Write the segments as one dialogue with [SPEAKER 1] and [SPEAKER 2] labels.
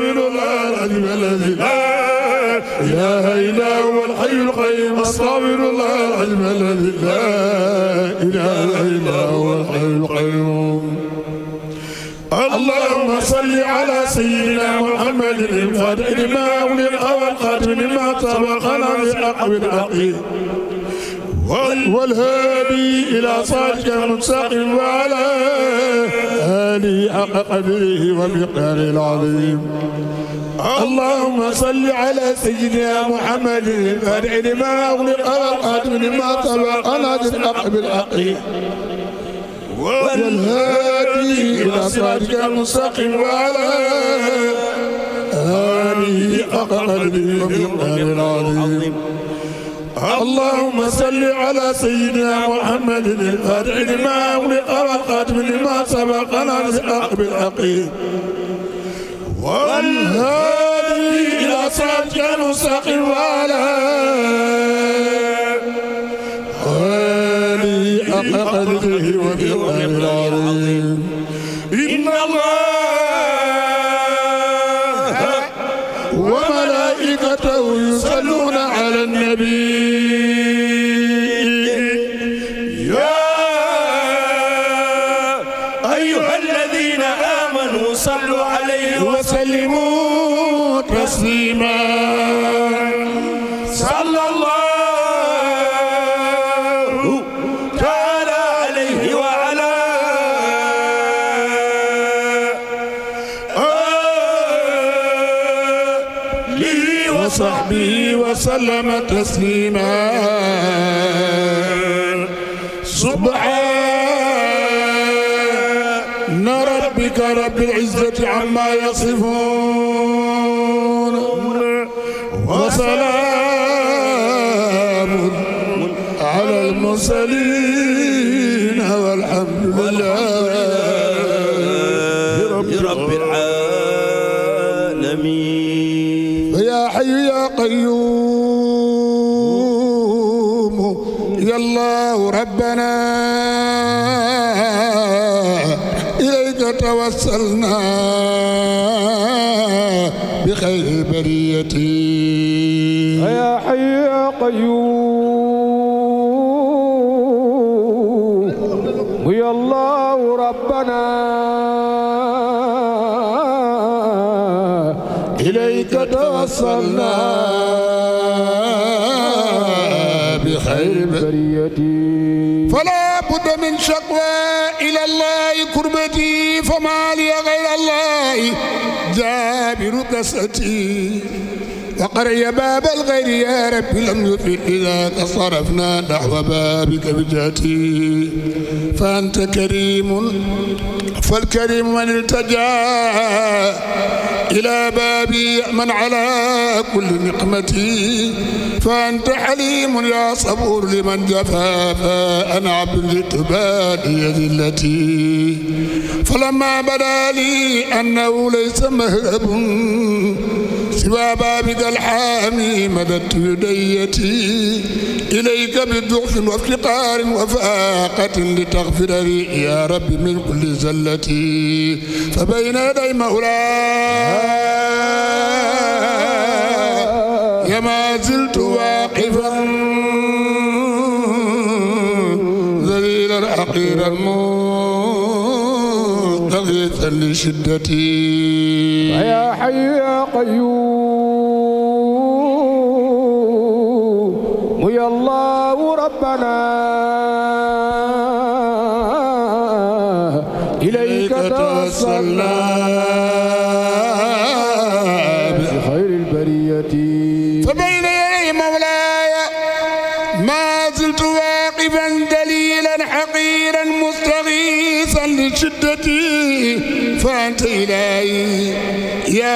[SPEAKER 1] العابد العالم الذي لا إله إلا هو الحي القيوم الصابر الله العلم الذي لا إله إلا هو الحي
[SPEAKER 2] القيوم اللهم صل على سيدنا محمد الفاتح لما أغلق والخاتم لما سبق لم يحق
[SPEAKER 1] بالحق والهادي إلى صراطك المستقيم وعلى آله حق قدره ومقداره العظيم اللهم صل على سيدنا محمد الفرع لما أغلق والقاتم لما سبق ناصر الحق بالحق والهادي إلى صراطك المستقيم وعلى آله حق قدره ومقداره العظيم اللهم صل على سيدنا محمد الفاتح لما أغلق والخاتم لما سبق الحق بالحق والهادي إلى صراطك المستقيم وعلى ربنا إليك توسلنا بخير برية يا حي يا
[SPEAKER 2] قيوم
[SPEAKER 1] يا الله ربنا إليك توسلنا جابر قصتي وقر يا باب الغير يا رب لم يفد إذاك صرفنا نحو بابك بجاتي فأنت كريم فالكريم من التجا إلى بابي من على كل نقمتي فأنت حليم يا صبور لمن جفا فأنا عبد لتبادي ذلتي فلما بدا لي أنه ليس مهرب سوى بابك الحامي مددت يديتي إليك بضعف وافتقار وفاقة لتغفر لي يا رب من كل زلتي فبين يدي مولاي يا ما زلت واقفا ذليلا حقيرا مولاي لشدتي يا حي يا قيوم يا الله ربنا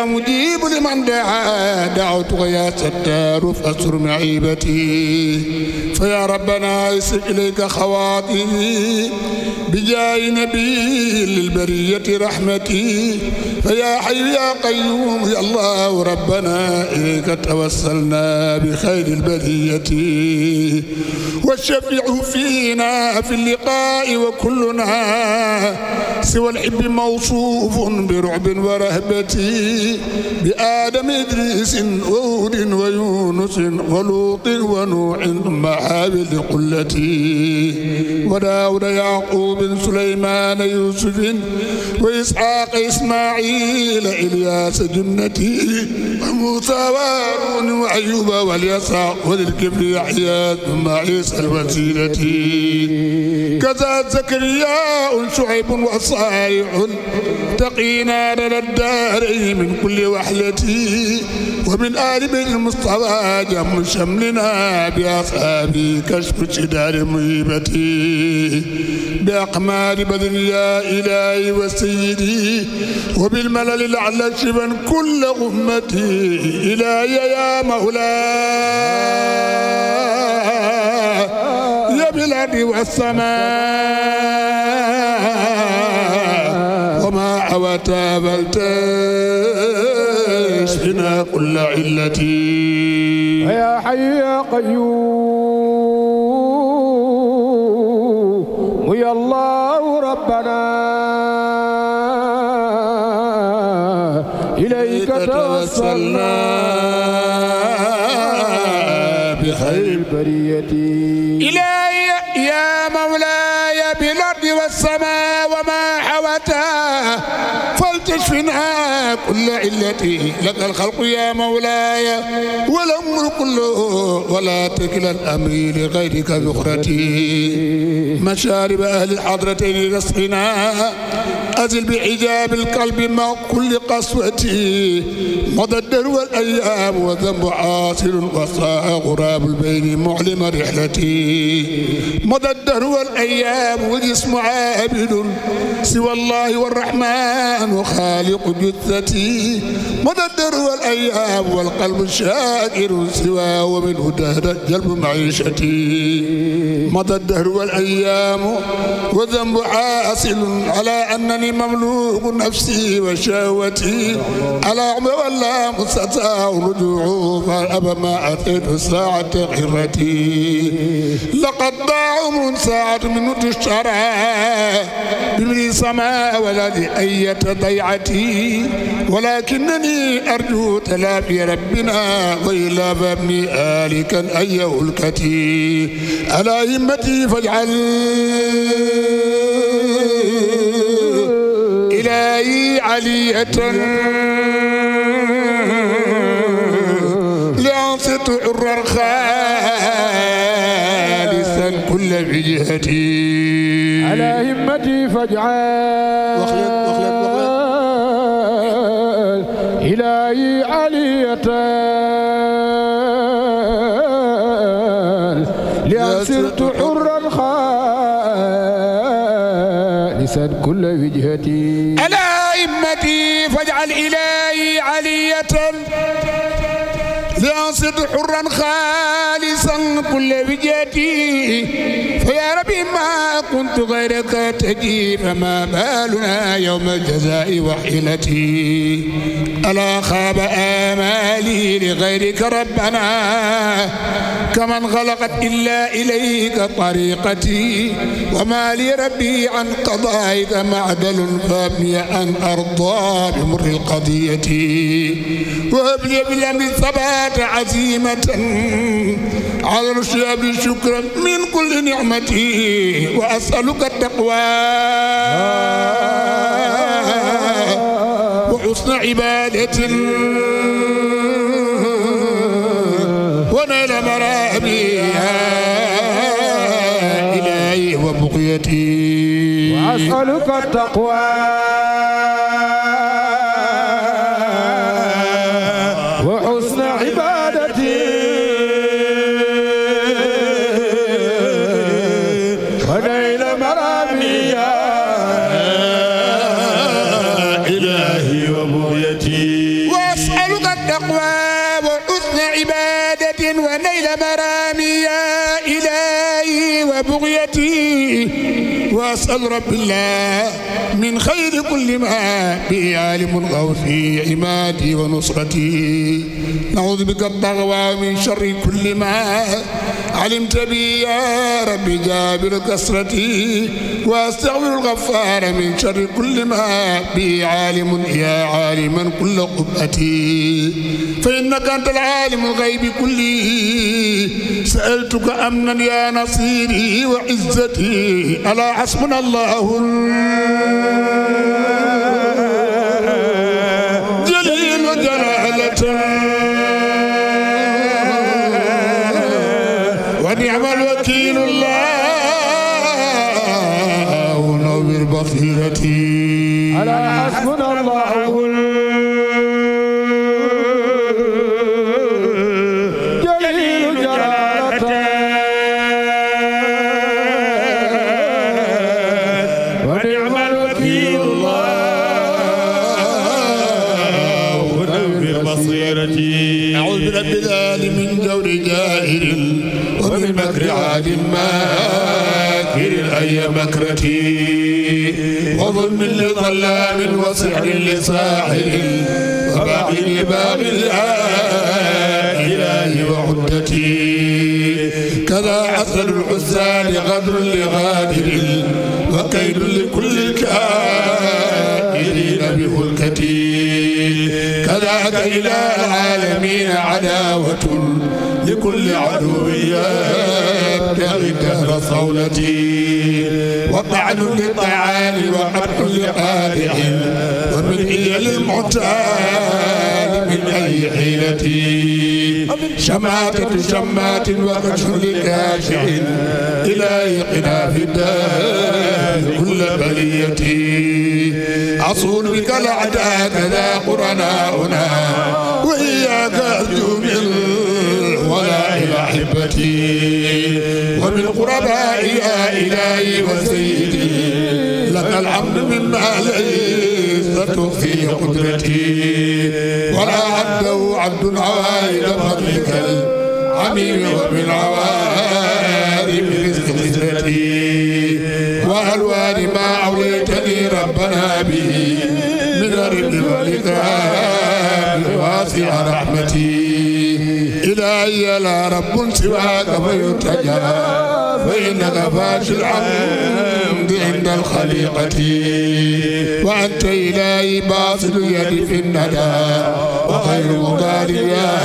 [SPEAKER 1] يا مجيب لمن دعا دعوتك يا ستار فاستر معيبتي فيا ربنا يسر إليك خواطري بجاه نبي للبرية رحمتي فيا حي يا قيوم يا الله ربنا إليك توسلنا بخير البرية والشفيع فينا في اللقاء وكلنا سوى الحب موصوف برعب ورهبة بآدم إدريس وهود ويونس ولوط ونوح محاول قلتي وداود يعقوب سليمان يوسف وإسحاق إسماعيل إلياس جنتي وموسى وهارون وأيوب واليسع وللكبر يحيى ثم عيسى الوسيلة كذا زكرياء شعيب وصالح تقينا لنا الدارين من كل وحلتي ومن الآل بالمصطفى جم شملنا بأصحابي كشف شدار مهيبتي بأقمار بدر يا إلهي وسيدي وبالملل الأعلى شبا كل أمتي إلهي يا مولاي يا بالأرض والسماء وما حوى تابلتي وقنا كل علتي يا حي يا قيوم يا الله ربنا إليك توسلنا بخير البرية إلهي يا مولاي بالأرض والسماء وما حوتها فلتشفنا إلا علتي لك الخلق يا مولاي والأمر كله ولا تكل الأمر لغيرك بخرتي مشارب أهل الحضرتين رزقنا أزل بحجاب القلب مع كل قسوتي مضى الدرو والأيام وذنب عاصر وصاء غراب البين معلم رحلتي مضى الدهر والأيام والجسم عابد سوى الله والرحمن وخالق جثتي مدى الدر والأيام والقلب الشاكر سوى ومنه دهر جلب معيشتي مدى الدهر والأيام وذنب عاصل على أنني مملوك نفسي وشهوتي على ولا مستطاع رجوع فأبى ما أتيت ساعة غيرتي لقد ضاع من ساعة من تشترى بمن سما ولد أية ضيعتي ولا ولكنني أرجو تلافي ربنا ضيل فابني آلكا أيه الكتي على همتي فاجعل إلهي علية لأنصت عرا خالصا كل بجهتي على همتي فاجعل إلهي علية لأن صرت حرا خالصا
[SPEAKER 3] كل وجهتي
[SPEAKER 1] ألا إمتي فاجعل إلهي علية لأن صرت حرا خالصا كل وجهتي أردت غيرك تجي فما بالنا يوم الجزاء وحيلتي ألا خاب آمالي لغيرك ربنا كمن غلقت إلا إليك طريقتي وما لي ربي عن قضائك معدل فابني أن أرضى بمر القضية وابني بالأمر ثبات عزيمة على الشياب شكرا من كل نعمتي وأسألك التقوى وحسن عبادة ونال مرامي إلهي وبقيتي وأسألك التقوى الرب الله من خير كل ما بي عالم الغوث عمادي ونصرتي نعوذ بك الضغوى من شر كل ما علمت بي يا ربي جابر كسرتي واستغفر الغفار من شر كل ما بي عالم يا عالما كل قبتي فانك انت العالم الغيب كله سالتك امنا يا نصيري وعزتي الا حسبنا الله غيبتي وظلم لظلام وسحر لساحر وباع لباب الإله وعدتي كذا عسل الحسان غدر لغادر وكيد لكل الكائرين بهلكتي كذاك إلى العالمين عداوة لكل عدو يبتغي دهر صولتي وطعن للطعان وقدح لقادح ومن هي للمعتاد من اي حيلتي شماتة شمات وقدح لكاشح الى ايقنا في الدهر كل بليتي اصول بك الاعداء كذا قرناؤنا واياك ارجو أحبتي وبالقرباء يا إلهي وسيدي لك الحمد مما العزة في قدرتي ولا عبده عبد عوائد فضلك العميم ومن عوائد رزق قدرتي وألوان ما أوليتني ربنا به من الرب والإكرام واسع رحمتي إلهي لا رب سواك فيرتجى فإنك فات العمد عند الخليقة وأنت إلهي باطل اليد في الندى وخير مقارب يا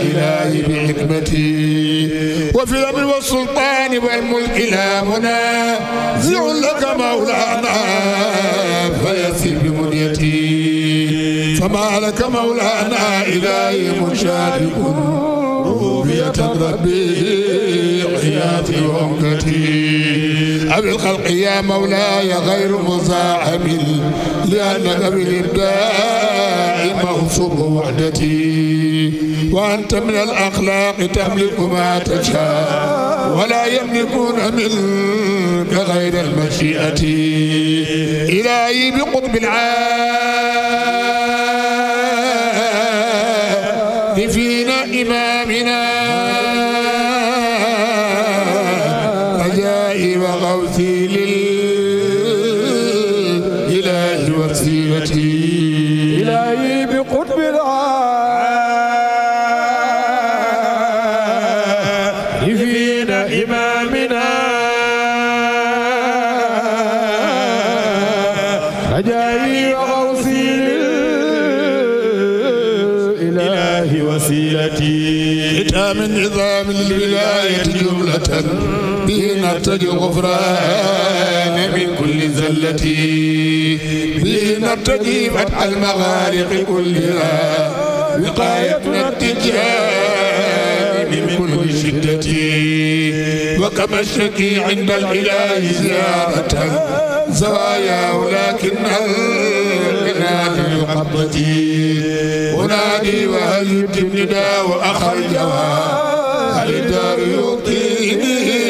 [SPEAKER 1] إلهي بحكمتي وفي الأمر والسلطان والملك إلهنا زع لك مولانا فيسر بمنيتي فما لك مولانا إلهي مشارك ربوبية ربي حياتي وعمدتي أبي الخلق يا مولاي غير مزاحم لأنك بالإبداع مغصوب وحدتي وأنت من الأخلاق تملك ما تشاء ولا يملكون منك غير المشيئة إلهي بقطب العالم الإيمان نرتجي الغفران من كل زلة به نرتجي فتح المغارق كلها وقايتنا التجار من كل شدة وكما الشكي عند الإله زيارة زوايا ولكن في قبضتي أنادي وهل يتم نداء وأخرجها هل الدار يعطيني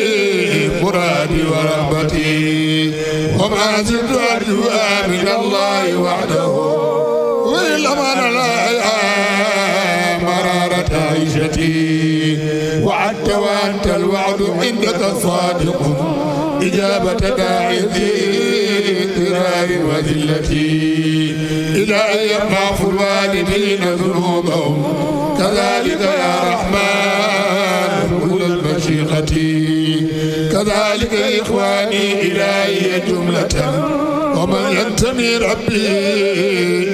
[SPEAKER 1] وما زلت أرجو من الله وحده والأمان لا مرارة عيشتي وعدت وأنت الوعد عندك صادق إجابة داعي اضطراري وذلتي إلى أن يرفع الوالدين ذنوبهم كذلك يا رحمن كل المشيقة كذلك إخواني إلهي جملة ومن ينتمي ربي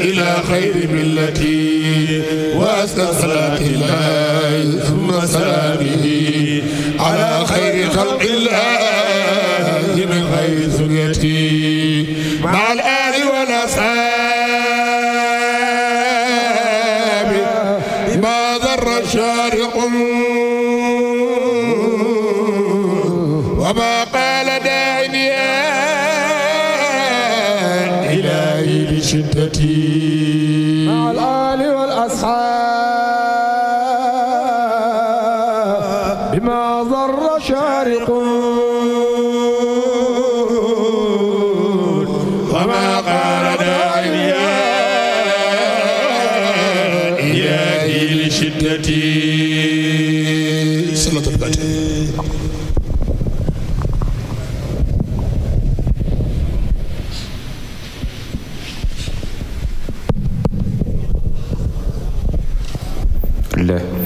[SPEAKER 1] إلى خير ملتي وأسلم صلاة الله ثم سلامه على خير خلق الله من غير سنيتي مع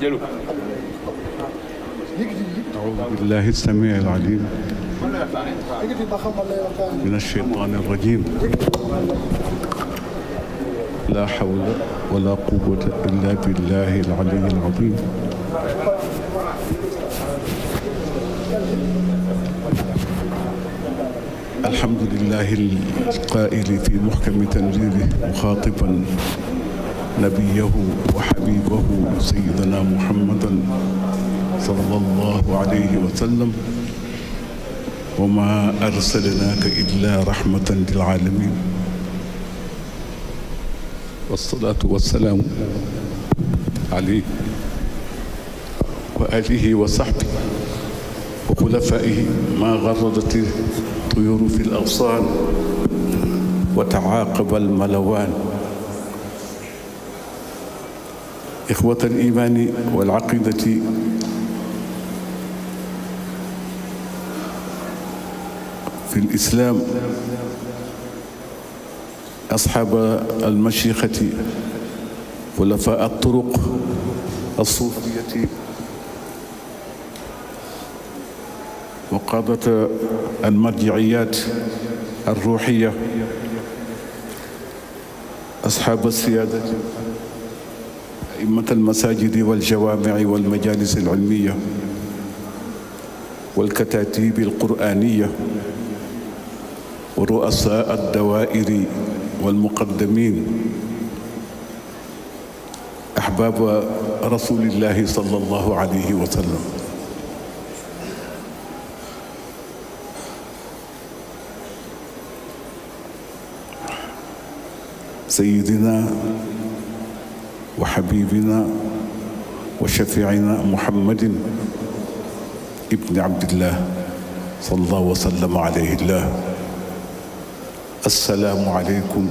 [SPEAKER 4] jëlu أعوذ
[SPEAKER 5] بالله السميع العليم من الشيطان الرجيم لا حول ولا قوة إلا بالله العلي العظيم الحمد لله القائل في محكم تنزيله مخاطبا nabiyahu wa xabibahu sayidana muhammadan sallallahu alayhi wa sallam wa ma arsalnaaka illa rahmatan lil aalamin wasalaatu wasalaamu alayhi wa aalihi wa saxbihi wa xulafaaihi maa garadat tuyuuru fi l awsaan wa tacaaqaba al malawaan إخوة الإيمان والعقيدة في الإسلام أصحاب المشيخة خلفاء الطرق الصوفية وقادة المرجعيات الروحية أصحاب السيادة أئمة المساجد والجوامع والمجالس العلمية والكتاتيب القرآنية ورؤساء الدوائر والمقدمين أحباب رسول الله صلى الله عليه وسلم سيدنا وحبيبنا وشفيعنا محمد ابن عبد الله صلى الله وسلم عليه الله السلام عليكم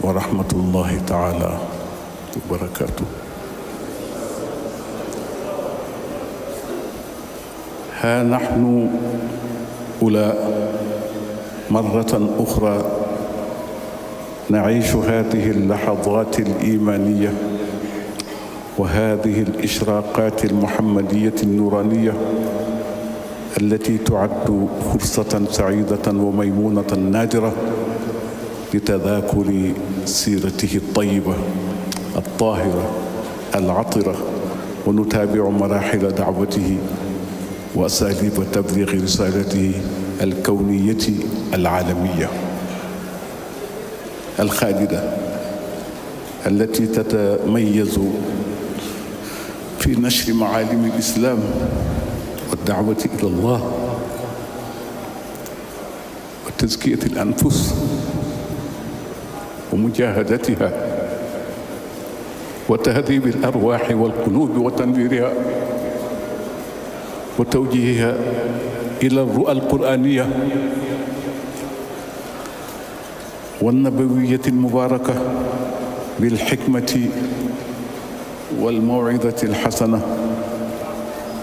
[SPEAKER 5] ورحمة الله تعالى وبركاته ها نحن أولى مرة أخرى نعيش هذه اللحظات الإيمانية وهذه الإشراقات المحمدية النورانية التي تعد فرصة سعيدة وميمونة نادرة لتذاكر سيرته الطيبة الطاهرة العطرة ونتابع مراحل دعوته وأساليب تبليغ رسالته الكونية العالمية الخالدة التي تتميز في نشر معالم الإسلام والدعوة إلى الله وتزكية الأنفس ومجاهدتها وتهذيب الأرواح والقلوب وتنويرها وتوجيهها إلى الرؤى القرآنية والنبوية المباركة بالحكمة والموعظة الحسنة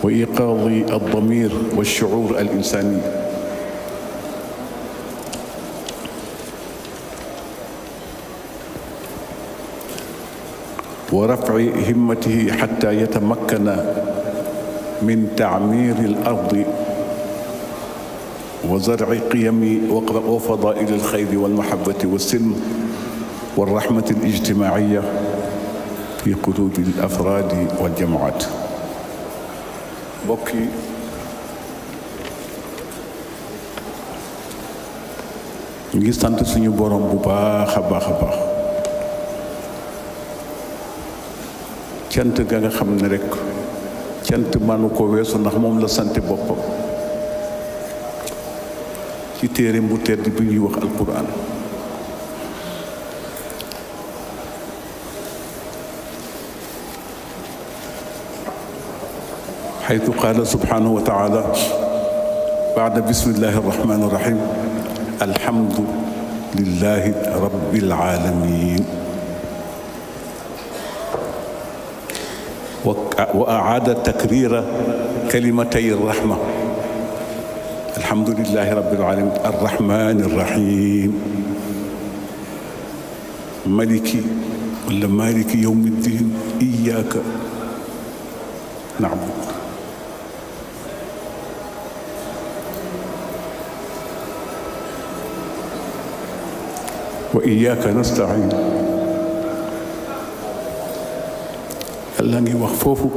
[SPEAKER 5] وإيقاظ الضمير والشعور الإنساني ورفع همته حتى يتمكن من تعمير الأرض وزرع قيم وفضائل الخير والمحبة والسلم والرحمة الاجتماعية في قلوب الأفراد والجماعات mbokk yi ñu ngi sant suñu borom bu baax a baax a baax cant ga nga xam ne rek cant manu ko weesu ndax moom la sant boppam ci téere bu tedd bi ñuy wax alquran xaytu qaala subhanahu wa taala baada bismillahi arrahmani irrahim alhamdu lillahi rabbil alamin wa aada takrira kalimatay rahma alhamdulilahi rabbil alamin arrahmani arrahim maliki wala maliki yawmi ddin iyyaka na'budu wa iyyaka nasta'in yàlla ngi wax foofu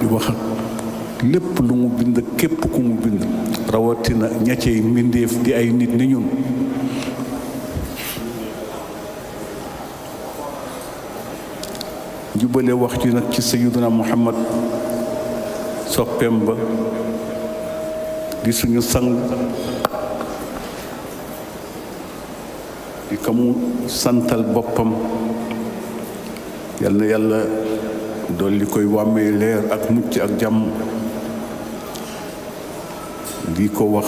[SPEAKER 5] di wax lépp lu mu bind képp ku mu bind rawatina ña cey mbindéef di ay nit ni ñun jubale wax ji nag ci sayiduna muhammad soppeem ba di suñu sang di ka mu santal boppam yal na yàlla dool li koy wàmmee leer ak mucc ak jàmm li ko wax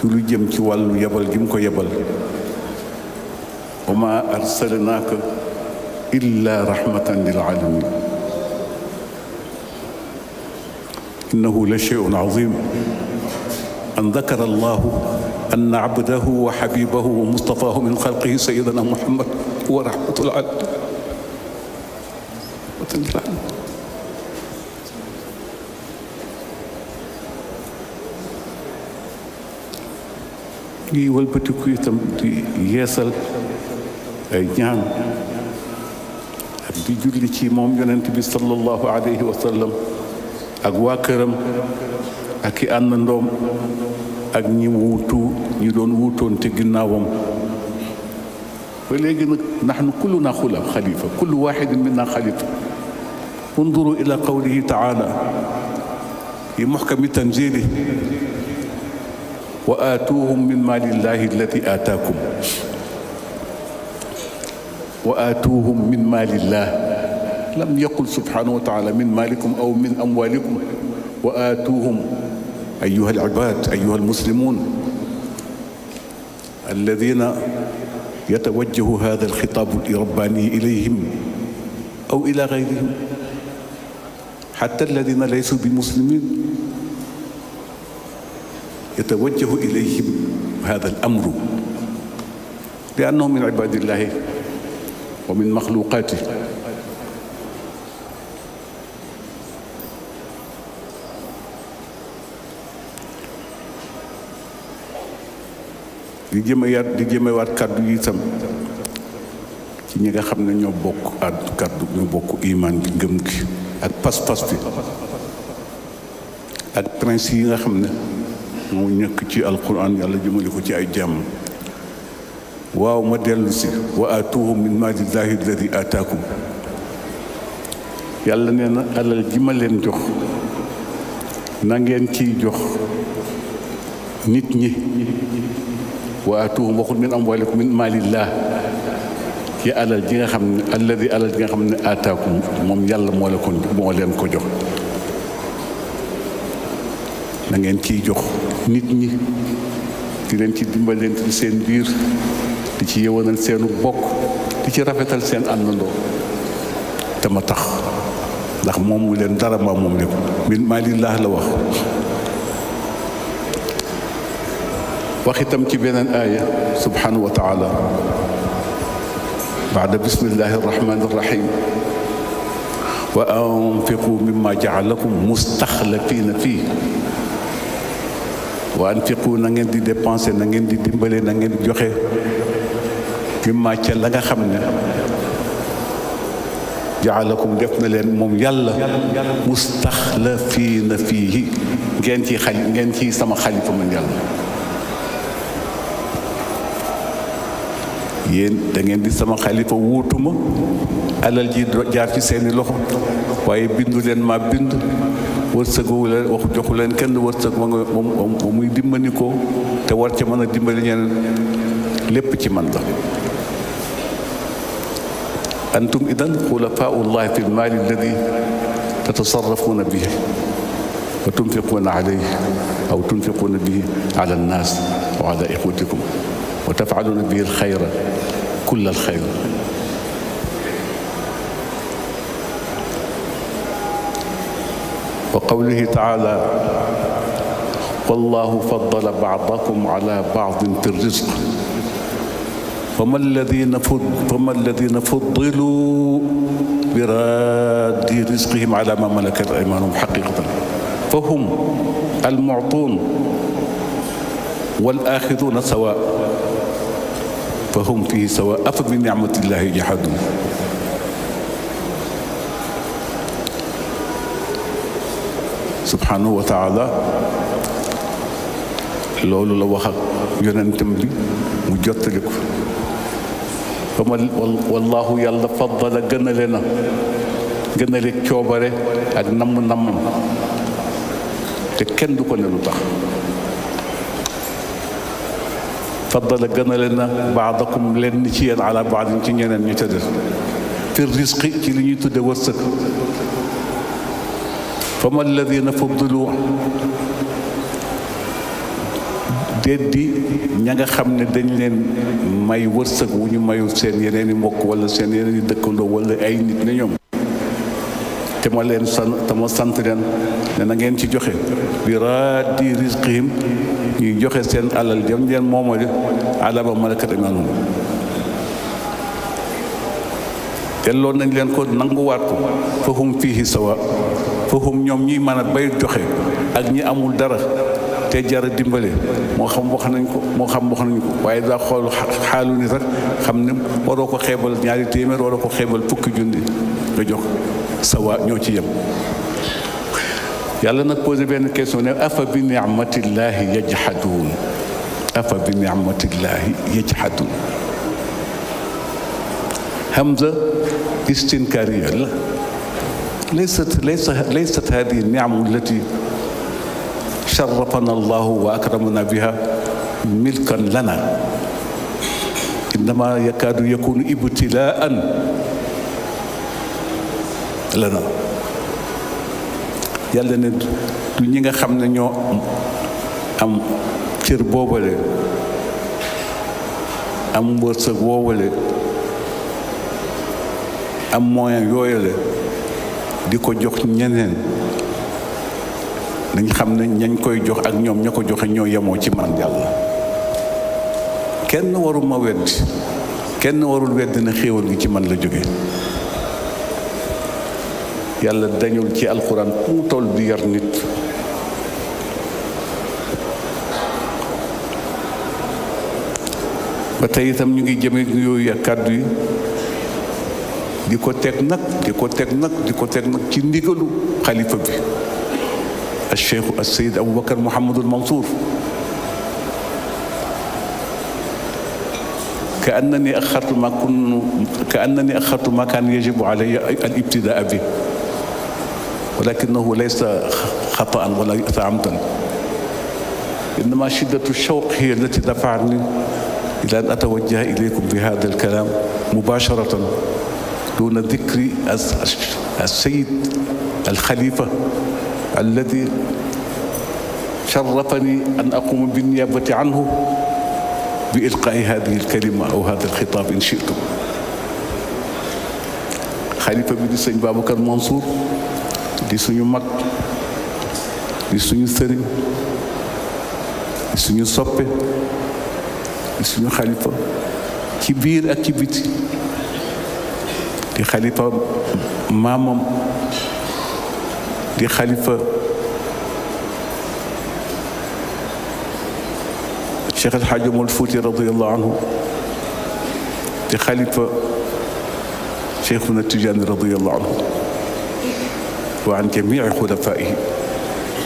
[SPEAKER 5] ci lu jëm ci wàllu yebal gi mu ko yebal wa ma arsalnaaka illa rahmatan lil alamin innahu la sheyun azim an dakara allahu an abdahu wa xabibahu wa mustafahu min xalqihi sayidana muhammad wa rahmatul alamin ñuy wëlbatiku itam di yeesal ay ñaan ak di julli ci moom yonent bi sallallahu alayhi wa sallam ak waa këram ak i àndandoom ak ñi wuutu ñi doon wuutoon te ginnaawam ba léegi nag naxnu kulluna xula xalifa kullu waxidin minna xalifa unduru ila qawlihi taala yi muxkami tanzili wa aatuuhum min maalillaahi allati aataakum wa aatuuhum min maalillaah lam yaqul subhaanahu wa taala min maalikum aw min amwaalikum wa aatuuhum ayyuha al-ibaad ayyuha al-muslimuun alladiina yatawajjahu haadha al-xitaabu rabbaani ilayhim aw ilaa gayrihim xatta alladiina laysuu bi muslimiin يتوجه إليهم هذا الأمر لأنهم من عباد الله ومن مخلوقاته di jëme yaat di jëmewaat kàddu yi itam ci ñi nga xam ne ñoo bokk àddu kàddu ñoo bokk imaan bi gëm gi ak pas-pas bi ak principe yi nga xam ne mu ñëkk ci alquran yàlla jëmale ko ci ay jàmm waaw ma dellu si wa aatuhum min maali yàlla nee na alal ji ma leen jox na ngeen ciy jox nit ñi wa aatuhum am min amwaalikum min maalillaah ki alal ji nga xam ne alladi alal ji nga xam ne aataakum moom yàlla moo leen ko jox na ciy jox nit ñi di leen ci dimbalante di seen biir di ci yewanal seenu bokk di ci rafetal seen àndandoo te ma tax ndax moom leen dara maa moom lépp min maalillah la wax wax itam ci beneen aaya subhanahu wa taala baada bismillahi arrahmani arrahim wa anfiqu mimma jaalakum fii wa anfiqu na ngeen di dépenser na ngeen di dimbale na ngeen joxe bi màcca la nga xam ne jaalakum def na leen moom yàlla mustaxlafiina fii ngeen ci xal ngeen ci sama xalifa man yàlla yéen da ngeen di sama xalifa wuutuma alal ji jaar ci seeni loxo waaye bindu leen ma bind wërsëgu leen wax joxu leen kenn wërsëg ma nga moom muy dimbali ko te war ca mën a dimbali ñeneen lépp ci man la antum idan xulafaau llahi fi lmaali alladi tatasarrafuuna bihi wa tunfiquuna alayhi aw tunfiquuna bihi ala annaas wa ala ixwatikum wa tafaluuna bihi alxayra kulla alxayr wa qawlihi taala wallahu faddala baadakum ala baadin fi risq fama alladina fama alladina fuddilu biraadi risqihim ala ma malakat aymanuhum xaqiqatan fa hum almuctuun walaaxiduuna sawa fa hum fihi sawa afa bi nicmatillahi jaxaduun subhanahu wa taala loolu la wax ak yonentam bi mu jottali ko ba ma wallaahu yàlla faddala gënale na gënale coobare ak namm-nammam te kenn du ko ne lu tax faddala gënale na baadakum lenn ci yéen ala baadin ci ñeneen ñu tëddal fi risqi ci li ñuy tudde wërsëg fama alladina fuddilu déeddi ña nga xam ne dañ leen may wërsëg wu ñu mayul seen yeneen i mbokk wala seen yeneen i dëkkandoo wala ay nit ne ñoom te ma leen san sant leen ne na ngeen ci joxe bi raadi risqihim ñuy joxe seen alal jëm leen moomale alama malakat imaanum delloo nañ leen ko nanguwaat ko fahum fiihi sawa foofu ñoom ñi mën a bay joxe ak ñi amul dara te jara dimbale moo xam wax nañ ko moo xam wax nañ ko waaye daa xool xaalu nit rek xam ne waroo ko xeebal ñaari téeméer waroo ko xeebal fukki junni nga jox sa ñoo ci yem yàlla na posé benn question ne afa bi ni'matillaahi yajhaduun afa bi ni'matillaahi yajhaduun hamza istinkaariya la ليست ليس ليست هذه النعم التي شرفنا الله واكرمنا بها ملكا لنا انما يكاد يكون ابتلاء lana yàlla ne du ñi nga xam ne ñoo am cër boobale am wërsëg woowale am moyen yooyale di ko jox ñeneen dañ xam ne ñañ koy jox ak ñoom ña ko joxe ñoo yemoo ci man yàlla kenn waruma wedd kenn warul wedd na xéewal gi ci man la jóge yàlla dañul ci alxuraan ku bi yar nit ba tey itam ñu ngi jëme yooyu ak kàddu yi di ko teg nag di ko teg nag di ko teg nag ci ndigalu xalifa bi al cheikh al sayid aboubacar mouhamadul mansour كأنني أخرت ما كن كأنني أخرت ما كان يجب علي الابتداء به ولكنه ليس خطأ ولا تعمدا إنما شدة الشوق هي التي دفعني إلى أن أتوجه إليكم بهذا الكلام مباشرة دون ذكر السيد الخليفة الذي شرفني أن أقوم بالنيابة عنه بإلقاء هذه الكلمة أو هذا الخطاب إن شئتم xalifa bi di sëñ Babacar Mansour di suñu mag di suñu sëriñ di suñu soppe di suñu xalifa ci biir ak ci biti di xalifa maamam di xalifa Cheikh El Hadj Omar Fouti radiyallahu anhu di xalifa Cheikhuna Tijaani radiyallahu anhu wa an jamiici xulafaa'ihi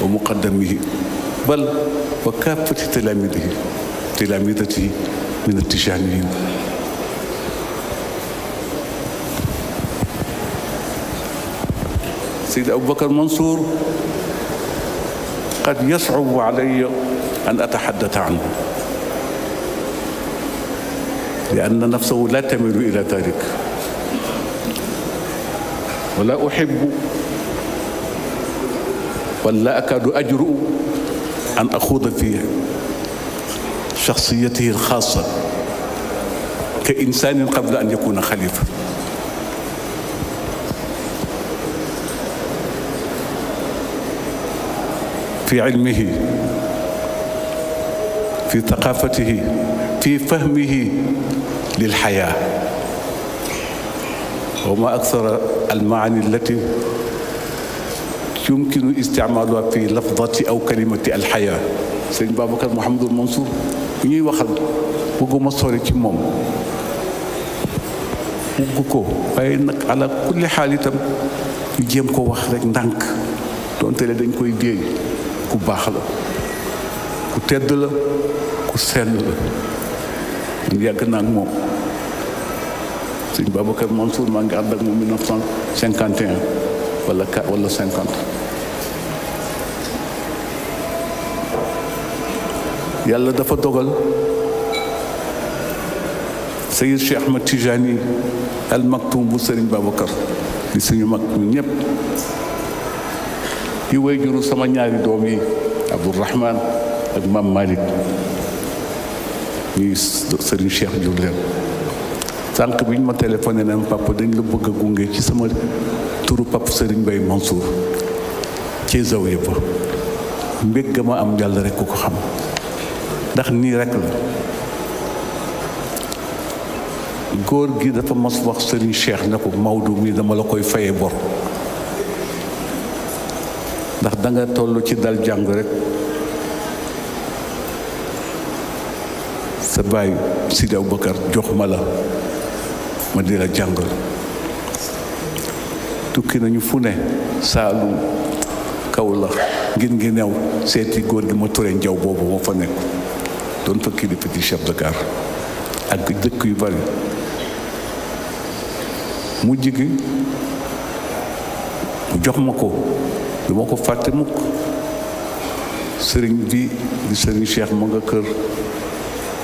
[SPEAKER 5] wa muqaddamihi bal wa kaafati talaamiidihi talaamiidatihi min attijaaniyiin سيد أبو بكر منصور قد يصعب علي أن أتحدث عنه لأن نفسه لا تميل إلى ذلك ولا أحب ولا أكاد أجرؤ أن أخوض في شخصيته الخاصة كإنسان قبل أن يكون خليفة fi ilmihi fi thaqafatihi fi fahmihi lil xayaa wa ma akthara almaani allati yumkinu isticmaaluha fi lafdati aw kalimati alxayaa sëñ Babacar Mouhamadul Mansour bu ñuy waxal bëgguma sori ci moom bugg ko waaye nag ala kulli xaal itam ñu jéem ko wax rek ndànk donte le dañ koy déey ku baax la ku tedd la ku sell la man yàgg naa ak moom sëñ Babacar Mansour maa ngi ànd ak moom 1951 wala wala 50 yàlla dafa dogal Seyid Cheikh Ahmad Tijani al Maktoum bu Sëriñ Babacar di suñu mag ñun di way juru sama ñaari doom yi Abdourahman ak Mam Malick ñuy Serigne Cheikh jur leen sànq bi ma téléphoné naan papa dañ la bëgg a gunge ci sama turu papa Serigne Mbaye Mansour ci zaw yëppa mbég ma am jàll rek ku ko xam ndax nii rek la góor gi dafa mas wax Serigne Cheikh ne ko Maodo mii dama la koy faye bor ndax danga nga ci dal jàng rek sa baay Sidi Aboubacar jox ma la ma di la jàngal tukki nañu fu ne Saalum kaw la ngir ngi new seeti góor gi ma turee njaw boobu moo fa nekk doon fa kilifa di chef de gare ak dëkk yu bari mu jigi jox ma ko du ma ko fàtte mukk sëriñ bi di sëriñ cheikh ma nga kër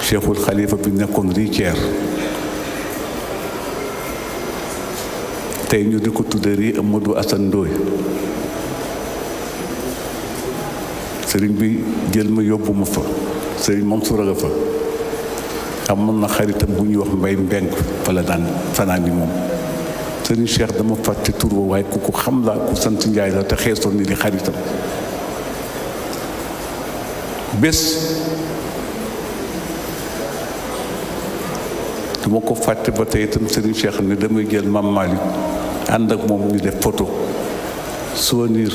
[SPEAKER 5] cheikhul xalifa bi nekkoon rii ceer tey ñu di ko tudde rii Amadou Assane sëriñ bi jël ma yóbbu fa sëriñ Mansour nga fa amoon na xaritam bu ñuy wax mbay mbeng fa la daan fanaan yi moom sëriñ Cheikh dama fàtte tur ba waaye ku ko xam laa ku sant Njaay la te xeesoon ni di xaritam bés dama ko fàtte ba tey itam sëriñ Cheikh ne damay jël Mam Malick ànd ak moom ñu def photo souvenir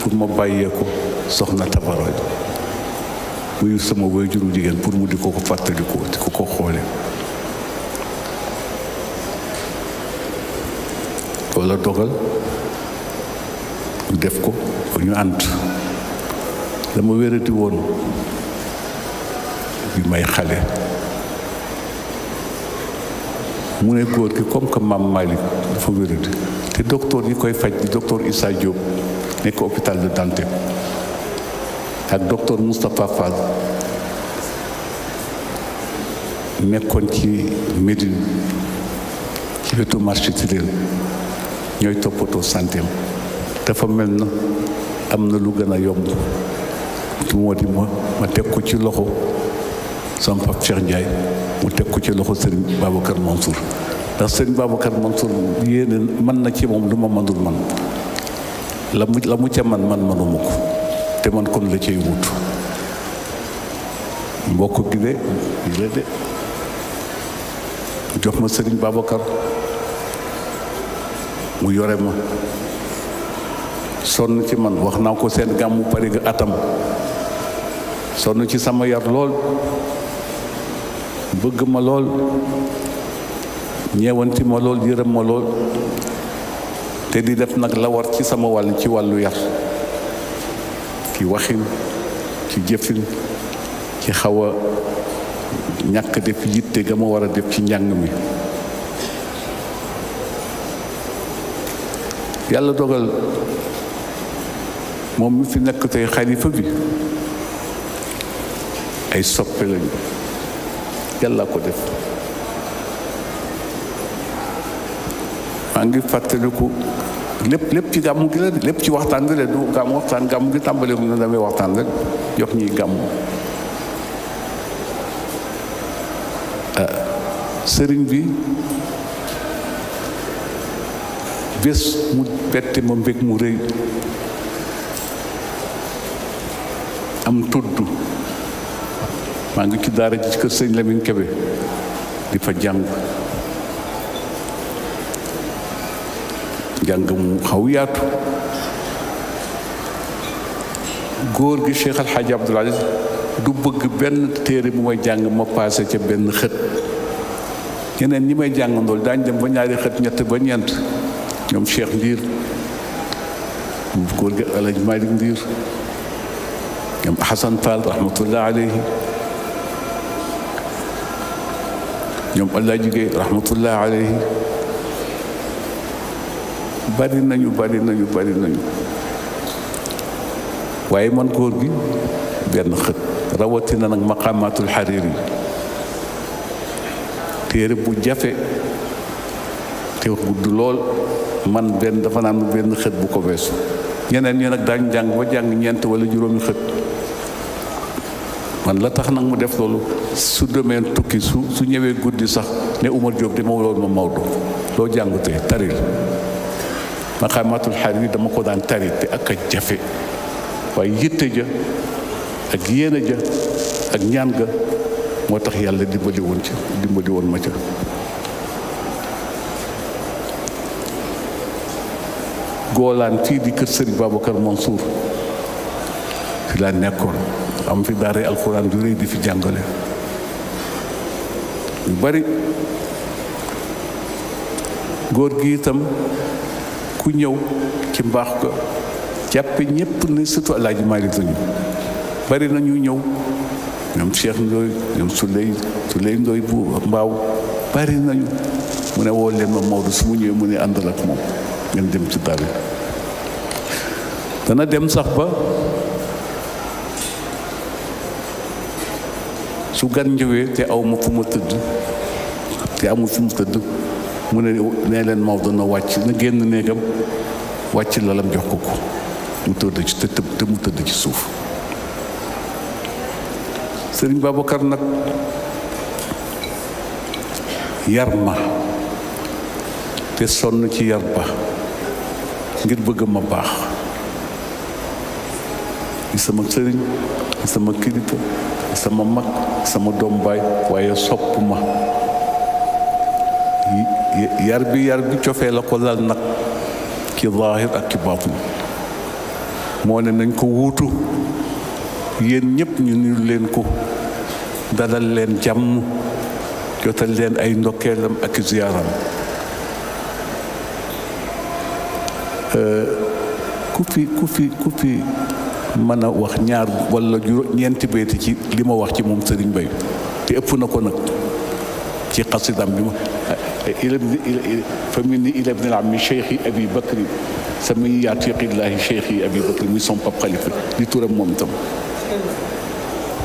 [SPEAKER 5] pour ma bàyyee ko soxna tabaroj muyu sama wéy juru jigéen pour mu di ko ko fàttaliku di ko ko xoolee walla dogal def ko ñu ànd dama wérati woon bi may xale mu ne góor gi comme que maam Malick dafa wérati te docteur yi koy faj di docteur Issa Diop nekk hôpital de Dantec ak docteur Moustapha Fall nekkoon ci Médine ci wetu marché Tilène ñooy toppatoo santeem dafa mel na am na lu gën a yomb ci moo di ma ma teg ko ci loxo sama pap Cheikh Ndiaye mu teg ko ci loxo Serigne Babacar Mansour ndax Serigne Babacar Mansour yéene mën na ci moom lu ma mënul man la mu la mu ca man man manuma ko te man kon la cay wut mbokk gi de de jox ma Serigne Babacar mu yore ma sonn ci man wax naa ko seen gàmmu pare ga atam sonn ci sama yar lool bëgg ma lool ñeewanti ma lool yërëm ma lool te di def nag la war ci sama wàll ci wàllu yar ki waxin ci jëfin ci xaw a ñàkk def yitte ga ma war a def ci njàng mi yàlla dogal moom mi fi nekk tey xalifa bi ay soppe lañu yàlla ko def maa ngi fàttaliku lépp lépp ci gàmmu gi la lépp ci waxtaan gi la du gàmmu waxtaan gàmmu gi tàmbalee mu ne damay waxtaan rek jox ñuy gàmm euh, sëriñ bi bés mu bette ma mbég mu rëy am tudd maa ngi ci daara ji ci kër sëñ Lamine Kebe di fa jàng jàng mu xaw yaatu góor gi Cheikh Alxaaji Abdul Aziz du bëgg benn téere bu may jàng ma paase ca benn xët ñeneen ñi may jàngandool daañ dem ba ñaari xët ñett ba ñeent ñoom Cheikh Ndiir mu góor gi El Hadj Malick Ndiir ñoom Xasan Fall rahmatullah alayhi ñoom El Hadj Guèye rahmatullah alayhi bari nañu bari nañu bari nañu waaye man góor gi benn xët rawatina nag maqaamaatul xariir yi téere bu jafe te gudd lool man benn dafa naan benn xët bu ko weesu ñeneen ñi nag daañu jàng ba jàng ñeent wala juróomi xët man la tax nag mu def loolu su demee tukki su su ñëwee guddi sax ne Umar di ma loolu ma Maodo loo jàngutee taril maqaamaatul xaar yi dama ko daan tari te ak a jafe waaye yitte ja ak yéene ja ak ñaan ga moo tax yàlla dimbali woon ca dimbali woon ma ca goolaan fii di kër Serigne Babacar Mansour fi laa nekkoon am fi daara alxuraan du di fi jàngale yu bari góor gi itam ku ñëw ci mbaax ko jàppe ñépp ne surtout Alaaji Maalik dañu bari nañu ñëw ñoom Cheikh Ndoy ñoom Souley Souley Ndoy bu mbaaw bari nañu mu ne woo leen ma Maodo su ñëwee mu ne àndal ak moom ngeen dem ci daal dana dem sax ba su gan ñëwee te aw ma fu ma tëdd te amul fu mu tëdd mu ne nee leen Maodo na wàcc na génn néegam wàcc lalam jox ko ko mu tëdd ci te te mu tëdd ci suuf Sëriñ Babacar nag yar ma te sonn ci yar ba ngir bëgg ma baax di sama sëriñ di sama kilifa di sama mag sama doom baay waaye sopp ma yar bi yar bi cofee la ko lal nag ci zaahir ak ci baatin moo ne nañ ko wuutu yéen ñépp ñu niru leen ko dalal leen jàmm jotal leen ay ndokkeelam ak ziyaaram euh, ku fi ku fi ku fi mën a wax ñaar wala juróom ñeenti béyti ci li ma wax ci moom sëriñ Baye te ëpp na ko nag ci xasidam bi ma fa min ni ilab ni am mi cheikhi abi bakri sa mi yaatiqillaahi abi bakri muy son pap xalifa di turam moom itam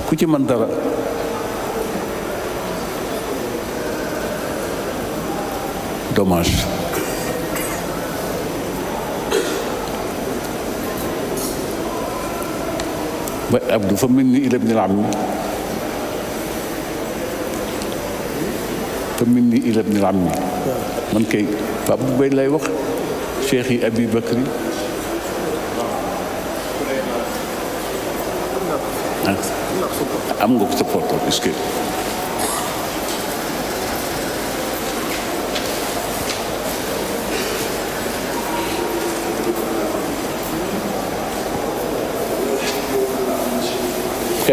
[SPEAKER 5] ku ci mën dara dommage وأبدو فمني إلى ابن العم فمني إلى ابن العم man kay Pape Mbaye lay wax cheikh yi Abi Bakri ah, am nga ko sa portable puisque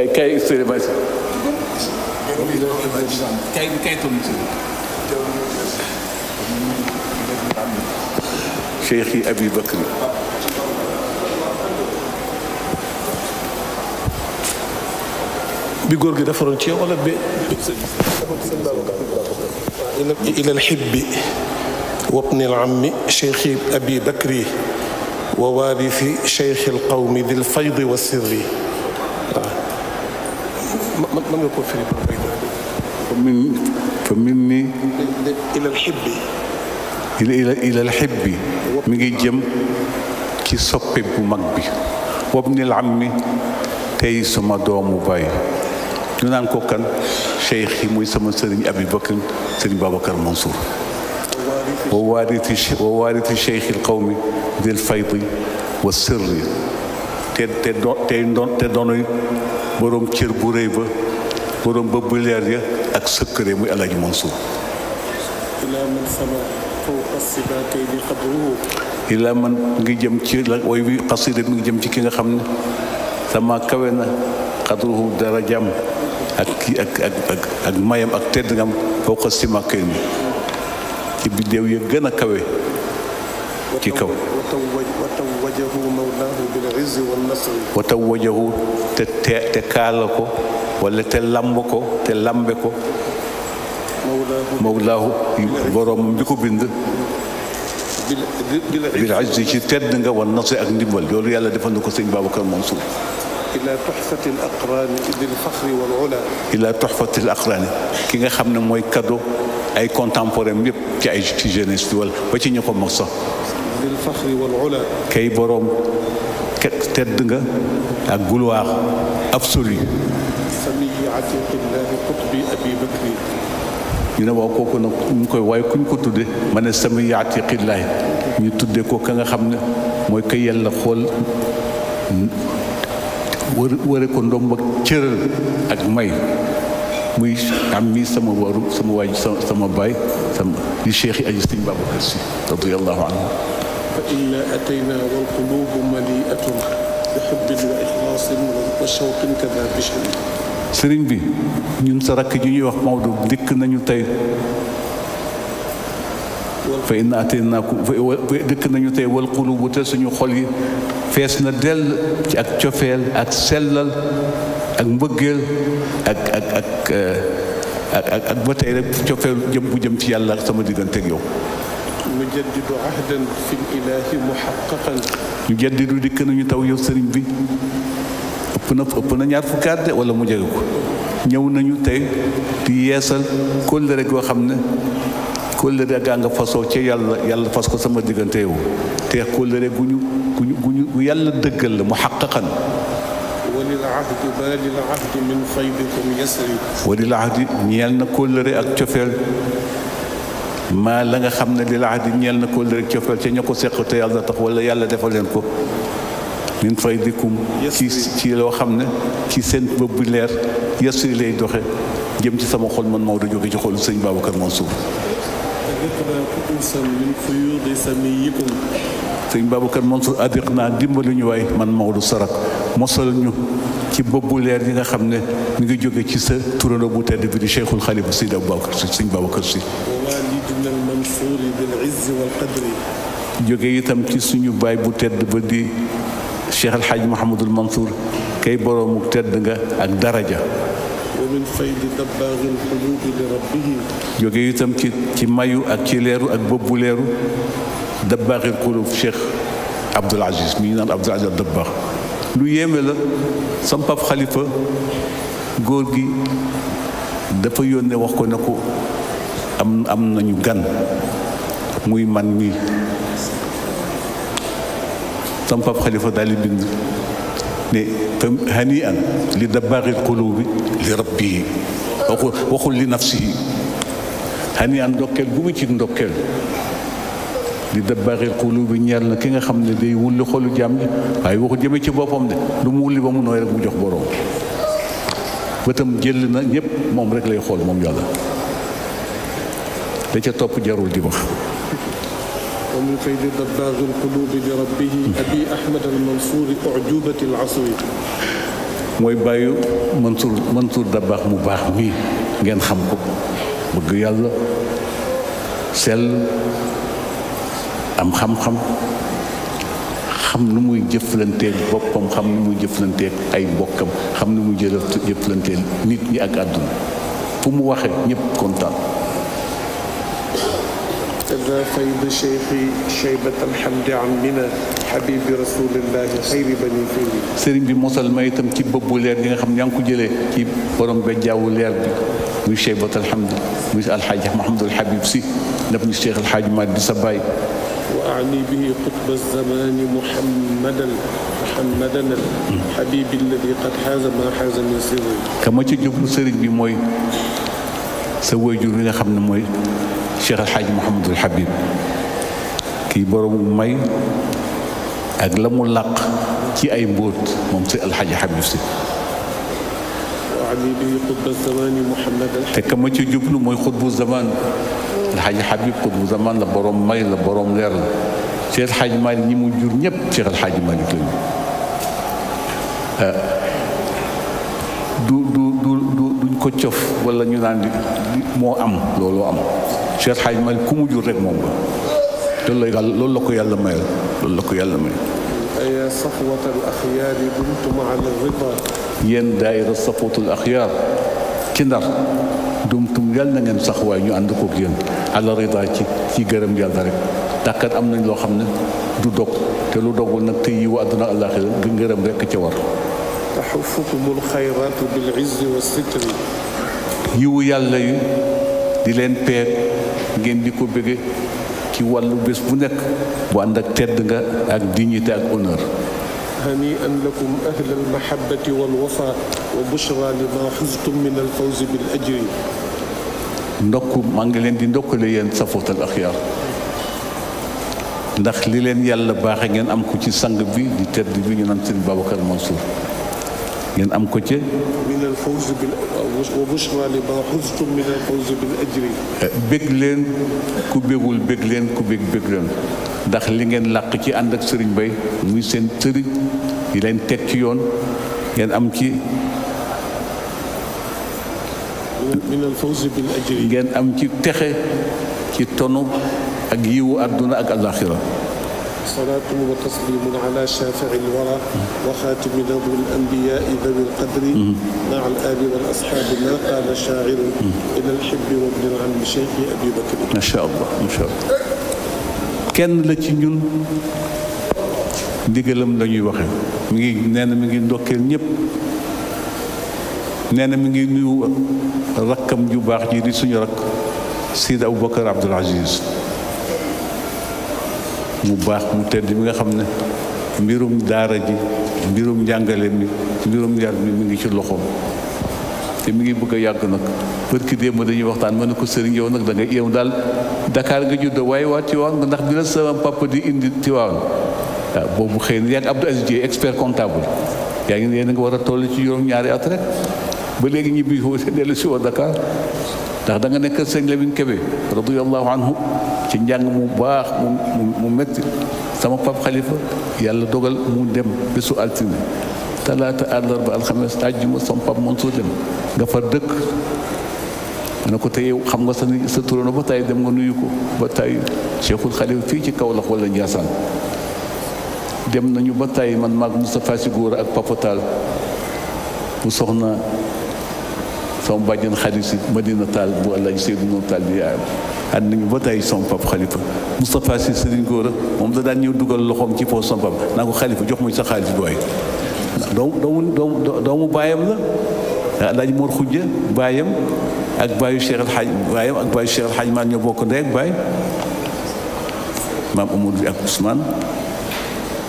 [SPEAKER 5] Kay Kay Souleymane Sy. Kay Kay Touré Sy. Cheikh Abi Bakri. bi góor gi defaroon ci yow wala bi. ilal xibbi wabni al-ammi Cheikh Abi Bakri wa waarisi Cheikh al-qawmi dil faydi wa sirri mën nga koo firi pour béykat bi. fa min fa min ni. ilal xibbi. ila ilal xibbi mi ngi jëm ci soppe bu mag bi. wabnil ammi tey sama doomu baay ñu naan ko kan cheikh yi muy sama sëriñ Abi Bakr sëriñ Babacar Mansour. wa waariti wa waariti cheikhil qawmi dil faydi wa sirri te te do te doon te doonay borom cër bu rëy ba borom bëb bu leer ya ak sëkkëre muy El Hadj Mansour. ilaa man ngi jëm ci la way bi xasida ngi jëm ci ki nga xam ne sama kawe na dara jàmm ak kii ak ak ak mayam ak tedd ngam foo ko simakkeen mi ci biddéew ya gën a kawe ci kaw wa tawwajahu te te kaala ko wala te lamb ko te lambe ko mawlaahu boroom bi ko bind bil azzi ci tedd nga wan nasri ak ndimbal loolu yàlla defal na ko sëñ Babacar Mansour ila tuhfatil aqraani idil faxri wal ula ila tuhfatil aqraani ki nga xam ne mooy cadeau ay contemporain yëpp ci ay ci jeunesse bi wala ba ci ñu ko mag sax kay boroom tedd nga ak gulwaax absolu ñu ne waaw kooku nag ñu koy waaye kuñ ko tudde ma ne sami yaatiqillaay ñu tudde ko ka nga xam ne mooy kay yàlla xool wër wëre ko ndomb ak ak may muy am mi sama waru sama waaj sama baay sama di aji sëñ Babacar Si radiyallahu anhu fa illa wal quluubu maliatun bi xubbin wa ixlaasin wa shawqin kada bishri sëriñ bi ñun sa rakk ji ñuy wax Maodo dikk nañu tey fa inna atayna ku dëkk nañu tey wal qulubu te suñu xol yi fees na dell ci ak cofeel ak sellal ak mbëggeel ak ak ak eh, ak ba tey rek cofeel jëm bu jëm ci yàlla sama digganteeg yow nujaddidu ahdan fil ilaahi muhaqqaqan dikk nañu taw yow sëriñ bi ëpp na ñaar fukki de wala mu jege ko ñëw nañu tey di yeesal kóllëre goo xam ne kóllëre gaa nga fasoo ci yàlla yàlla fas ko sama diggante yow te kóllëre gu ñu gu yàlla dëggal la muhaqqaqan
[SPEAKER 4] walil ahdi balil ahdi min faydikum yasri
[SPEAKER 5] walil ahdi ñeel na kóllëre ak cofeel maa la nga xam ne li la ahdi ñeel na ko rek cofeel ca ña ko seq te yàlla tax wala yàlla defal leen ko min fay dikkum ci ci loo xam ne ci seen bëb bu leer yasri lay doxe jëm ci sama xol man Maodo jóge ci xolu sëñ Babacar Mansour sëñ Babacar Mansour addiq naa dimbali ñu waay man Maodo Sarak mosal ñu ci bëbbu leer yi nga xam ne ñu ngi jóge ci sa turandoo bu tedd bi di Cheikhul Xalifa Seydi Aboubacar Si sëñ Babacar Si jóge itam ci suñu baay bu tedd ba di Cheikh El Hadj Mouhamadul Mansour kay boroomu tedd nga ak daraja. jóge itam ci ci mayu ak ci leeru ak bobbu leeru dabbaaxil xulub Cheikh Abdoul Aziz mi ñu naan Abdoul Aziz Dabbaax lu yéeme la sam xalifa góor gi dafa yónnee wax ko ne ko. am am nañu gan muy man mi sama pap xalifa daal di bind ne hani an li dabaaril qulubi li rabbi waxul waxul li nafsihi hani an ndokkeel gu mu ci ndokkeel li dabaaril qulubi ñeel na ki nga xam ne day wulli xolu jàmm ji waaye waxu jëme ci boppam de lu mu wulli ba mu nooy rek mu jox boroom bëtam jël na ñëpp moom rek lay xool moom yàlla da ca topp jarul di wax ومن قيد دباغ القلوب لربه أبي أحمد المنصور أعجوبة العصوي mooy bàyyu Mansour Mansour mu baax mii ngeen xam ko bëgg yàlla sell am xam-xam xam nu muy jëflanteeg boppam xam nu muy jëflanteeg ay mbokkam xam nu muy jëflanteeg nit ñi ak àdduna fu mu waxee ñëpp kontaan رضا فيض شيخي شيبة الحمد عمنا حبيب رسول الله خير بني فيه sëriñ bi mosal ma itam ci bëbbu leer gi nga xam ne yaa ngi ko jëlee ci borom ba jaww leer bi muy Cheybat alhamdu muy alxaaji Mahamadul Habib si daf ñu Cheikh alxaaji ma di sa baay وأعني به قطب الزمان محمدا محمدا الحبيب الذي قد
[SPEAKER 6] حاز ما حاز من سري.
[SPEAKER 5] ka ma ci jublu sëriñ bi mooy sa wéyjur li nga xam ne mooy Cheikh El Hadj Mouhamadul Habib kii borom may ak la mu làq ci ay mbóot moom si El Hadj Habib si. te ka ma ci jublu mooy xutbu zaman El Hadj Habib xutbu zaman la borom may la borom leer la Cheikh El Hadj Malick ñi mu jur ñëpp Cheikh El Hadj Malick lañu euh, du du du duñ ko cof wala ñu naan di moo am looloo am. Cheikh Xaaj ma ku mu jur rek moom la loolu la loolu la yàlla ma loolu la ko yàlla may ay safwatul axyaar dumtu maa rida yéen daayira safwatul axyaar ci ndar dumtum yàlla na ngeen sax waaye ñu ànd kook yéen ala rida ci ci gërëm yàlla rek am nañ loo xam ne du dog te lu dogul na te yiwu àdduna àllaaxira gi ngërëm rek ca war taxufukumul xayraatu wa sitri yiwu yàlla di leen peeg ngeen di ko bëgge ci wàllu bés bu nekk bu ànd ak tedd nga ak dignité ak honneur hanian lakum ahla almahabati
[SPEAKER 7] walwafa wa bushra lima xustum min alfawzi bil ajri
[SPEAKER 5] ndokk maa ngi leen di ndokkale yéen safootal axyaar ndax li leen yàlla baaxe ngeen am ko ci sang bi di tedd bi ñu naan seen Babacar Mansour ngeen am ko ca. minal fawzi bil wa bushra liman fawzi bil ajri. leen ku bégul bég ku bég bég leen ndax li ngeen làq ci ànd ak sëriñ bay ngi seen sëriñ di teg ci yoon ngeen am ci. minal fawzi bil ajri. ngeen am ci texe ci tonu ak yiwu àdduna ak alaaxira
[SPEAKER 1] صلاة وتسليم على شافع الورى وخاتم نبو الأنبياء ذوي
[SPEAKER 5] القدر مع الآل والأصحاب ما قال شاعر إلى الحب وابن العم شيخ أبي بكر ما شاء الله ما شاء الله kenn la ci ñun ndigalam la ñuy waxe mi ngi nee na mi ngi ndokkeel ñëpp nee na mi ngi nuyu rakkam ju baax ji di suñu rakk Seydi Aboubacar Abdoul Aziz mu baax mu di mi nga xam ne mbirum daara ji mbirum njàngale mi mbirum yar mi mi ngi ci loxoom te mi ngi bëgg a yàgg nag përki ma dañuy waxtaan ma ne ko sëriñ yow nag dangay nga daal dakaar nga juddoo waaye waa Tiwaawan nga ndax bi la sama papa di indi Tiwaawan waaw boobu xëy na yaa ngi Abdou Aziz Dieye expert comptable yaa ngi yéen a nga war a toll ci yoon ñaari at rek ba léegi ñibbi foofu dellu si waa Dakar ndax da nga nekk sëñ Lamine Kébé radiyallahu anhu ci njàng mu baax mu metti sama pap xalifa yàlla dogal mu dem bésu altine talaata àllarba alxames àjjuma sama pap mën soo dem dafa dëkk ma ne ko te yow xam nga sa sa ba tey dem nga nuyu ko ba tey cheikhul xalifa fii ci Kaolack wala Ndiassane dem nañu ba tey man maag Moustapha Sy Góora ak papatal bu soxna sama bàjjen xarit si Madina Tall bu Alaaji Seydou Nour Tall bi yaayam ànd nañu ba tey son pap xalifa Moustapha Sy Serigne Gora moom da daan ñëw dugal loxoom ci poos son pap naa xalifa jox ma sa xaalis booy doomu baayam la Alaaji ah, Mor Xujja baayam ak baayu Cheikh El Hadj baayam ak baayu Cheikh El Hadj maan ñoo bokk ndey ak baay maam Amadou bi ak Ousmane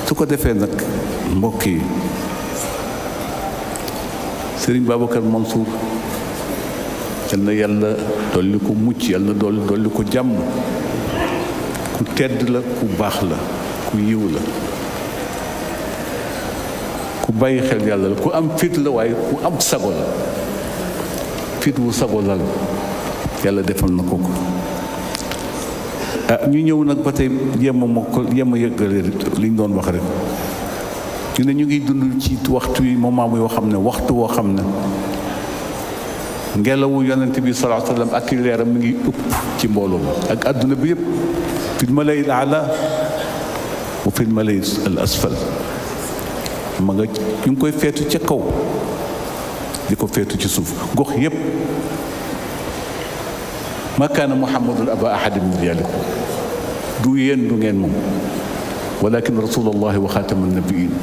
[SPEAKER 5] su ko defee nag mbokk yi Serigne Babacar Mansour yal na yàlla dolli ko mucc yal na dolli dolli ko jàmm ku tedd la ku baax la ku yiw la ku bàyyi xel yàlla la ku am fit la waaye ku am sabo la fit wu sago la yàlla defal na ko ko ah ñu ñëw nag ba tey yemma mokkal yemma yëggale li ñu doon wax rek ñu ñu ngi dund ci waxtu yi moment yoo xam ne waxtu woo xam ne ngelawu yonent bi sallallahu alayhi wa sallam ak i leeram mi ngi upp ci mbooloo mi ak adduna bi yëpp fil malay al ala wa fil malay al asfal ma nga ñu ngi koy feetu ca kaw di ko feetu ci suuf gox yëpp ma kaana muhammadun aba ahadin min rijaalikum du yéen du ngeen moom walakin rasulullahi wa xaatama nabiyin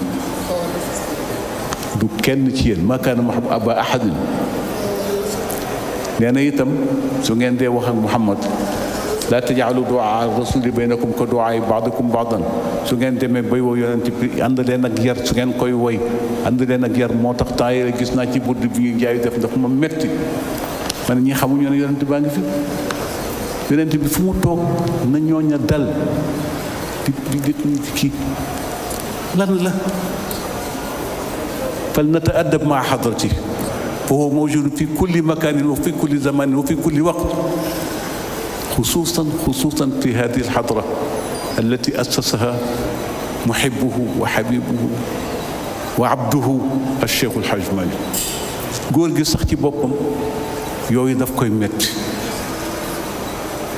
[SPEAKER 5] du kenn ci yéen ma kaana muhammadun aba ahadin nee na itam su ngeen dee wax ak Muhammad laa tajaalu duaa rasuli baynakum ka duaay baadikum baadan su ngeen demee bay woo yonent bi ànd leen ak yar su ngeen koy woy ànd leen ak yar moo tax temps gis naa ci budd bi ñuy jaay def ndax ma metti ma ne ñi xamuñu ne yonent baa ngi fi yonent bi fu mu toog na ñooña dal di di di kii lan la fal nataadab maa xadrati فهو موجود في كل مكان وفي كل زمان وفي كل وقت خصوصا خصوصا في هذه الحضرة التي أسسها محبه وحبيبه وعبده الشيخ الحاج Malick góor gi sax ci boppam yooyu daf koy metti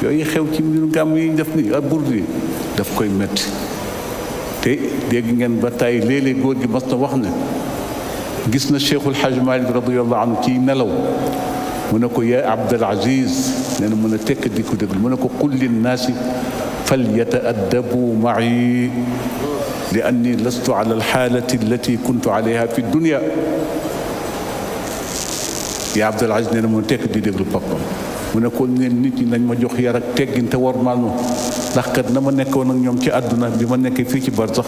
[SPEAKER 5] yooyu xew ci mbiru gàmm yi def ni ak burdi daf koy metti te dégg ngeen ba tàyyi léeg-léeg góor gi mas na wax ne gis na cheikhul haj malik radiallahu anhu ciy nelaw mu ne ko yaa abdal aziz nee na mën a tekk di ko déglu mu ne ko qul linnaasi fal yataaddabu ma'i li anni lastu ala alxaalati allati kuntu alayha fi dunia yaa abdal aziz nee na mën a tekk di déglu papam mu ne ko neen nit ñi nañ ma jox yar ak teggin te warmaal ma ndax kat na ma nekkoon ak ñoom ci àdduna bi ma nekkee fii ci bar sax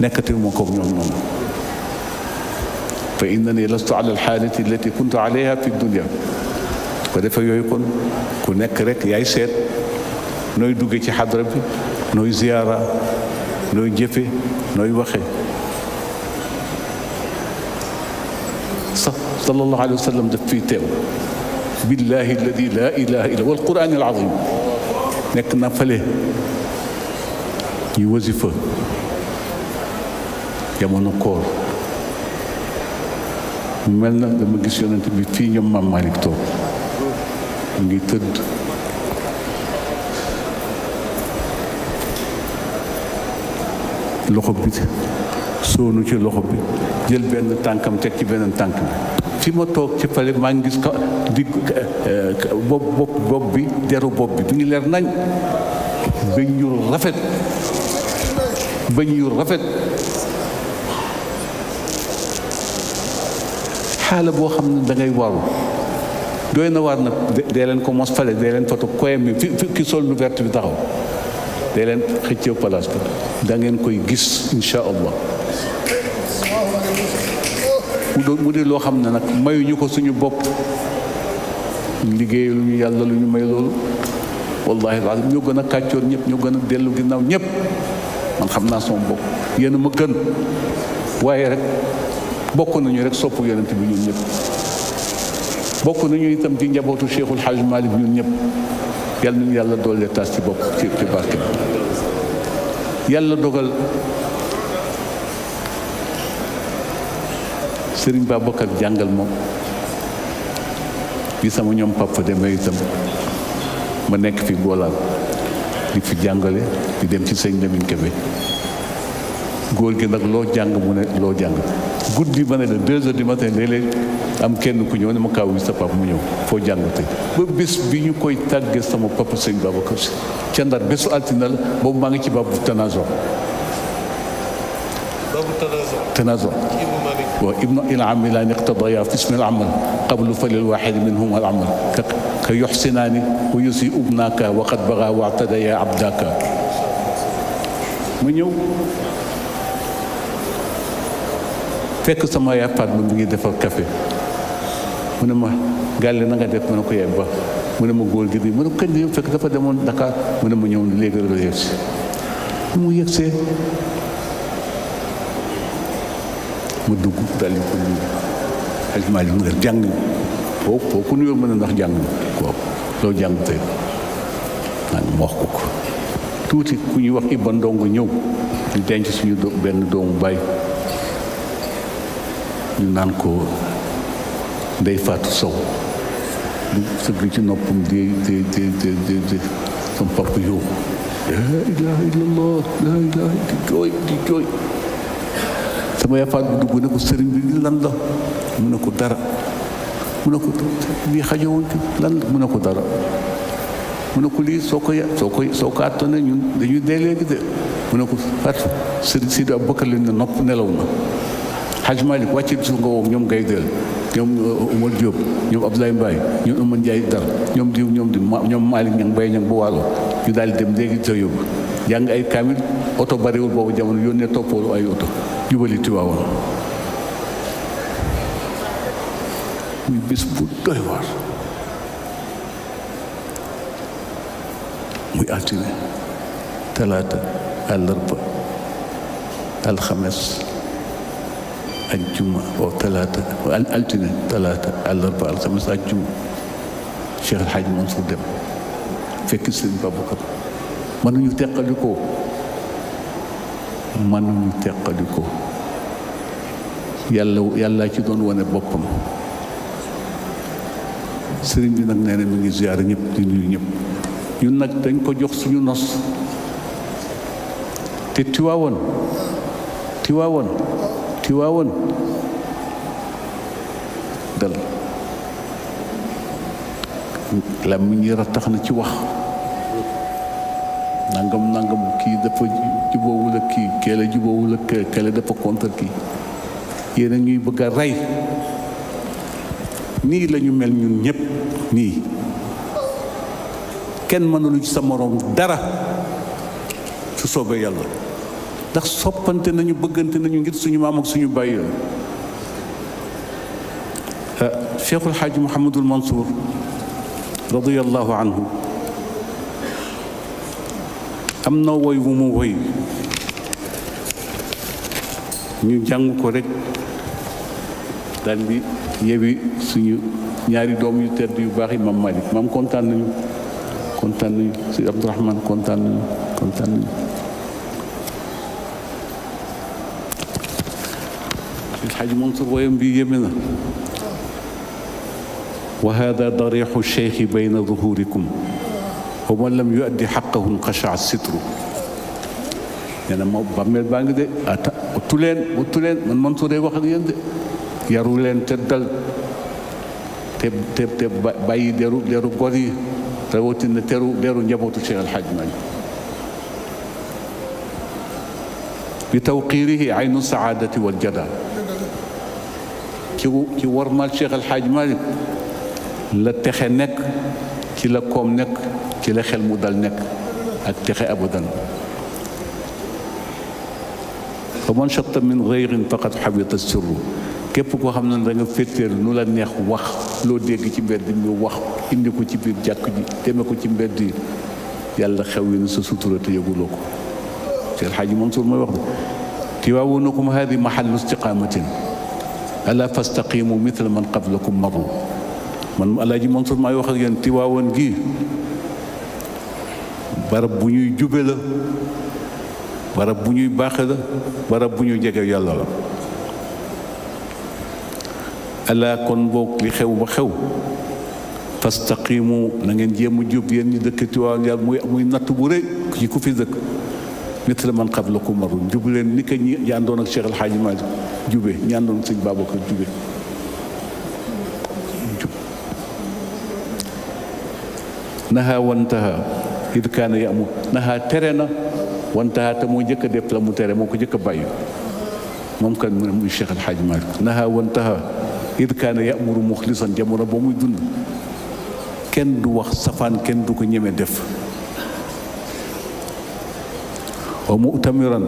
[SPEAKER 5] nekkati ma ko ñoom noonu فإنني لست على الحالة التي كنت عليها في الدنيا ko defee yooyu kon ku nekk rek yaay seet nooy duggee ci xadra bi nooy ziyaara nooy jëfe nooy waxe sax sallallahu alayhi wa sallam daf fiy teew billahi alladi la ilaha illa wal quraan al azim nekk na fale ñuy wasifa jamono koor mel na dama gis yonent bi fii ñoom maam Malick toog mu ngi tëdd loxo bi soonu ci loxo bi jël benn tànkam teg ci beneen tànk bi fi ma toog ci pale maa ngi gis ko di eh, eh, bopp bopp bopp bi deru bopp bi bi ngi leer nañ bëñ yu rafet bëñ yu rafet xaala boo xam ne dangay ngay waru na war na dee leen ko mos fale dee leen foto koyam bi fi ki sol lu verte bi taxaw dee leen xëccee place bi da ngeen koy gis insha allah mu di loo xam ne nag mayuñu ko suñu bopp liggéeyu lu ñu yàlla lu ñu may loolu wallahi lazim ñoo gën a kàccoor ñëpp ñoo gën a dellu ginnaaw ñëpp man xam naa sama bopp yéen ma gën waaye rek bokk nañu rek sopp yonent bi ñun ñëpp bokk nañu itam ci njabootu Cheikhul Hadj Malick ñun ñëpp yal nañu yàlla doole tas ci bopp ci ci barke yàlla dogal Serigne Babacar jàngal ma di sama ñoom papa demee itam ma nekk fi Ngolaal di fi jàngale di dem ci sëñ Lamine Kébé góor gi nag loo jàng mu ne loo jàng guddi ma ne la deux heures du matin léeg-léeg am kenn ku ñëw ne ma kaaw yi sa papa mu ñëw foo jàng tey ba bés bi ñu koy tàggee sama papa sëñ Babacar Si ca Ndar bésu altine la boobu maa ngi ci babu tanazor تنازع وابن العم لا اقتضيا في اسم العمل قبل فللواحد منهما العمل كيحسنان ويسيء ابناك وقد بغى واعتديا عبداك mu ñëw fekk sama yaay Fatma mu ngi defar café mu ne ma gàlle na nga def mu ne ko yaay mu ne ma góor gi di mu ne fekk dafa demoon Dakar mu ne ñëw léegi la yegsi mu mu dugg daal di ko nuyu aliment jàng foo foo ku nuyoo mën a ndax jàng ko loo jàng tey tuuti ku ñuy wax Iba Ndongo ñëw di denc suñu benn doomu baay ñu naan ko Ndeye Fatou Sow du sëgg ci noppum di di di di di sama papa yow
[SPEAKER 6] laa ilaha illallah laa ilaha di jooy
[SPEAKER 5] di jooy sama yafaat bu dugg na ko sëriñ bi lan la mu ne ko dara mu ne ko lii xajowoon ci ko dara mu ne ko lii soo ko soo ko soo ko àttone ñun dañuy dee de mu ne ko fat sëriñ Sidi Abubakar leen ne nopp nelaw na Hadj Malick wàcce su nga woo ñoom Gaye Del ñoom uh, Omar Diop ñoom Abdoulaye Mbaye ñoom Oumar Ndiaye Dar ñoom diw ñoom diw ñoom Malick ñang Mbaye ñang bu waalo ñu daal dem léegi sa yóbbu jàng ay kaamil oto bariwul boobu jamono yónnee toppoolu ay oto jubali Tiwaawan muy bis bu doy waar muy altine talaata àllarba alxames ak juma oo talaata altine talaata àllarba alxames ak juma Cheikh El Hadj Mansour dem fekk sëñ Babacar mënuñu teqalikoo mënuñu teqalikoo yàlla yàlla ci doon wane boppam sëriñ bi nag nee na mi ngi ziyaare ñëpp di nuyu ñëpp nag dañ ko jox suñu nos te tiwaawoon tiwaawoon Tiwaawoon dal lam mi ngi rattax na ci wax nangam nangam kii dafa juboowul ak kii kele juboowul ak kele dafa contre kii yéen ñuy bëgg a rey nii lañu mel ñun ñépp nii kenn mënul ci sa moroom dara su soobee yàlla ndax soppante nañu bëggante nañu ngir suñu maam ak suñu bàyyi euh, cheikhul xaaji Mouhamadul Mansour radiallahu anhu am na woy wu mu woy ñu jàng ko rek daal di yewi suñu ñaari doom yu tedd yu baax yi maam Malick maam kontaan nañu kontaan nañu si Abdourahman kontaan nañu kontaan nañu xaj Mansour woyam bi yéeme na wa hada darixu cheikhi bayna zuhurikum wa man lam yuaddi xaqahu nqashaa sitru nee na moo bàmmeel baa ngi de ata tu leen tu leen man Mansour day wax ak yéen de yaru leen te dal te te te bàyyi deru deru gor yi rawatina teru deru njabootu cheikh alxaj mañ bi tawqiirihi aynu saadati waljada ci ci warmal Cheikh El Hadj la texe nekk ci la koom nekk ci la xel mu dal nekk ak texe abadan fa man chatta min gayrin faqad xabita sirru képp koo xam ne da nga féetéer nu la neex wax loo dégg ci mbedd mi wax indi ko ci biir jàkk ji deme ko ci mbedd yi yàlla xew yi na sa sutura te yëguloo ko Cheikh El Hadj Mansour mooy wax tiwaawu nakum haadi mahallu istiqaamatin ala fastaqimu mithla man qablakum maru man ji Mansour maay wax yen yéen Tiwaawan gi barab bu ñuy jube la barab bu ñuy baaxe la barab bu ñuy jege yàlla la kon boog li xew ba xew fastaqimu na ngeen jéem a jub yéen ñi dëkk Tiwaawan yàlla muy muy natt bu rëy ci ku fi dëkk mithla man qablakum maru jub leen ni ko ñi àndoon ak Cheikh El jube ñu àndoon sëñ Babacar jube jub naxa wantaxa it kaana ya tere na wantaxa te moo jëkk a def la mu tere moo ko njëkk a bàyyi moom kan mu ne muy Cheikh El Hadj Malick wantaxa it kaana ya jamono ba muy dund kenn du wax safaan kenn du ko ñeme def wa mutamiran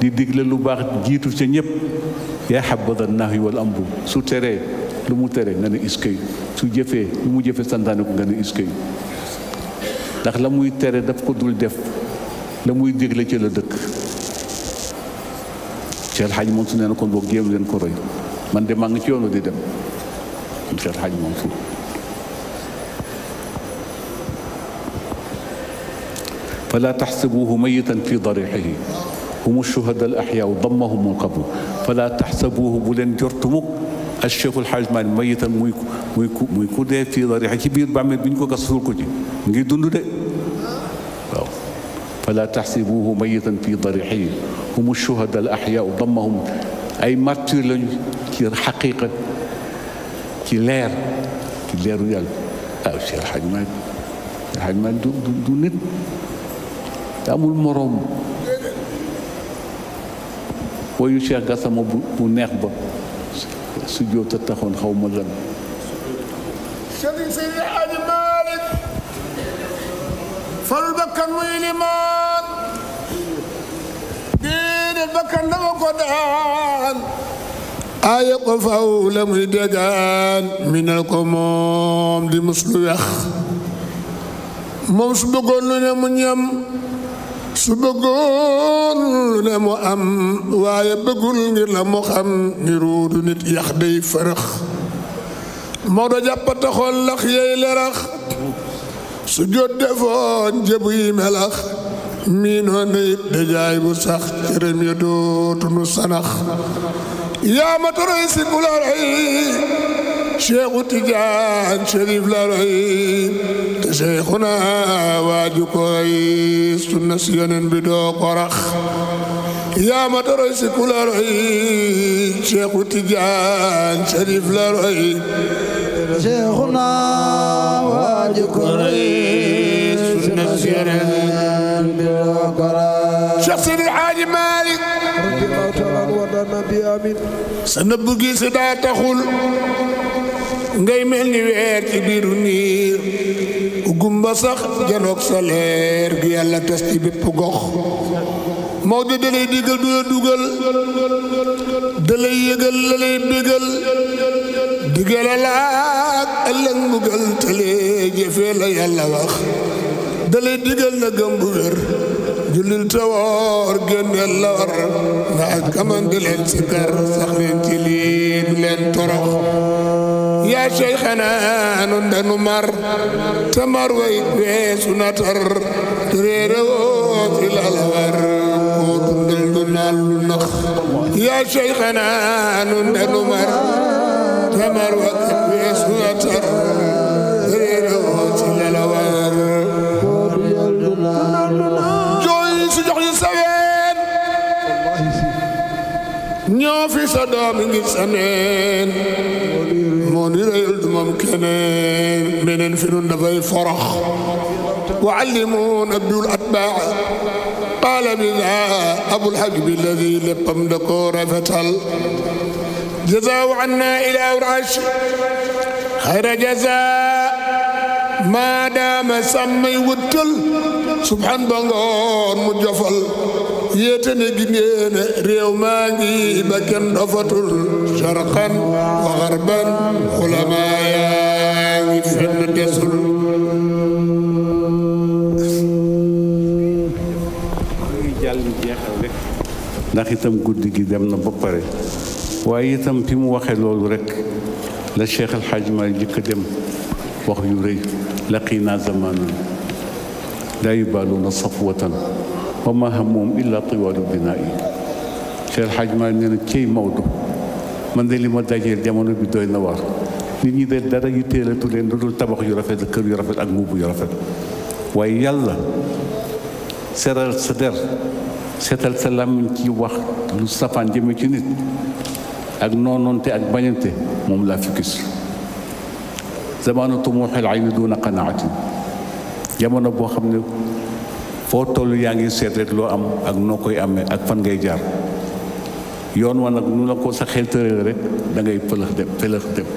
[SPEAKER 5] di digle lu baax jiitu ca ñëpp yaa xabada nahyi wal amru su tere lu mu tere nga ne iskay su jëfee lu mu jëfee santaane ku nga ne iskay ndax la muy tere daf ko dul def la muy dégle ci la dëkk Cheikh Hadj Mansour nee na kon boog jéem leen ko roy man de maa ngi ci yoonu di dem man Cheikh Hadj Mansour fala taxsibuhu mayitan fi darixihi hum shuhada al ahyaa dammahum min qabl fala taxsabuuhu bu leen jortu mukk al cheikh al xaaj maani mayitan muy muy ku muy ku dee fii dariixa ci biir bàmmeel bi ñu ko gas suul ko ci ngi dund de waaw fala taxsibuuhu mayitan fii dariixihi hum shuhada al ahyaa dammahum ay martyr lañu ci xaqiqa ci leer ci leeru yàlla waaw cheikh al xaaj maani al xaaj maani du nit amul moroom wayu Cheikh Gassama bu bu neex ba su jóota taxoon xaw ma lan
[SPEAKER 1] Sëriñ Seydi Aji Maalik falul bakkan muy limaan déedéet bakkan dama ko daan aaya ko faw la muy dégaan minal ko di mus lu wex moom mu ñam su bëggoon ne mu am waaye bëggul ngir la mu xam ngiru du nit yax day fërëx Maodo jàppata xool lax lerax su jot defoon jëbu yi melax miinoo nayit dajaay bu sax cërëm ya dootunu sanax yaa ma toroy si ku rey Cheikhu Tijaan Chérif la roy te Cheikhuna waaju ko roy sunna si Yonent bi doo ko rax yaa ma ta roy si ku la roy Cheikhu Tijaan Chérif la roy Cheikhuna waaju ko roy sunna si
[SPEAKER 8] Yonent bi doo ko rax Cheikh Sidi Haaji Maalik sa nëbb gi si daa taxul
[SPEAKER 1] ngay mel ni weer ci biiru niir gumba sax janoog sa leer gi yàlla tas ci bépp gox Maodo da lay digal du la dugal da lay yëgal la lay bégal yàlla wax da lay na gëm jullil te woor génneel la war nga kaman di leen sikar sax leen ci lii du leen yaa seyxana nun danu mar mar way weesu na tar te réere woo ci la la war koo dundal du nax yaa seyxana nun danu mar te mar way weesu na tar ñoo fi sa doomi ngir sa neen moo ni reyul du moom keneen meneen fi nun dafay forox wa allimuun abdul atbaa qaala bi abul hajib alladi léppam da ko rafetal jazaahu anna ilaa uraash xayra jazaa maa daama sàmmay wëttal subhan ba ngoon mu jofal yéetane gi neena réew maa ngi ba kenn dofatul wa xarban xulamaa yaa ngi fenn desul
[SPEAKER 5] ndax guddi gi dem na ba pare waaye itam fi mu waxee loolu rek la Cheikh El Hadj Malick jëkk dem wax yu rëy laqiinaa zamanan laa yubaaluuna wa ma hamuhum illa tiwaalu binaa yi Cheikh Hadj Malick nee na cey Maodo man de li ma dajeel jamono bi doy na waar nit ñi de dara yu téelatu leen lu dul tabax yu rafet kër yu rafet ak mbubb yu rafet waaye yàlla seral sa der seetal sa làmmiñ ci wax lu safaan jëme ci nit ak noonoonte ak bañante moom laa fi gis zamaanu tumuuxil ayni duuna qanaatin jamono boo xam ne foo toll yaa ngi seet rek loo am ak noo koy amee ak fan ngay jaar yoon wa nag nu la ko sa xel tëral rek dangay ngay dem pëlëx dem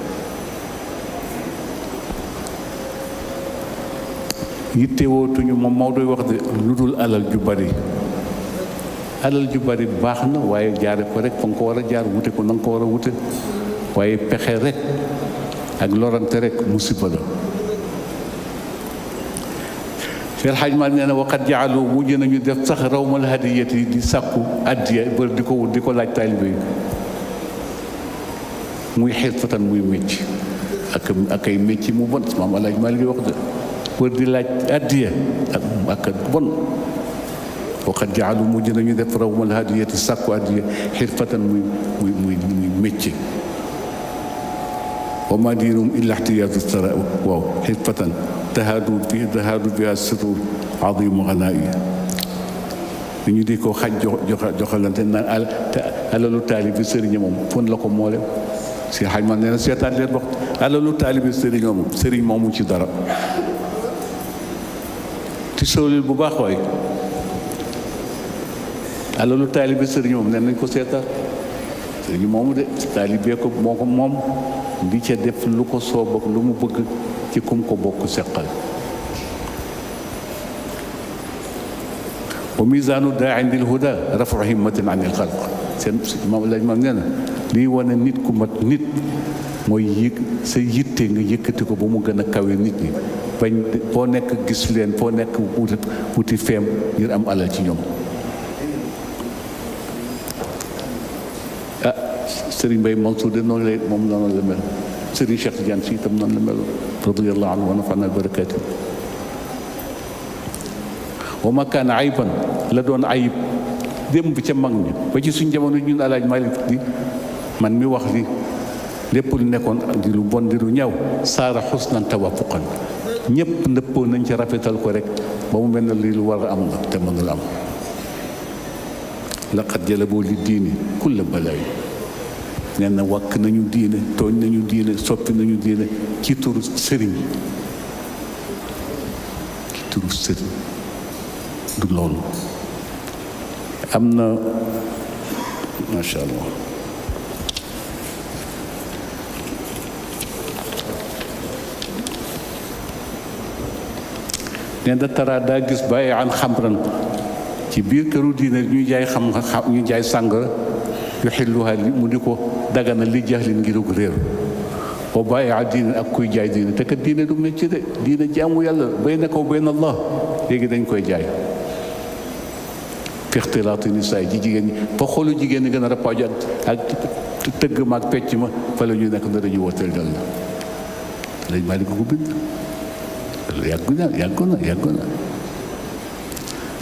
[SPEAKER 5] yitte wootuñu moom Maodoy wax de lu dul alal ju bari alal ju bari baax na waaye jaare ko rek fa nga ko war a jaar wute ko na nga ko war a wute waaye pexe rek ak lorante rek musiba la Seex Xaaj Maalik nee na waqat jaalu mujj nañu def sax rawmal hadiyat yi di sàkku addiya bër di ko wut di ko laaj taalibe yi muy xirfatan muy mécc ak ak ay mécc mu bon maam Alaaji Maalik wax de bër di laaj addiya ak ak bon waqat jaalu mujj nañu def rawmal hadiyat yi sàkku addiya xirfatan muy muy muy muy mécc وما دينهم إلا احتياج الثراء واو حفة تهادوا في تهادوا بها السرور عظيم غنائي ñu di ko xaj joxalante naan al alalu taalibi sëriñ moom fon la ko moole si xaj man nee na seetaan leen wax alalu taalibi sëriñ moom sëriñ moomu ci dara ti sowlil bu baax waay alalu taalibi sëriñ moom nee nañ ko seetaan sëriñ moomu de taalibe ko moo ko moom di ca def lu ko soob lu mu bëgg ci kum ko bokk seqal wa misaanu daa indil huda rafu himmatin anil xalq seen nee na lii wane nit ku mat nit mooy yëg sa yitte nga yëkkati ko ba mu gën a kawe nit ñi bañ foo nekk gis leen foo nekk wuti wuti feem ngir am alal ci ñoom Serigne Baye Mansour de noonu lay moom noonu la mel Serigne Cheikh Tidiane si itam noonu la mel radiyallahu anhu wa nafa'ana barakatuh wa ma kaana ayban la doon ayib démb ca mag ñi ba ci suñ jamono ñun alaaj Malik di man mi wax li lépp lu nekkoon di lu bon di lu ñaaw saara xusnan tawafuqan ñëpp ndëppoo nañ ca rafetal ko rek ba mu mel ne lii lu war am la te mënul am laqad jalabu li diini kulla balaayi nee na wàkk nañu diine tooñ nañu diine soppi nañu diine ci turu sëriñ ci turu sëriñ du loolu am na macha allah nee na daa gis bàyyi an xamran ci biir këru diine ñuy jaay xam ñu jaay sàngara yu xilluha mu di ko dagana li jaxlin ngirug réer wa bàyyi diine ak kuy jaay diine te kat diine du mécc de diine jaamu yàlla baynaka wa bayna allah léegi dañ koy jaay fixtilaati nisaa ji jigéen ñi fa xoolu jigéen ñi gën a rappaaju ak tëgg ma ak pecc ma fa la ñuy nekk na dañu wooteel dal la lañ maa li ko ko bind yàggu na yàggu na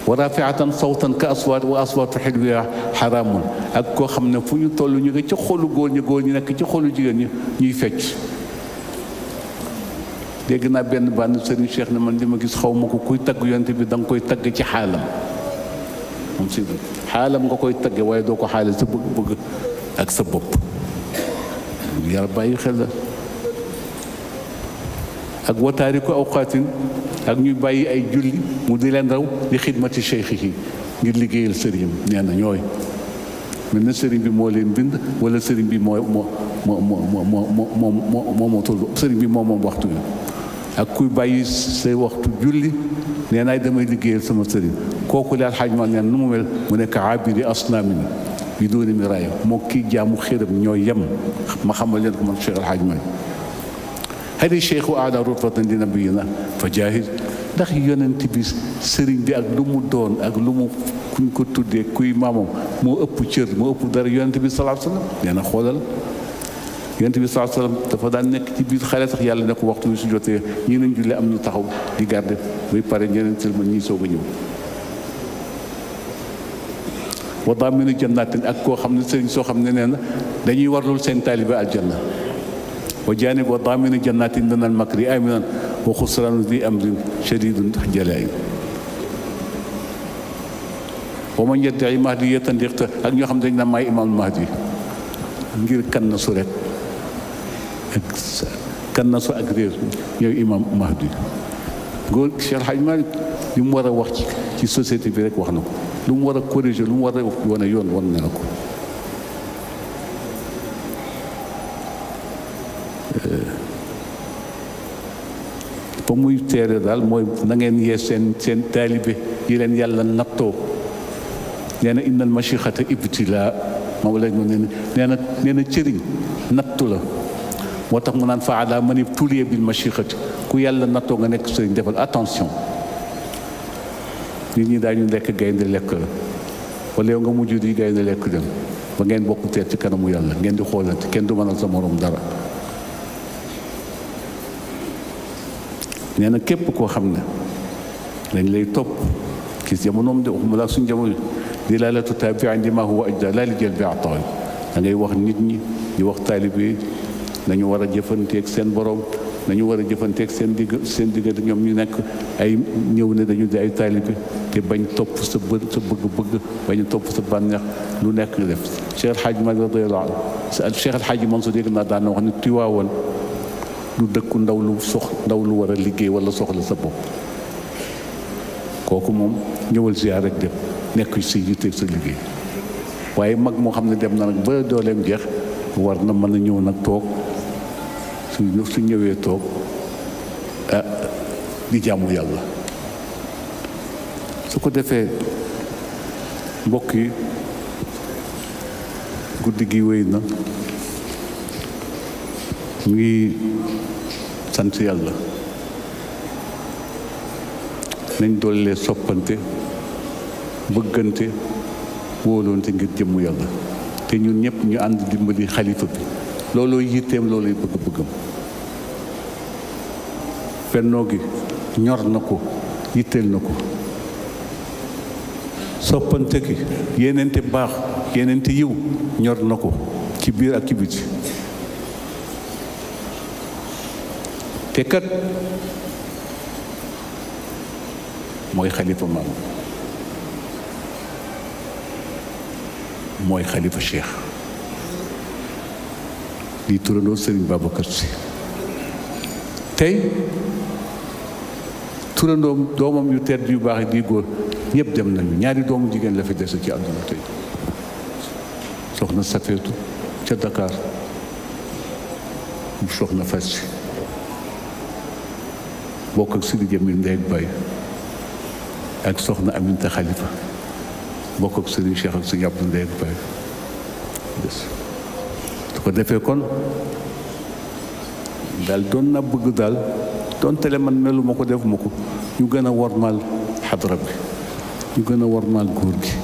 [SPEAKER 5] wa rafiatan sawtan ka aswaat wa aswaatu xilwiya xaraamun ak koo xam ne fu ñu toll ñu ngi ci xolu góor ñu góor ñi nekk ci xolu jigéen ñi ñuy fecc dégg naa benn bànn sëriñ Cheikh ne man li ma gis xaw ma ko kuy tagg yonte bi da nga koy tagg ci xaalam moom si xaalam nga koy tagge waaye doo ko xaale sa bëgg-bëgg ak sa bopp yar bàyyi la ak wataari ko awqaatin ak ñuy bàyyi ay julli mu di leen raw di xidmati cheikh yi ngir liggéeyal sëriñam nee na ñooy mel na sëriñ bi moo leen bind wala sëriñ bi moo moo moo bi moo moom waxtu wi ak kuy bàyyi se waxtu julli nee naay damay liggéeyal sama sëriñ kooku daal xaaj ma neen nu mu mel mu nekk abiri asnaamini bi doone mi raaya moo kii jaamu xéram ñooy yem ma xamal leen ko man Cheikh Alhaaj Maalik xëy cheikhu aada rutfatan li na fa jaahid ndax yonent bi sëriñ bi ak lu mu doon ak lu mu kuñ ko tuddee kuy maamam moo ëpp cër moo ëpp dara yonent bi salaa sallam nee xoolal yonent bi salaa sallam dafa daan nekk ci biir xale sax yàlla ne ko waxtu bi su jotee ñii nañ am na taxaw di garde muy pare ñeneen sëlma ñii soog a ñëw wa daaminu jannatin ak koo xam ne sëriñ soo xam ne nee na dañuy warlul seen taalibe aljanna وجانب وضامن جنات من المكر آمنا وخسران ذي أمر شديد جلاء ومن يدعي مهدية ليقت ak ñoo xam ne dañ na may imaam mahdi ngir kan na su rek ak kan na su ak réer ñooy imaam mahdi góor Cheikh Hadj Malick li mu war a wax ci société bi rek wax na ko lu mu war a corriger lu mu war a wane yoon wan na ko ba muy teere daal mooy nangeen ngeen seen seen taalibe yi leen yàlla nattoo nee na innal machixata ibtila moom lañ mu ne nee na nee na cëriñ nattu la moo tax mu naan fa ala mani tulie bil machixati ku yàlla nattoo nga nekk sëriñ defal attention nit ñi daañu lekk gaynde lekk la wala yow nga mujj di gaynde lekk dem ba ngeen bokk teer ci kanamu yàlla ngeen di xoolante kenn du mënal sa morom dara nee na képp koo xam na dañ lay topp ci jamonoom de waxuma laa suñ jamono di laa la tutaabi andi ma huwa ajda laa li a bi atooy da ngay wax nit ñi ñu wax taalibe yi nañu war a jëfanteeg seen borom nañu war a jëfanteeg seen digg seen diggante mi ñu nekk ay ñëw ne dañu di ay taalibe te bañ topp sa bë sa bëgg-bëgg bañ topp sa bànneex lu nekk nga def Cheikh El Hadj Malick radiyallahu anhu Cheikh El Hadj Mansour dégg naa daan na wax ne Tiwaawoon lu dëkku ndaw lu sox ndaw lu war a liggéey wala soxla sa bopp kooku moom ñëwal ziar rek dem nekk si yitte sa liggéey waaye mag moo xam ne dem na nag ba dooleem jeex war na mën a ñëw nag toog su su ñëwee toog ah di jaamu yàlla su ko defee mbokk yi guddi gi wéy na mu sant yàlla nañ doole soppante bëggante wóolonte ngir jëmm yàlla te ñun ñëpp ñu ànd dimbali xalifa bi looloo yitteem loolooy bëgg-bëggam bennoo gi ñor na ko yitteel na ko soppante gi yeneente baax yeneente yiw ñor na ko ci biir ak ci biti te kat mooy xalifa maam mooy xalifa cheikh di turandoo Serigne Babacar Sy tey turandoom doomam yu tedd yu baax yi di góor ñëpp dem nañu ñaari doomu jigéen la fi des ci àdduna tey soxna Safeetu ca Dakar soxna Fas bokk ak Sidi Jamil ndey ak bay ak soxna Aminta Xalifa bokk ak Sëriñ Cheikh ak Sëriñ Abdu ndey ak bay su ko defee kon daal doon na bëgg daal doon tele man melu ko defuma ko ñu gën a wormaal xadra bi ñu gën a wormaal góor gi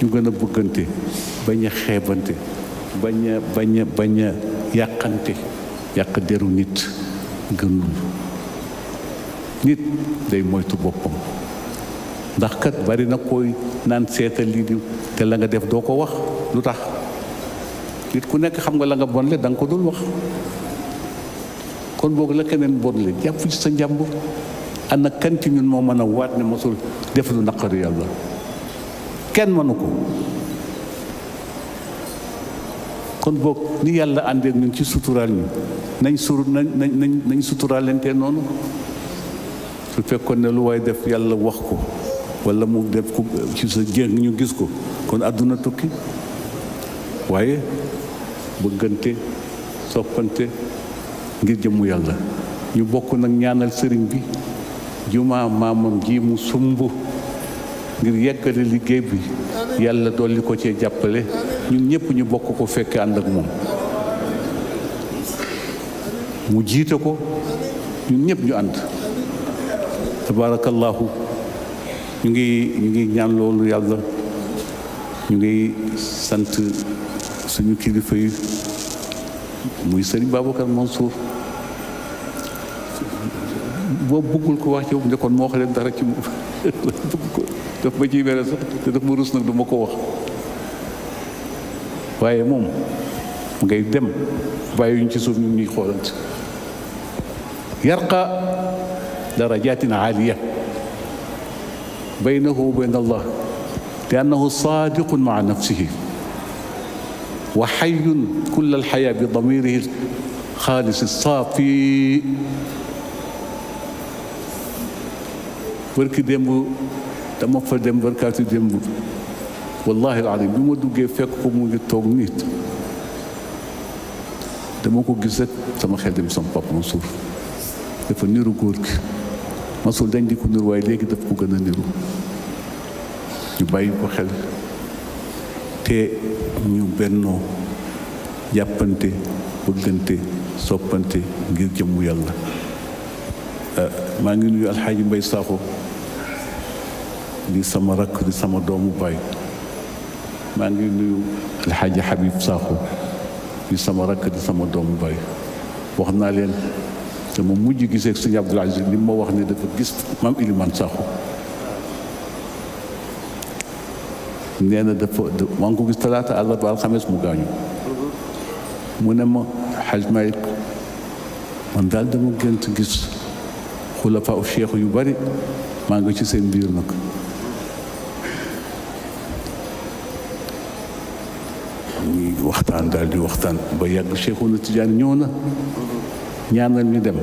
[SPEAKER 5] ñu gën a bëggante bañ a xeebante bañ a bañ yàqante yàq deru nit gënul nit day moytu boppam ndax kat bari na koy naan seetal lii diw te la nga def doo ko wax lu tax nit ku nekk xam nga la nga bonle da nga ko dul wax kon boog la keneen bon bonle jàpp ci sa njàmbur ana kan ci ñun moo mën a waat ne mosul def lu naqari yàlla kenn mënu ko kon boog ni yàlla àndeek ñun ci suturaal ñu nañ sur nañ nañ nañ noonu su fekkoon ne lu waay def yàlla wax ko wala mu def ko ci sa jéng ñu gis ko kon àdduna tukki waaye bëggante soppante ngir jëmmu yàlla ñu bokk nag ñaanal sëriñ bi jumaa maamam ji mu sumb ngir yeggale liggéey bi yàlla dolli ko cee jàppale ñu ñëpp ñu bokk ko fekke ànd ak moom mu jiite ko ñun ñëpp ñu ànd tabaarakallaahu ñu ngi ñu ngi ñaan loolu yàlla ñu ngi sant suñu kilifa yi muy sëriñ Babacar Mansour boo bëggul ko wax ci moom njëkkoon moo wax leen dara ci moom bëgg ko daf ma ciy mere te daf ma rus nag duma ko wax waaye moom ngay dem bàyyi ñu ci suuf ñu ñuy xoolante yarqa درجات عالية بينه وبين الله لأنه صادق مع نفسه وحي كل الحياة بضميره الخالص الصافي barki démb dama fa dem barkaatu démb wallahi alim bi ma duggee fekk ko mu ngi toog nit dama ko gis rek sama xel dem sama papa Mansour dafa niru góor gi masul dañ di ko niru waaye léegi daf ko gën a niru ñu bàyyi ko xel te ñu bennoo jàppante bëggante soppante ngir jëmmu yàlla euh, maa ngi nuyu alxaaji mbay saaxo di sama rakk di sama doomu baay maa ngi nuyu alxaaji xabib saaxo di sama rakk di sama doomu baay wax naa leen mu ma mujj gisee sëñ Abdoul Aziz li ma wax ne dafa gis maam Ilimane Sakho nee na dafa maa ngi ko gis talaata àllarba alxames mu gaañu mu ne ma xaj Malik man daal dama gënt gis xulafa u cheikh yu bari maa ngi ci seen biir nag ñuy waxtaan daal di waxtaan ba yàgg Cheikhuna Tidiane ñëw na ñaanal ñu dem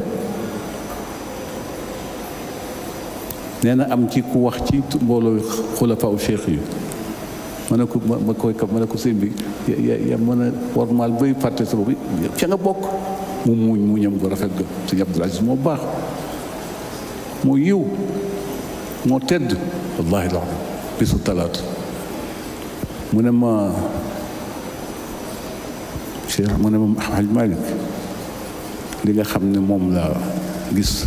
[SPEAKER 5] nee na am ci ku wax ci mbooloo xulafaaw cheikh yi ma ne ko ma koy kap ma ne ko sëñ bi ya mën a warmaal bay fàtte sa bopp ca nga bokk mu muñ muñam ko rafet ga sëñ Abdul Aziz moo baax mu yiw moo tedd wallahi la bisu talaata mu ne ma cheikh mu ne ma Alhaj Malick li nga xam ne moom la gis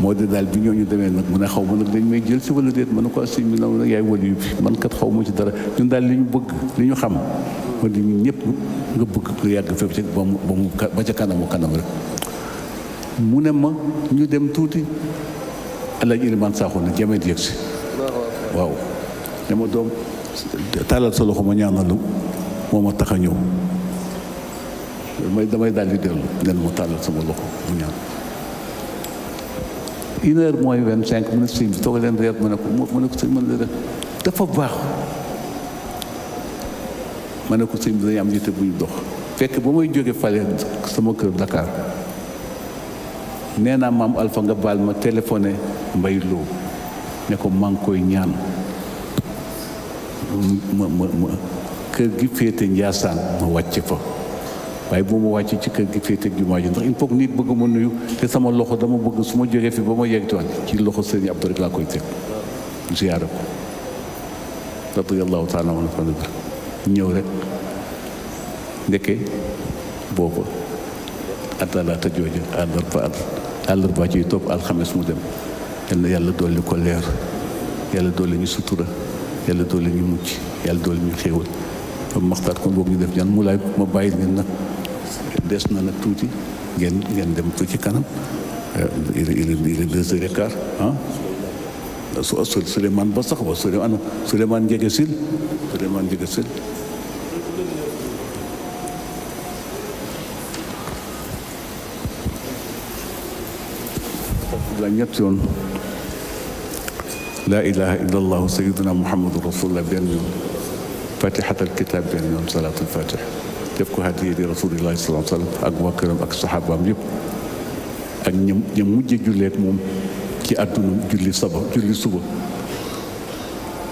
[SPEAKER 5] moo de daal bi ñu demee nag mu ne xaw ma nag dañ may jël si wala déet mën ah na ko assuñ mi na nag yaay wali yu bi man kat xaw ma ci dara ñun daal li ñu bëgg li ñu xam ma di ñu ñëpp nga bëgg ko yàgg fépp ci ba mu kanamu kanam rek mu ne ma ñu dem tuuti alaaj iliman saaxu ne jameet yëg si waaw ne ma doom tàllal sa loxo ma ñaanalu moo ma tax a ñëw damay damay daal di dellu nen mu tàllal sama loxo mu ñaan une heure mooy vingt cinq sëñ bi toog leen reer ma ne ko ma ne ko sëñ mën la def dafa baax ma ne ko sëñ bi dañu am yitte bu dox fekk ba may jóge fale sama kër Dakar nee naa maam Alpha nga baal ma téléphoné Mbay Lo ne ko maa koy ñaan ma ma ma kër gi féete Njaasaan ma wàcce fa waaye bu ma wàcc ci kër gi féete ak jumaa ji ndax il faut que nit bëgg ma nuyu te sama loxo dama bëgg su ma jógee fi ba ma yegtuwaat ci loxo sëriñ Abdou rek laa koy teg ziyaara ko radiyallahu taala an ñëw rek ndekke booba atalaata jooja àllarba àllarba ciy topp alxames mu dem yal na yàlla dool ko leer yàlla dolli ñu sutura yàlla dolli ñu mucc yàlla dolli ñu xéewal ba maxtaat kon boog ñu def ñaan mu laay ma bàyyi leen nag des na nag tuuti dem ko ci kanam euh, il il est deux heures et quart ah su su Souleymane ba sax wa Souleymane Souleymane Njege la ñett yoon laa ilaha illa allahu sayiduna muhammadu rasulullah def ko hadiya di rasulillahi sallallahu alayhi wa ak waa këram ak saxaabaam yëpp ak ña ña mujje julleek moom ci àdduna julli saba julli suba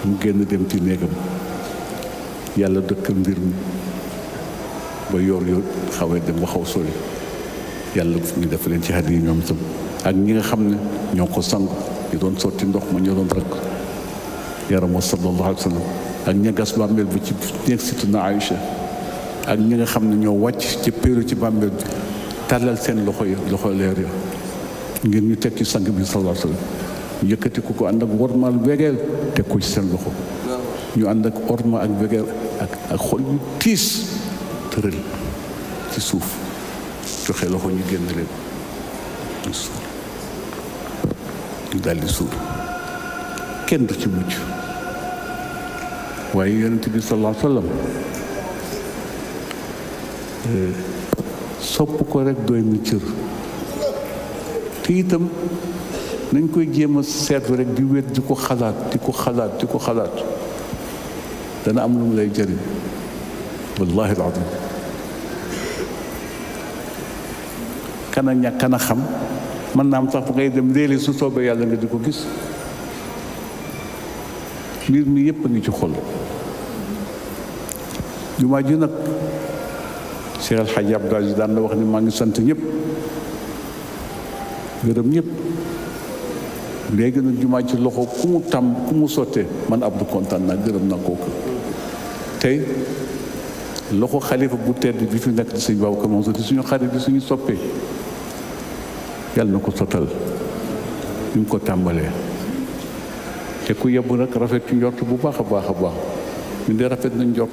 [SPEAKER 5] mu génn dem ci néegam yàlla dëkkal mbir mi ba yoor yoor xawee dem ba xaw sori yàlla ñu def leen ci hadiya ñoom itam ak ñi nga xam ne ñoo ko sang ñu doon sotti ndox ma ñoo doon rakk yaram wa sallallahu alayhi wa sallam ak ña gas bàmmeel ba ci néeg Sayyidatuna Aïcha ak ñi nga xam ne ñoo wàcc ci péeru ci bàmbeel tàllal seen loxo yi loxo leer yi ngir ñu teg ci sang bi sallallahu alayhi wasallam yëkkati ko ànd ak wormaal wegeel teg ko ci seen loxo ñu ànd ak orma ak wegeel ak ak xol yu tiis tëral ci suuf joxe loxo ñu génn leen ñu suur ñu daldi suur kenn du ci mucc waaye yonent bi sallallahu alayhi sopp ko rekk doy na cër te itam nañ koy jéem a seetlu rek di wét di ko xalaat di ko xalaat di ko xalaat dana am lu mu lay jëriñ wallahi alazim kana ñàkk kana xam mën naa am sax fu ngay dem léeg su soobee yàlla nga di ko gis mbir mi yépp a ngi xol jumaa ji nag Cheikh El Hadj Abdou daan na wax ni maa ngi sant ñëpp gërëm ñëpp léegi nag jumaa ci loxo ku mu tàmm ku mu sottee man Abdou kontaan naa gërëm naa kooku tey loxo xalifa bu tedd bi fi nekk di sëñ Babacar Mansour di suñu xarit bi suñu soppee yàlla na ko sottal ñu ko tàmbalee te ku yebbu nag rafet ci njort bu baax a baax a baax ñu dee rafet nañ njort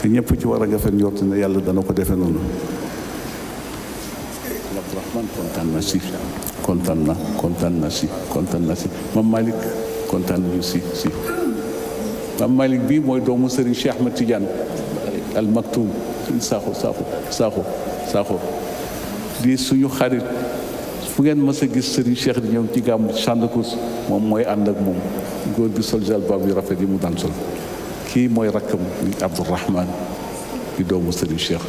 [SPEAKER 5] te ñëpp ci war a gafen yortu ne yàlla dana ko defe noonu Abdourahmane kontaan na si kontaan na kontaan si kontaan na si Mam Malick kontaan si si Mam bi mooy doomu Serigne Cheikh Ahmed Tidiane Al Maktoum Sakho Sakho Sakho Sakho di suñu xarit fu ngeen mës a gis Serigne Cheikh di ñëw ci gàmm Sandakous moom mooy ànd ak moom góor bi sol jal baab yu rafet yi mu daan sol kii mooy rakkam di Abdourahman di doomu Serigne Cheikh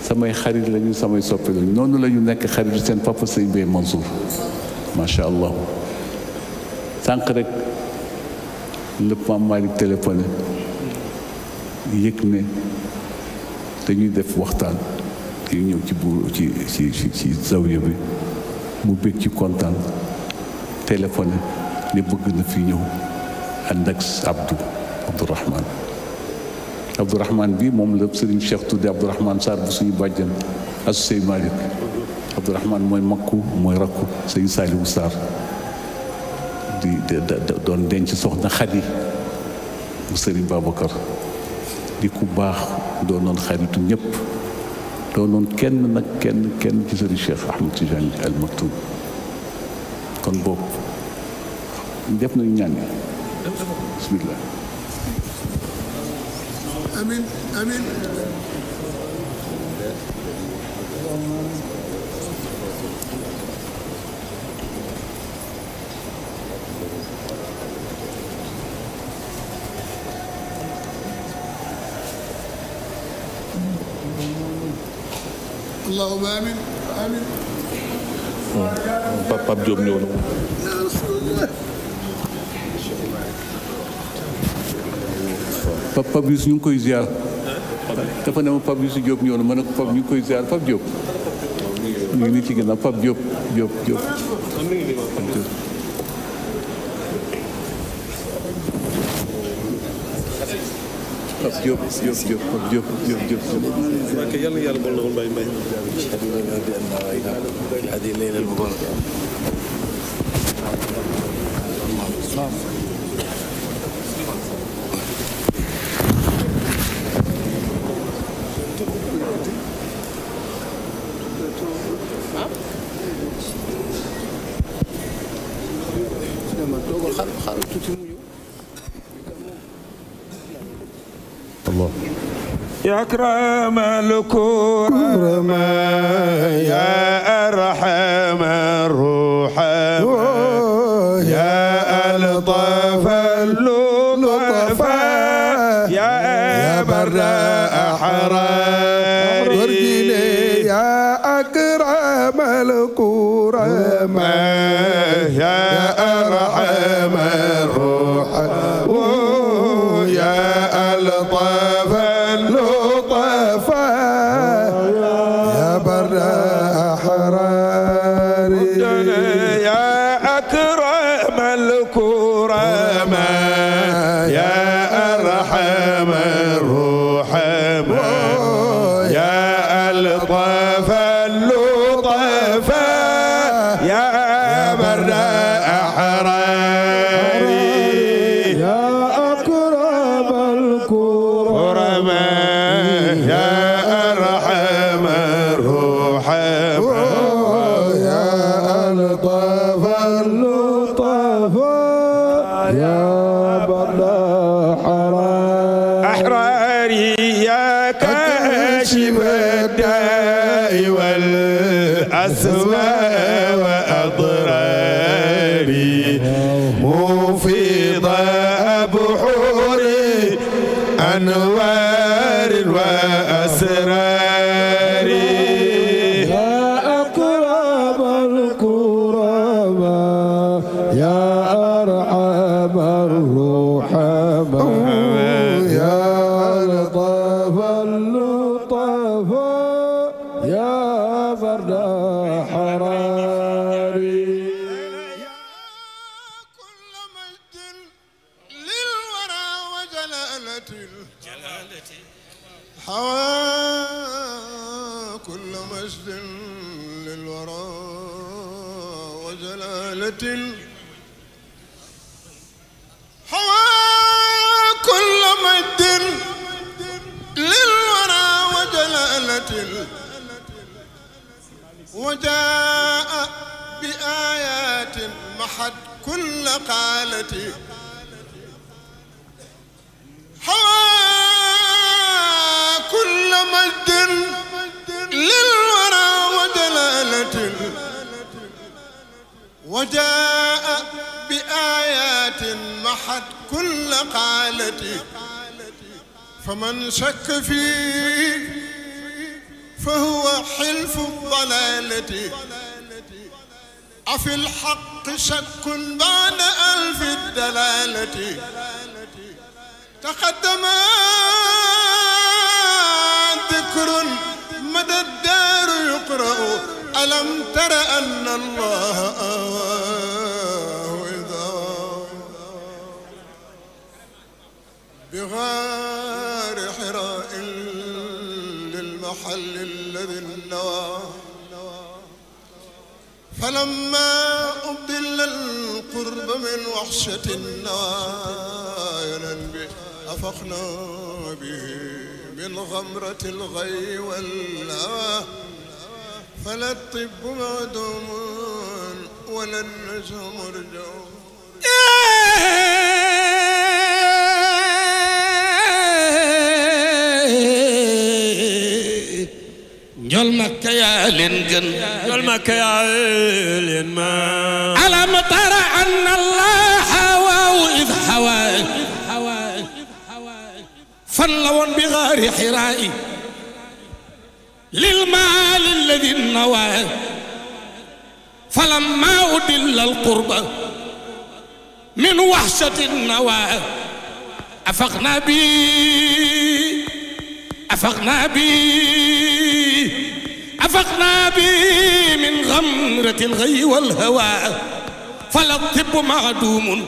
[SPEAKER 5] samay xarit lañu samay soppe lañu noonu la ñu nekk xarit seen papa Serigne Baye Mansour macha allah sànq rek lépp maam Malick téléphoné yëg ne dañuy def waxtaan ki ñëw ci buur ci ci ci zawiya bi mu bég ci kontaan téléphoné ne bëgg na fi ñëw ànd ak Abdou Abdourahman Abdourahman bi moom la Serigne Cheikh tudde Abdourahman Sarr bu suñu bàjjan asu sey Malick Abdourahman mooy makku mooy rakku sëñ Saliou Sarr di doon denc soxna Xadi bu Serigne Babacar di ku baax doonoon xaritu ñëpp doonoon kenn nag kenn kenn ci Serigne Cheikh Ahmed Tidiane Al Maktoum kon boobu def nañu ñaan yi bismillah
[SPEAKER 1] amiin amiin allahumma amiin amiin
[SPEAKER 5] Pape Diop ñëw na Pape Pape Youssou ñu ngi koy ziar. dafa ne ma Pape Youssou Diop ñëw na ma ne ko Pape ñu ngi koy ziar Pape Diop. ñu ngi ci ginnaaw Pape Diop Diop Diop. Pape
[SPEAKER 6] Diop Diop Diop Pape Diop Diop Diop Diop.
[SPEAKER 1] أكرم الكرماء من شك فيه فهو حلف الضلالة أفي الحق شك بعد ألف الدلالة تقدم ذكر مدى الدار يقرأ ألم تر أن الله آواه إذا بغاية محل الذي النوى فلما أبدل القرب من وحشة النوايا أفقنا به من غمرة الغي والهوى فلا الطب معدوم ولا النجم مرجوم
[SPEAKER 9] ñol makka yaa leen gën ñol makka yaa leen ma alam tara anna allaha waaw id xawaay fan la woon bi gaari xiraayi lil maal alladi nawaay falamma udilla alqurba min waxshati nawaay afaqna bi afaqna bi أفقنا به من غمرة الغي والهوى فلا الطب معدوم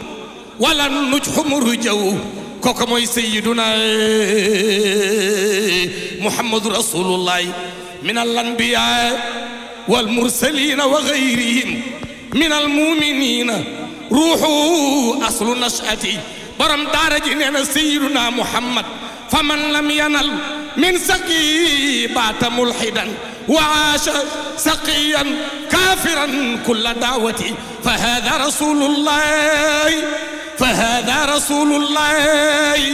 [SPEAKER 9] ولا النجح مرجو kooku mooy sayyiduna Muhammadu rasulullahi minal anbiyaa wal mursaliina wa gayrihim minal muuminiina ruuxu aslu nashati borom daara ji nee na sayyiduna Muhammad fa man lam yanal min saqi baata mulxidan wa aasha saqiyan kaafiran kulla daawati fa hada rasulullahi fa hada rasulullahi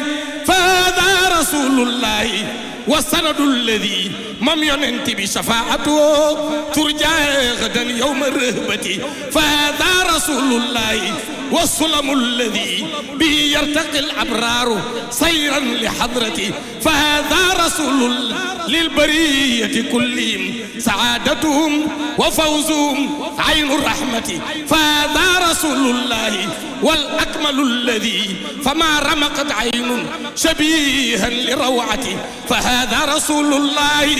[SPEAKER 9] fa hada rasulullahi wa sanadu lladi moom yonent bi shafaatu turjaa gadan yowma rëhbati fa hada rasulullahi wa sulamu lladi bi yartaqi l abraaru sayran li hadrati fa hada rasulu lilbariyati kullihim saadatuhum wa fawzuhum aynu rahmati fa hada rasulullahi wal akmalu lladi fama ramaqat aynun shabihan li rawati هذا رسول الله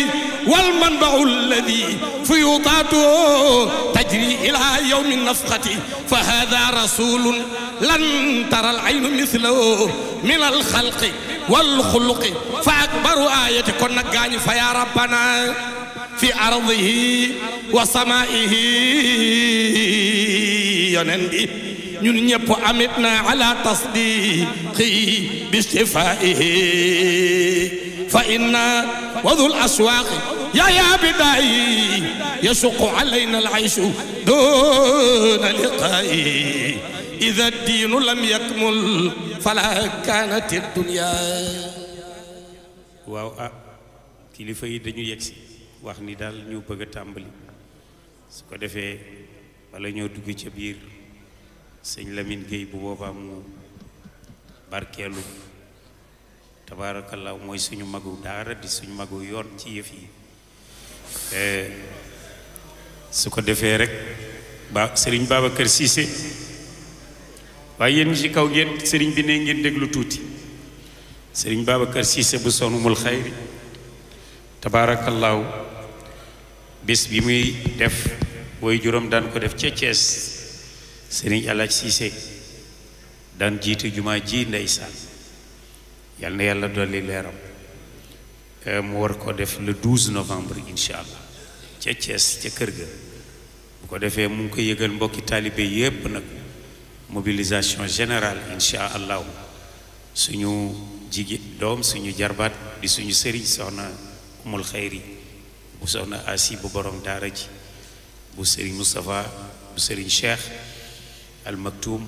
[SPEAKER 9] والمنبع الذي فيوطاته تجري إلى يوم النفخة فهذا رسول لن ترى العين مثله من الخلق والخلق فأكبر آية كنا قاني فيا ربنا في أرضه وسمائه ينندي ñun ñëpp amit na ala tasdiqi bi shifaihi fa inna wadul aswaaqi yaa yaa bidaayi yasuqu alayna alxaysu duna liqaayi ida diinu lam yakmul fala kaanat dunya
[SPEAKER 10] waaw ah kilifa yi dañu yegg si wax ni daal ñu bëgg a tàmbali su ko defee wala ñoo dugg ca biir sëñ Lamine Gueye bu boobaa mu barkeelu tabaarakallaahu mooy suñu magu daara di suñu magu yoon ci yëf yi e, su ko defee rek ba sëriñ kër Cissé waaye yéen ñi ci kaw ngeen sëriñ bi ne ngeen déglu tuuti sëriñ Babacar Cissé bu sonumul xayri tabaarakallaahu bés bi muy def woy juróom daan ko def ca Thiès sëriñ Alaaji Cissé daan jiite jumaa ji ndeysaan yal na yàlla dolli leeram eh, mu war ko def le 12 novembre incha allah ca Thiès ca kër ga bu ko defee mu ngi ko yëgal mbokki taalibe yépp nag mobilisation générale incha allahu suñu jigéen doom suñu jarbaat di suñu sëriñ soxna umul xayri bu soxna asi bu borom daara ji bu sëriñ Moustapha bu sëriñ Cheikh al Maktoum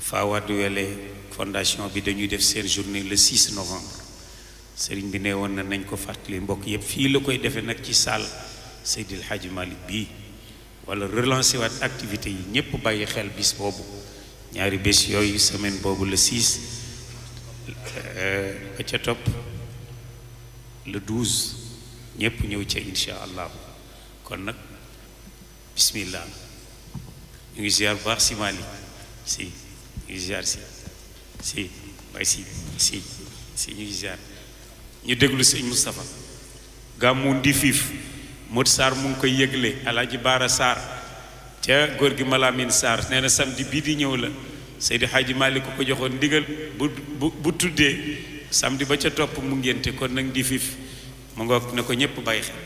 [SPEAKER 10] faawaatu wele fondation bi dañuy def seen journée le 6 novembre sëriñ bi ne woon na nañ ko fàttali mbokk yëpp fii la koy defee nag ci salle Seydil Hadji Malick bi wala relancer waat activité yi ñëpp bàyyi xel bis boobu ñaari bés yooyu semaine boobu le 6 euh, ca topp le 12 ñëpp ñëw ca incha allah kon nag bismillah ñu ngi ziar baax si Malick si ngi ziar si. si bay si si si ñu ngi ñu déglu sëñ Moustapha gàmmu ndi fiif Modou Sarr mu ngi koy yëgle alaaji Baara Sarr ca góor gi Malamine Sarr nee na bii di ñëw la Seydi Hadji Malick ko joxoon ndigal bu tuddee samedi ba ca topp mu ngénte kon nag di fiif mu ngoog na ko ñépp bàyyi xel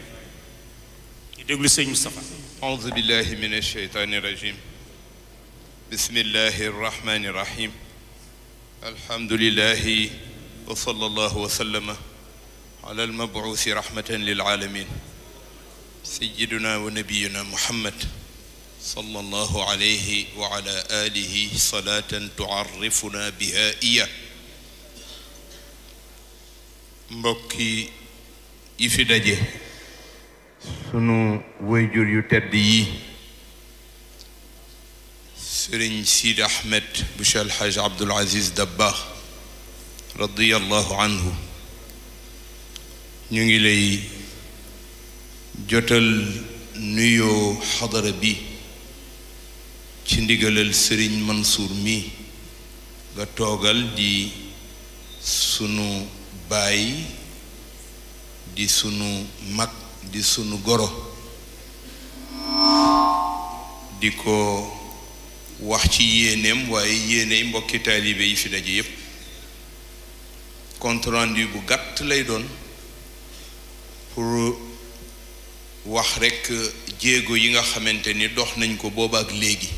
[SPEAKER 10] ñu déglu sëñ Moustapha
[SPEAKER 4] aoudu billahi min alsheytani irajim bismillahi arrahmani irrahim alhamdulilahi wa sallallahu wa sallama ala almabuusi rahmatan lilaalamin sayiduna wa nabiyuna muhammad sallallahu alayhi wa ala alihi salaatan tuarrifuna biha iya mbokki yi fi daje sunu wayjur yu tedd yi sëriñ Sidi Ahmed bu Cheikh El Hadj Abdoul Aziz Dabakh radiyallahu anhu ñu ngi lay jotal nuyoo xadara bi ci ndigalal sëriñ Mansour mi nga toogal di sunu baay di sunu mag di sunu goro di ko wax ci yéeneem waaye yéeney mbokki taalibe yi fi daje yépp compte rendu bu gàtt lay doon pour wax rekk jéego yi nga xamante ni dox nañ ko booba ak léegi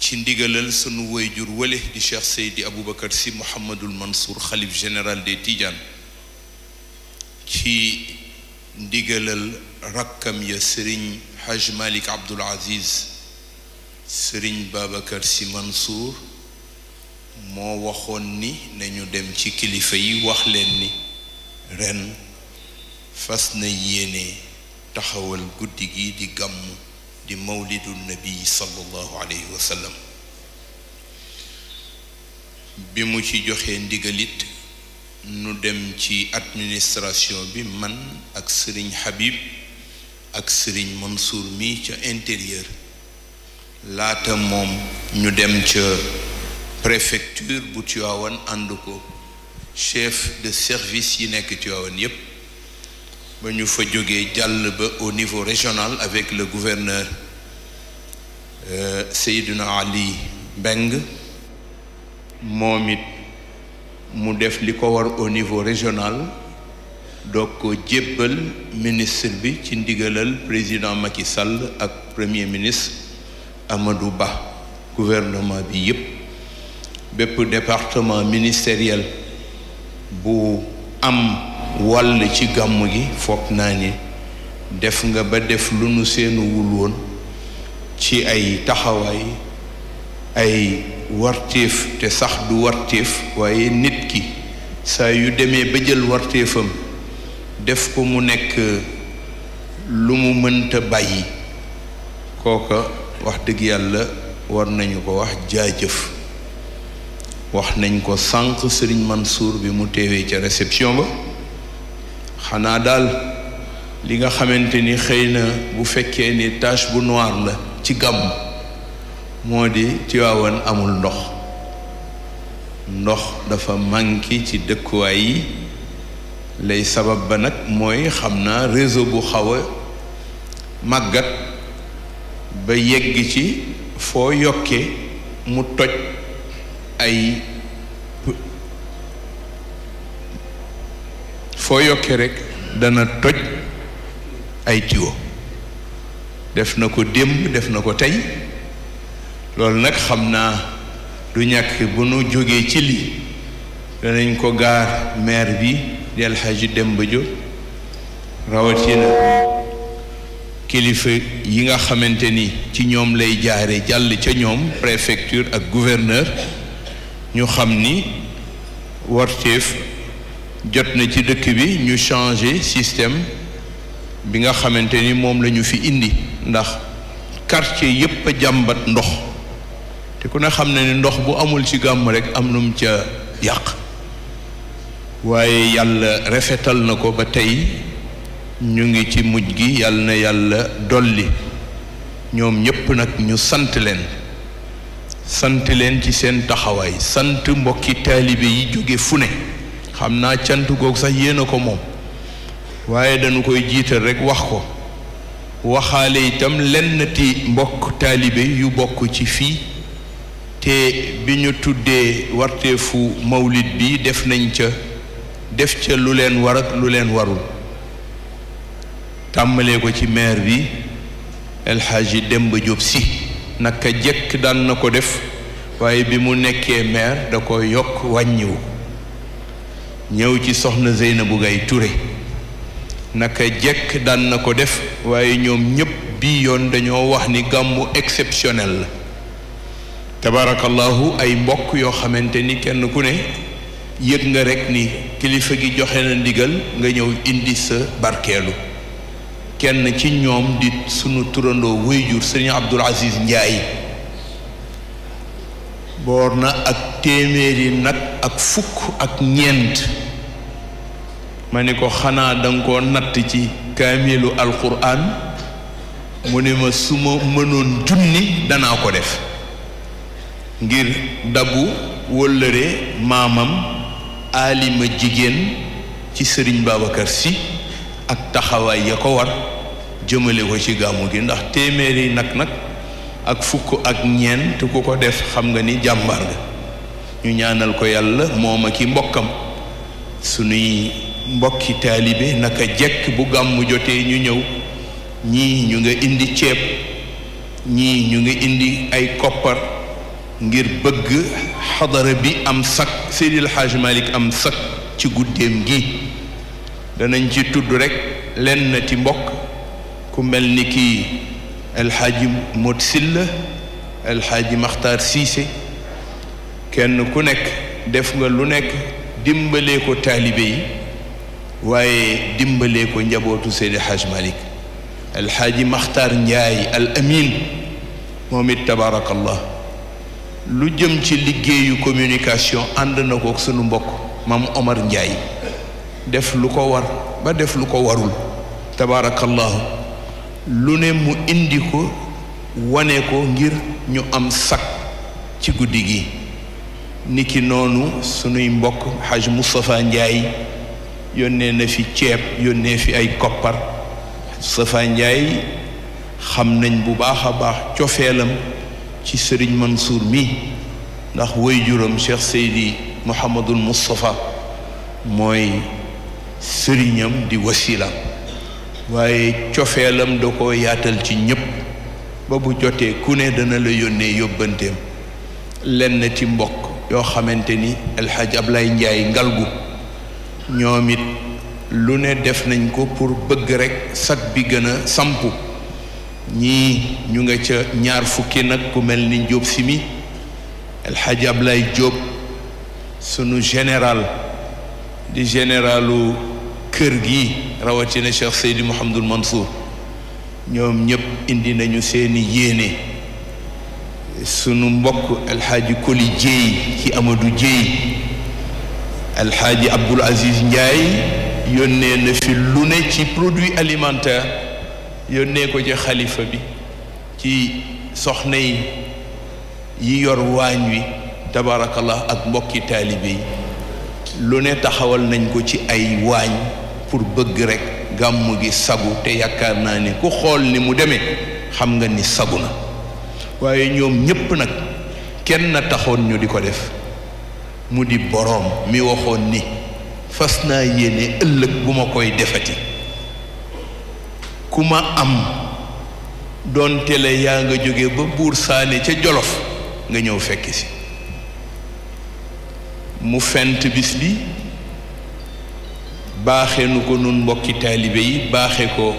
[SPEAKER 4] ci ndigalal sunu woy woyjur wële di Cheikh Seydi Aboubacar Sy Mouhamadul Mansour xalif général de Tidianes ci ndigalal rakkam ya Serigne Haj Malik Abdoul Aziz sëriñ Babacar Sy Mansour moo waxoon ni nañu dem ci kilifa yi wax leen ni ren fas na yéene taxawal guddi gi di gàmmu di mawlidu nabi sallallahu alayhi wa bi mu ci joxee ndigalit nu dem ci administration bi man ak sëriñ Habib ak sëriñ Mansour mi ca intérieur laata moom ñu dem ca préfecture bu Tivaouane ànd ko chef de service yi nekk Tivaouane yépp ba ñu fa jógee jàll ba au niveau régional avec le gouverneur euh, Seydina Ali Mbeng moom it mu def li ko war au niveau régional doog ko jébbal ministre bi ci ndigalal président Macky Sall ak premier ministre Amadou Ba gouvernement bi yépp bépp departement ministériel bu am wàll ci gàmm gi foog naa ni def nga ba def lu nu seenu wul woon ci ay taxawaay ay warteef te sax du warteef waaye nit ki saa yu demee ba jël warteefam def ko mu nekk lu mu mënta bàyyi kooka wax dëgg yàlla war nañu ko wax jaajëf wax nañ ko sànq sëriñ Mansour bi mu teewee ca réception ba xanaa daal li nga xamante ni xëy na bu fekkee ni tache bu noir la ci gàmm moo di Tiwaawan amul ndox ndox dafa manqué ci dëkkuwaay yi lay sabab ba nag mooy xam naa réseau bu xaw a màggat ba yegg ci foo yokkee mu toj ay foo yokkee rekk dana toj ay tiwo def na ko démb def na ko tey loolu nag xam naa du ñàkk bu nu jógee ci lii danañ ko gaar maire bi di El Hadji Demba Diop rawatina kilifa yi nga xamante ni ci ñoom lay jaare jàll ca ñoom préfecture ak gouverneur ñu xam ni warteef jot na ci dëkk bi ñu changer système bi nga xamante ni moom lañu fi indi ndax quartier yépp a jàmbat ndox te ku ne xam ne ne ndox bu amul ci gàmm rekk am num ca yàq waaye yàlla rafetal na ko ba tey ñu ngi ci mujj gi yàlla na yàlla dolli ñoom ñépp nag ñu sant leen sant leen ci seen taxawaay sant mbokki taalibe yi jóge fu ne xam naa cant googu sax yéen ko moom waaye dañu koy jiital rekk wax ko waxaale itam lenn mbokk taalibe yu bokk ci fii te bi ñu tuddee warteefu mawlit bi def nañ ca def ca lu leen war lu leen warul tàmbalee ko ci maire bi El Hadji Demba Diop Sy naka jekk daan na ko def waaye bi mu nekkee maire da ko yokk wàññiwu ñëw ci soxna Zeynabu Gaye ture naka jëkk daan na ko def waaye ñoom ñépp bii yoon dañoo wax ni gàmmu exceptionnel la tabarakallahu ay mbokk yoo xamante ni kenn ku ne yëg nga rekk ni kilifa gi joxe na ndigal nga ñëw indi sa barkeelu kenn ci ñoom di sunu turandoo wayjur sëriñ Abdul Aziz Njaay boor na ak téeméeri nag ak fukk ak ñeent ma ni ko xanaa danga koo natt ci kaamilu alquran mu ne ma su ma mënoon junni danaa ko def ngir dabu wëllëre maamam aalima jigéen ci sëriñ Babacar si ak taxawaay ya ko war jëmale ko ci gàmmu gi ndax téeméeri nag nag ak fukk ak ñeent ku ko def xam nga ni jàmbaar nga ñu ñaanal ko yàlla moom ak i mbokkam sunuy mbokki taalibe naka jekk bu gàmmu jotee ñu ñëw ñii ñu nga indi ceeb ñii ñu nga indi ay koppar ngir bëgg xadara bi am sakk Seydil Hadj Malick am sakk ci guddeem gi danañ ci tudd rekk lenn na ti mbokk ku mel ni kii alxaaji Mot Silla alxaaji Maxtaar Siise kenn ku nekk def nga lu nekk dimbalee ko taalibe yi waaye dimbalee ko njabootu Seydi Haj Malik alxaaji Maxtaar Njaay al Amin moom it tabaarakallah lu jëm ci liggéeyu communication ànd na ko sunu mbokk maam Omar Njaay def lu ko war ba def lu ko warul tabaarakallaahu lu ne mu indi ko wane ko ngir ñu am sag ci guddi gi niki noonu sunuy mbokk xaj Moustapha Ndiaye yónnee na fi ceeb yónnee fi ay koppar Moustapha Ndiaye xam nañ bu baaxa baax cofeelam ci sëriñ Mansour mi ndax woy juróom Cheikh Seydi Mouhamadul Moustapha mooy sëriñam di wasilam waaye cofeelam da ko yaatal ci ñépp ba bu jotee ku ne dana la yónnee yóbbanteem lenn ci mbokk yoo xamante ni El Hadj Ablaye Ndiaye ngalgu ñoom it lu ne def nañ ko pour bëgg rekk sag bi gëna a sampu ñii ñu nga ca ñaar fukki nag ku mel ni Jóob Simi El Hadj Ablaye Jóob sunu général di généralu kër gi rawatina Cheikh Seydi Mouhamadul Mansour ñoom ñëpp indi nañu seeni yéene sunu mbokk alxaaji Koli Jéey ci Amadou Jéey alxaaji Abdoul Aziz njaay yónnee na fi lu ne ci produit alimentaire yónnee ko ci xalifa bi ci soxna yi yi yor waañ wi tabarakallah ak mbokki taalibe yi lu ne taxawal nañ ko ci ay waañ pour bëgg rekk gàmm gi sagu te yaakaar naa ni ku xool ni mu deme xam nga ni sagu na waaye ñoom ñépp nag kenn taxoon ñu di ko def mu di boroom mi waxoon ni fas naa yéene ëllëg bu ma koy defati ku ma am doonte la yaa nga jóge ba buur saane ca jolof nga ñëw fekk si mu fent bis bi baaxe nu ko nun mbokki taalibe yi baaxe ko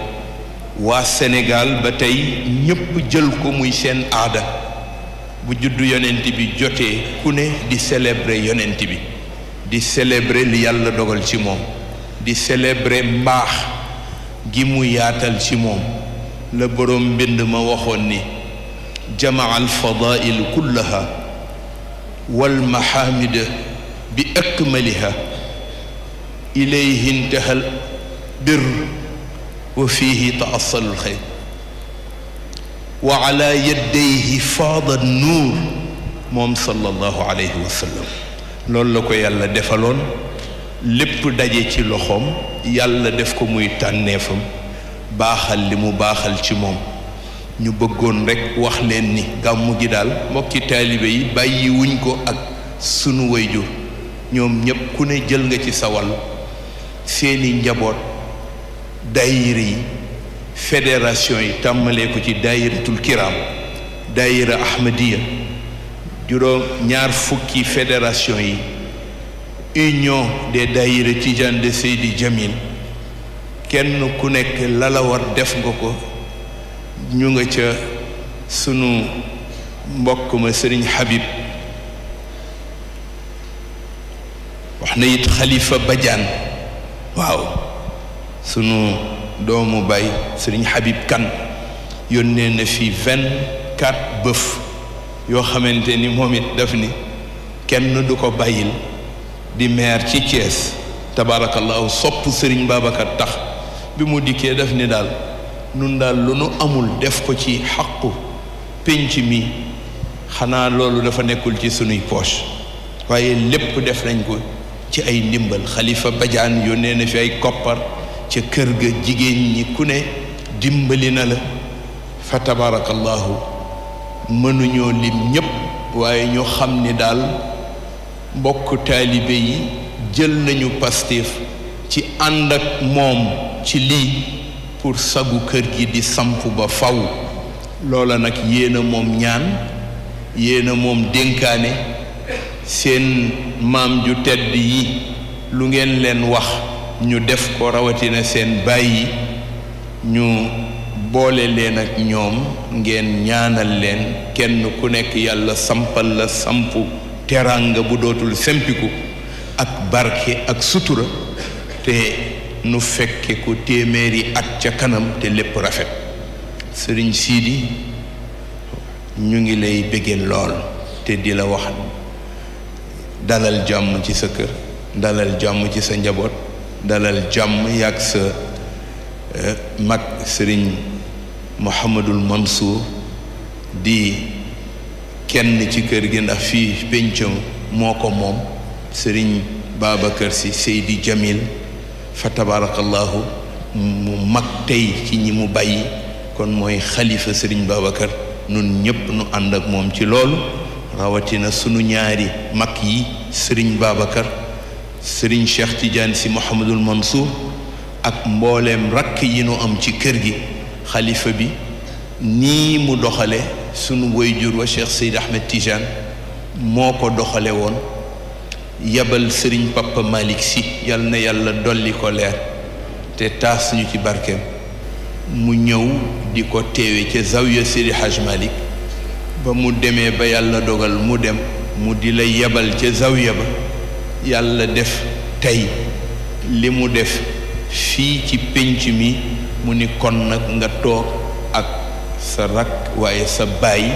[SPEAKER 4] waa senegaal ba tey ñépp jël ko muy seen aada bu juddu yonent bi jotee ku ne di célébrer yonent bi di célébrer li yàlla dogal ci moom di selebre mbaax gi mu yaatal ci moom la boroom mbind ma waxoon ni jamaa alfadail kullaha walmahamida bi akmaliha ilayhi intaha al bir wa fihi taassalu alxeyr wa ala yaddayhi faada nuur moom sallallahu alayhi wa sallam loolu la ko yàlla defaloon lépp daje ci loxoom yàlla def ko muy tànneefam baaxal li mu baaxal ci moom ñu bëggoon rekk wax leen ni gàmmu gi daal mbokki taalibe yi bàyyi ko ak sunu wayjur ñoom ñépp ku ne jël nga ci sawal seeni njaboot daayira yi fédération yi tàmmalee ko ci daayiratul kiram daayira ahmadiya juróom ñaar fukki fédération yi union des daayira tijaan de seydi jamil kenn ku nekk la def nga ko ñu nga ca sunu mbokk ma sëriñ Habib wax na it xalifa bajaan waaw sunu doomu bay sëriñ Habib Kane yónnee na fi vingt quatre bëf yoo xamante ni moom it daf ni kenn du ko bàyyil di maire ci Thiès tabaarakallaahu sopp sëriñ Babacar tax bi mu dikkee daf ni daal nun daal lu nu amul def ko ci xaqu pénc mi xanaa loolu dafa nekkul ci sunuy poche waaye lépp def nañ ko ci ay ndimbal xalifa bajaan yónnee na fi ay koppar ca kër ga jigéen ñi ku ne dimbali na la fa tabarakallahu mënuñoo lim ñépp waaye ñoo xam ni daal mbokk taalibe yi jël nañu pastéef ci ànd ak moom ci lii pour sagu kër gi di samp ba faw loola nag yéen moom ñaan yéen moom dénkaane seen maam ju tedd yi lu ngeen leen wax ñu def ko rawatina seen bàyyi ñu boole leen ak ñoom ngeen ñaanal leen kenn ku nekk yàlla sampal la sampu teraanga bu dootul sempiku ak barke ak sutura te nu fekke ko téeméeri at ca kanam te lépp rafet sëriñ Sidi ñu ngi lay bëggee lool te di la wax dalal jàmm ci sa kër dalal jàmm ci sa njaboot dalal jàmm yàgg sa eh, mag sëriñ Mouhamadul Mansour di kenn ci kër gi ndax fii péncam moo ko moom sëriñ Babacar si Seydi Jamil fa tabarakallahu mu mag tey ci ñi mu bàyyi kon mooy xalifa sëriñ Babacar nun ñépp nu ànd ak moom ci loolu rawatina sunu ñaari mag yi sëriñ Babacar sëriñ Cheikh Tidiane si Mouhamadul Mansour ak mbooleem rakk yi nu am ci kër gi xalifa bi nii mu doxale sunu wayjur wa Cheikh Seyd Ahmed Tidiane moo ko doxale woon yabal sëriñ Papa Malick si yal na yàlla dolli ko leer te taas ñu ci barkeem mu ñëw di ko teewe ca zawiya Seydi Hajj Malick ba mu demee ba yàlla dogal mu dem mu di la yebal ca zawiya ba yàlla def tey li mu def fii ci pénc mi mu ni kon nag nga toog ak sa rakk waaye sa baay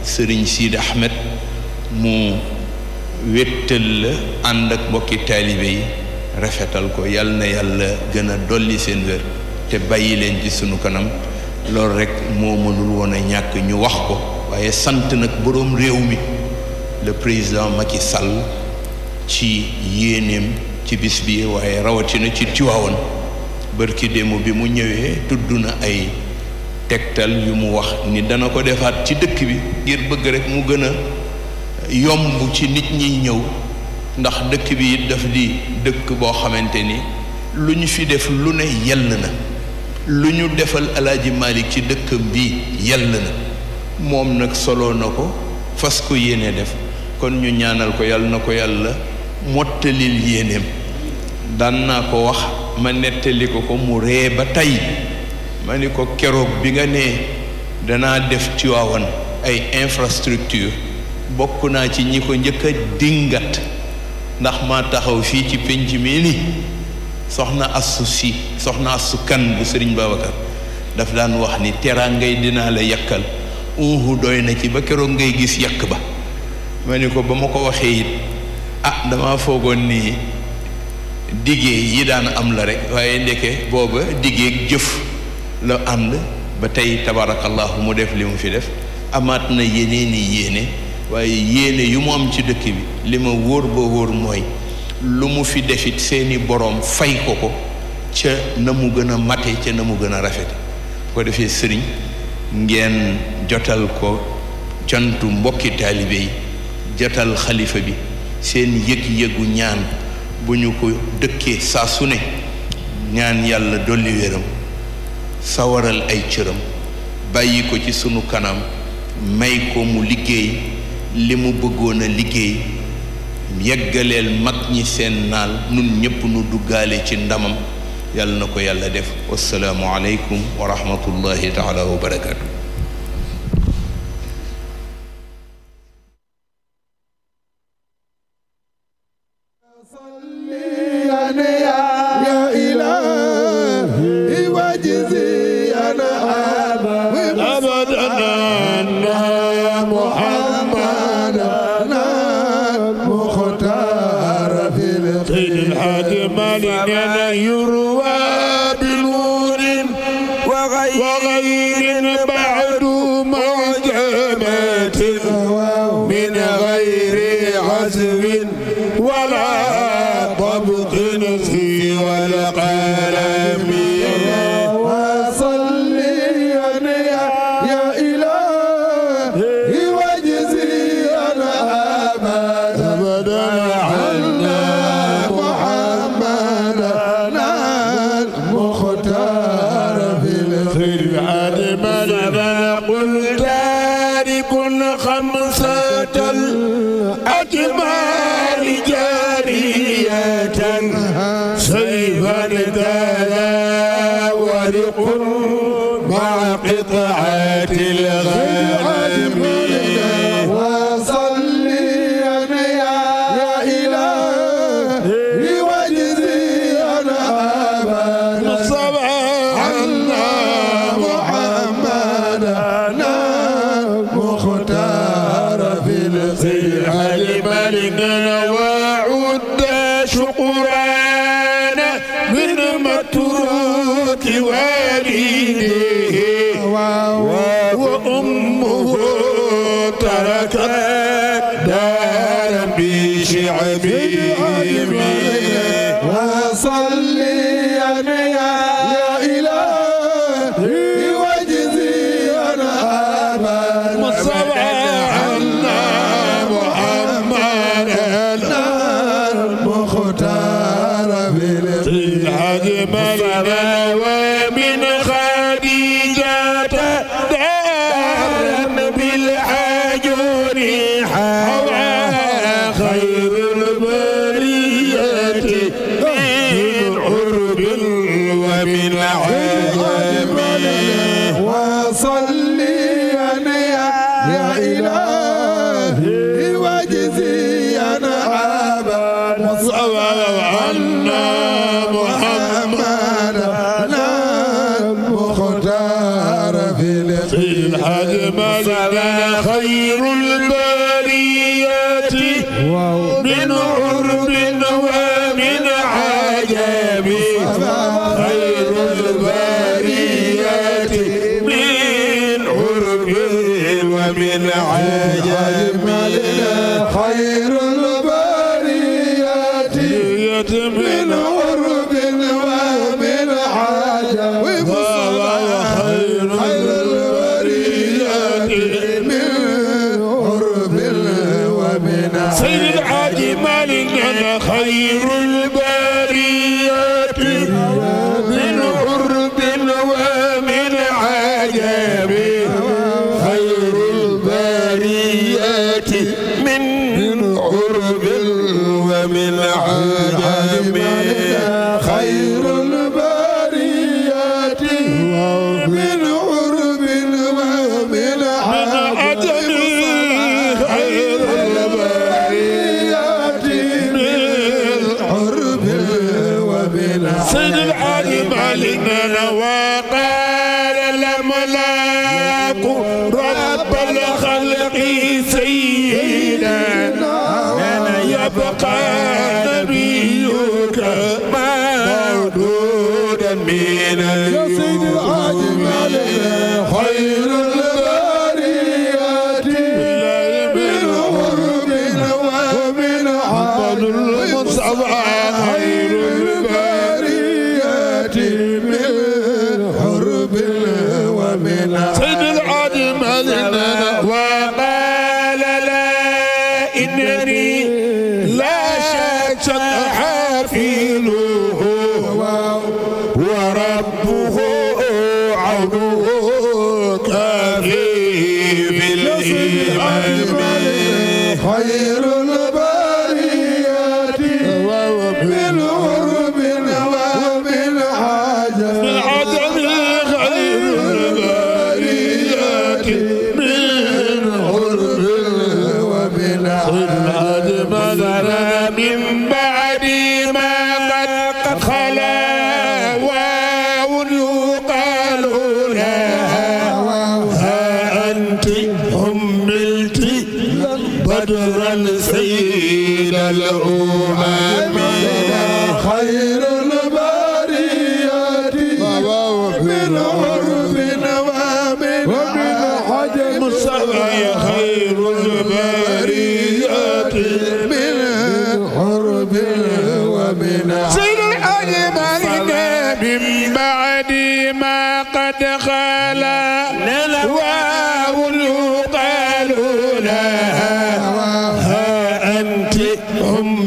[SPEAKER 4] sëriñ Sidi Ahmed mu wéttal la ànd ak mbokki taalibe yi rafetal ko yàlla na yàlla gën a dolli seen wér te bàyyi leen ci sunu kanam loolu rekk moo mënul woon ñàkk ñu wax ko waaye sant nag boroom réew mi le président Macky Sall ci yéeneem ci bis bi waaye rawatina ci Tiwaawan bërki démb bi mu ñëwee tudd na ay tegtal yu mu wax ni dana ko defaat ci dëkk bi ngir bëgg rek mu gën a yomb ci nit ñiy ñëw ndax dëkk bi it daf di dëkk boo xamante ni lu ñu fi def lu ne yell na lu ñu defal alaaji Malick ci dëkkam bi yell na moom nag soloo na ko fas ko yéene def kon ñu ñaanal ko yàlla na ko yàlla mottalil yéeneem daan naa ko wax ma nettali ko ko mu ree ba tey ma ni ko keroog bi nga nee danaa def Tiwaawan ay infrastructure bokk naa ci ñi ko njëkk a dingat ndax ma taxaw fii ci pénc mi ni soxna assu si soxna assu kan bu sëriñ Babacar daf daan wax ni teraangay dinaa la yàkkal uuhu doy na ci ba keroog ngay gis yàq ba ma ni ko ba ma ko waxee it ah dama foogoon nii diggee yi daan am la rek waaye ndeke booba diggeeg jëf la ànd ba tey tabarakallahu mu def li mu fi def amaat na yeneeni yéene waaye yéene yi mu am ci dëkk bi li ma wóor ba wóor mooy lu mu fi defit seeni boroom fay ko ko ca na mu gën a mate ca na mu gën a rafete ko defee sëriñ ngeen jotal ko cantu mbokki taalibe yi jotal xalifa bi seen yëg-yëgu ñaan bu ñu ko dëkkee saa su ne ñaan yàlla dolli wéram sawaral ay cëram bàyyi ko ci sunu kanam may ko mu liggéey li mu bëggoon a liggéey yeggaleel mag ñi seen naal nun ñépp nu duggaale ci ndamam yàlla na ko yàlla def wasalaamualeykum wa rahmatullahi taala wa barakaatu.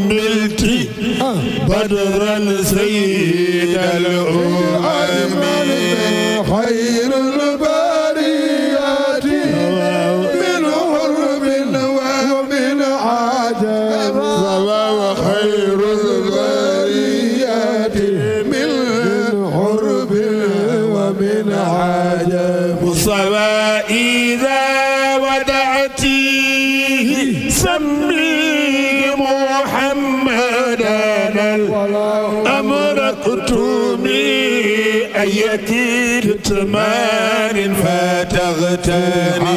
[SPEAKER 1] حملت بدرا سيد الأمم خير الأمم حيتي للثمان فتغتني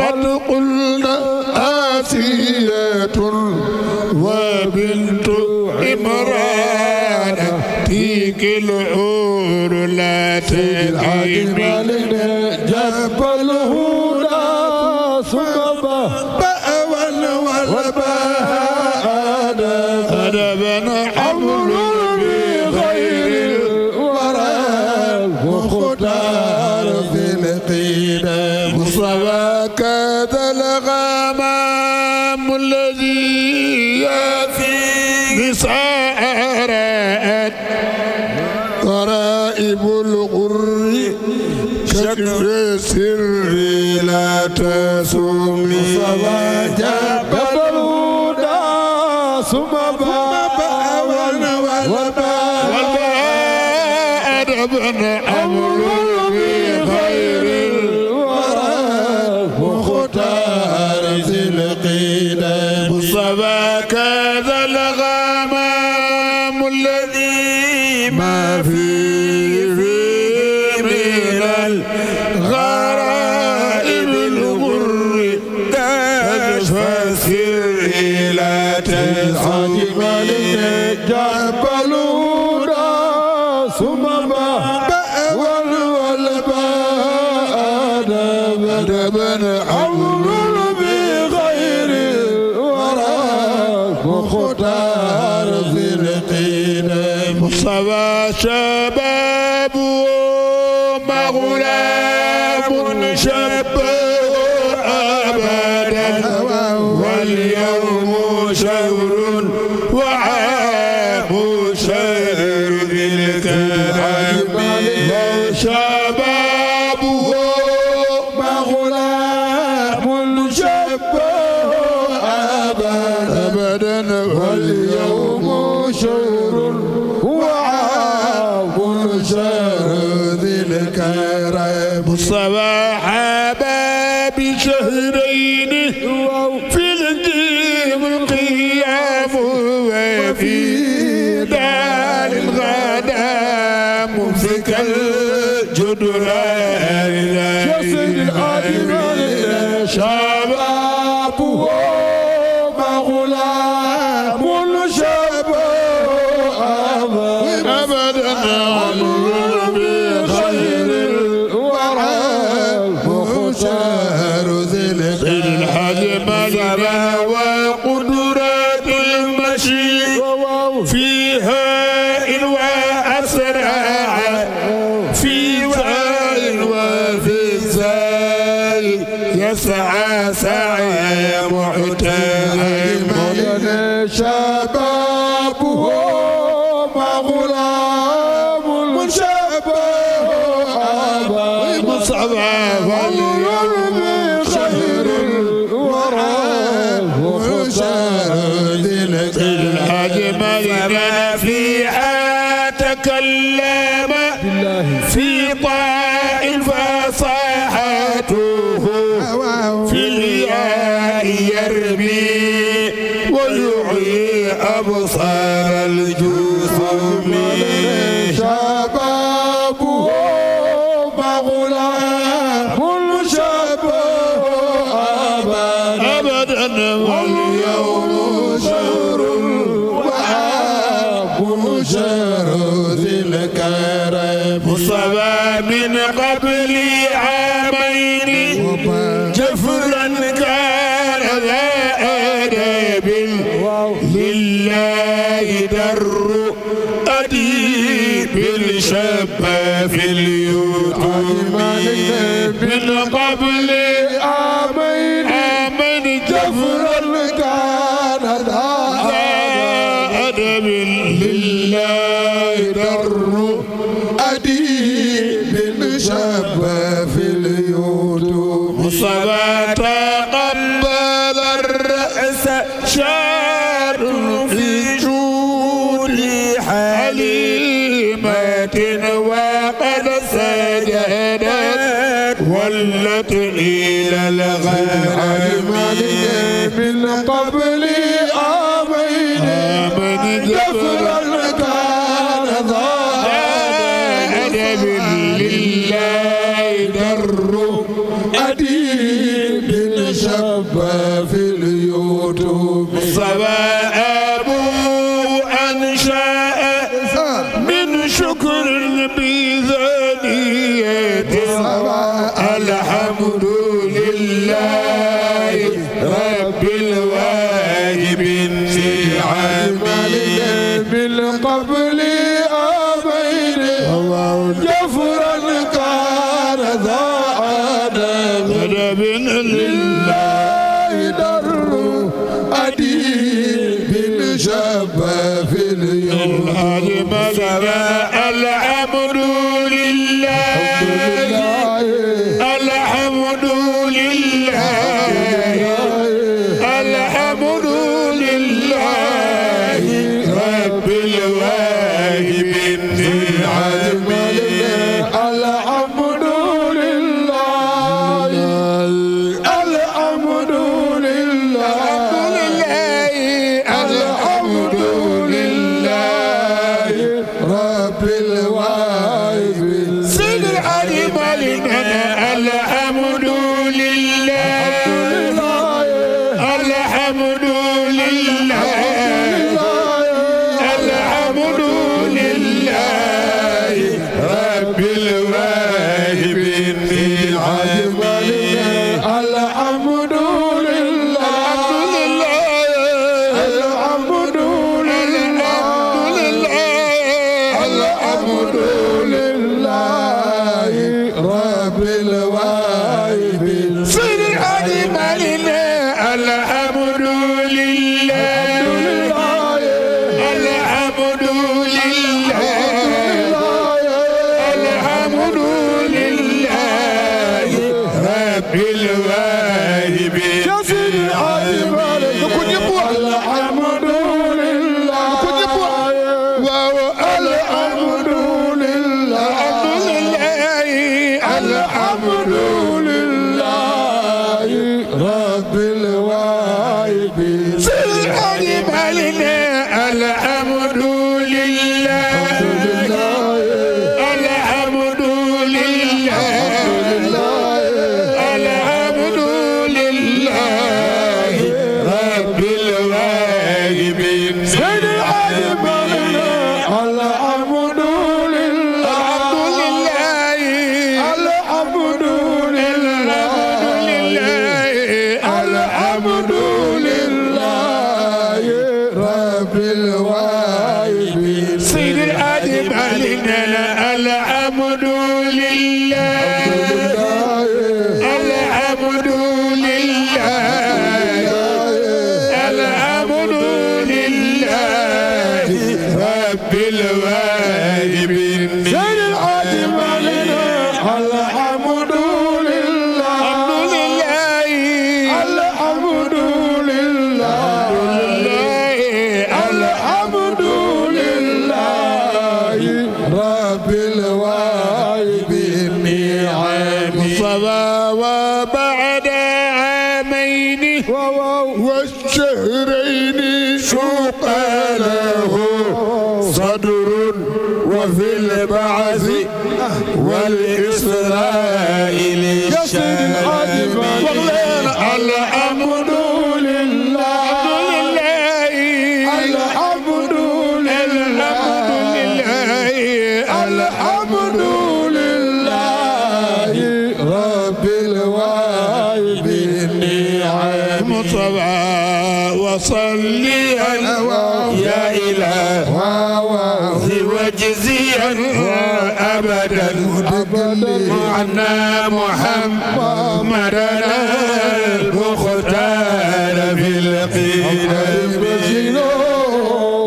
[SPEAKER 1] tàcc فاغفر إلى تلحق ملك الجبار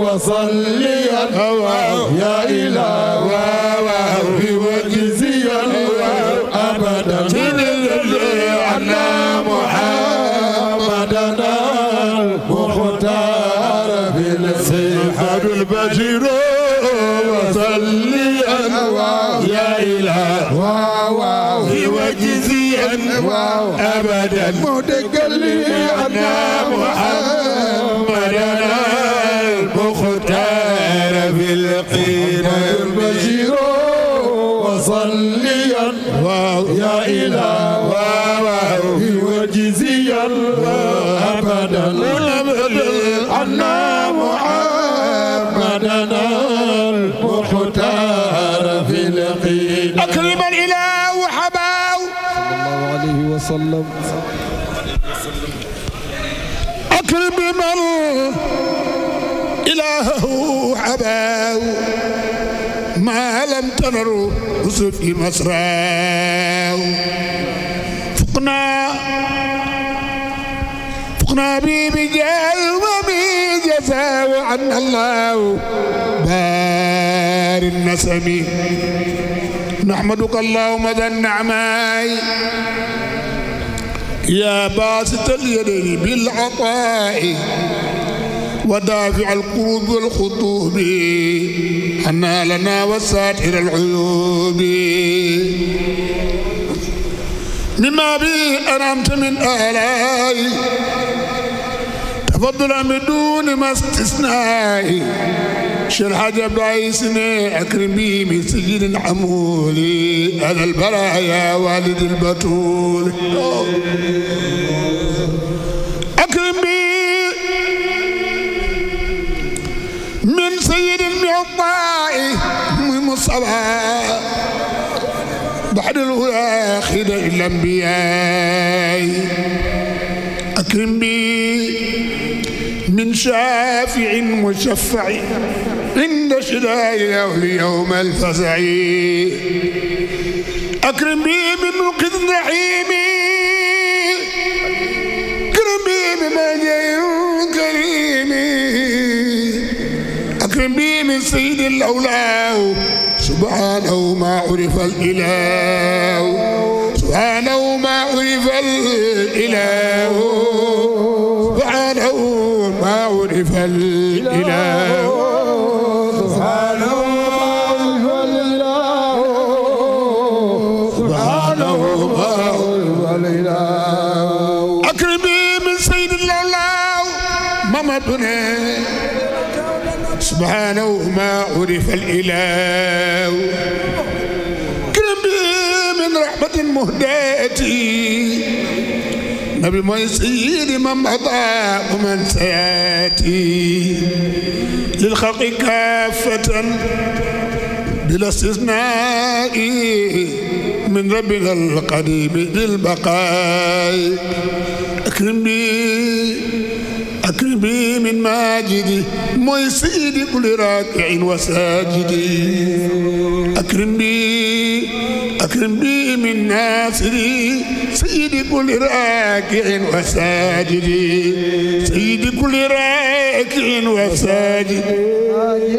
[SPEAKER 1] وصلي تنر في مسراه فقنا فقنا بي بجاه وبي جزاء عنا الله بار النسم نحمدك اللهم ذا النعماء يا باسط اليدين بالعطاء ودافع القروب والخطوب حنا لنا وساتر العيوب مما به أنعمت من آلائي تفضلا بدون ما استثنائي شرح جبعي سنة أكرمي من سجن عمولي أنا البرايا والد البتول الأنباء المصطفى بعد الأواخد الأنبياء أكرم بي من شافع مشفع عند شداء الأهل يوم الفزع أكرم بي من منقذ نعيمي أكرم بي بما جاي سيد الأولى سبحانه ما عرف الإله سبحانه ما عرف الإله سبحانه ما عرف الإله عرف الإله كرم من رحمة مهداتي نبي موي سيد من مضى ومن سياتي للخلق كافة بلا استثناء من ربنا القديم للبقاء أكرم بي أكرمي من ماجدي موي سيدي كل راكع وساجدي أكرمي أكرمي من ناصري سيدي كل راكع وساجدي سيدي كل راكع وساجدي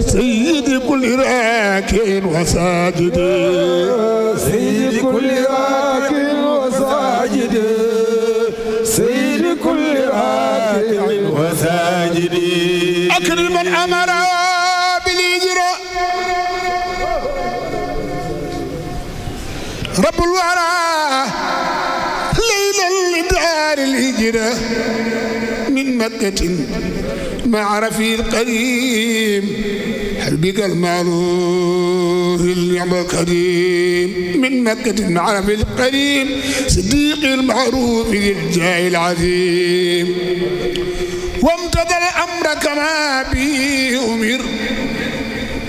[SPEAKER 1] سيدي كل راكع وساجدي سيدي كل راكع وساجدي وساجدين أكرم من أمر بالهجرة رب الورى ليلا لدار الهجرة من مكة مع رفيق القريم حبيب المعروف النعم الكريم من مكة مع رفيق القريم صديق المعروف للجاه العظيم وامتدى الأمر كما به أمر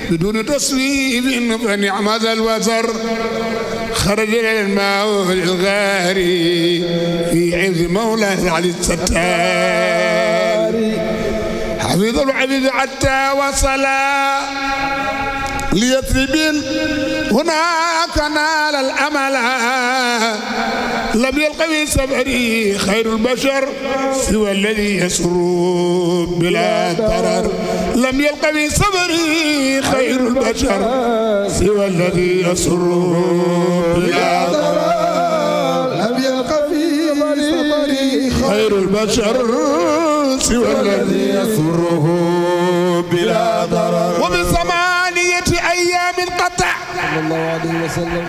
[SPEAKER 1] بدون تصويب فنعم ذا الوزر خرج الماء الغاري في عز مولاه علي الستار حفظ العديد حتى وصل ليثرب هناك نال الأمل لم يلقى سفري خير البشر سوى الذي يسر بلا ضرر لم يلقى سفري خير البشر سوى الذي يسر بلا ضرر لم يلقى سفري خير البشر سوى الذي يسره بلا ضرر ومن ثمانية أيام قطع صلى الله عليه وسلم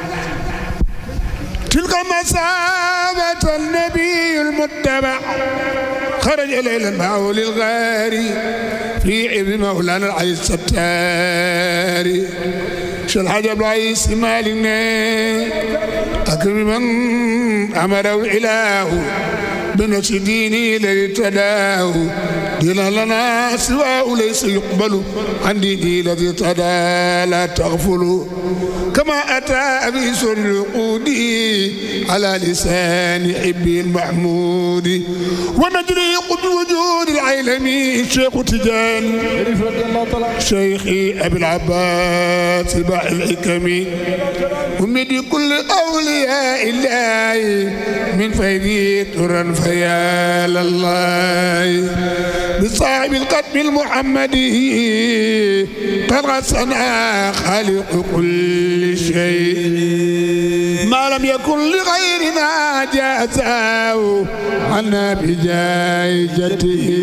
[SPEAKER 1] تلك مسافة النبي المتبع خرج ليلا معه للغار في ابن مولانا العزيز الستاري Cheikh El Hadj Abdoulaye Sy Malick ne akrim man amarahu ilaahu بنفس ديني ليتداه دين لنا سواه ليس يقبل عن ديني الذي تدا لا تغفل كما أتى أبيس العقود على لسان حبي المحمود ونجري قد وجود العيلمي الشيخ تجان شيخي أبي العباس بحر الحكم ومد كل أولياء الله من فيدي ترا فيا لله بصاحب القدم المحمدي ترسنا خالق كل شيء ما لم يكن لغيرنا جازاه عنا بجايجته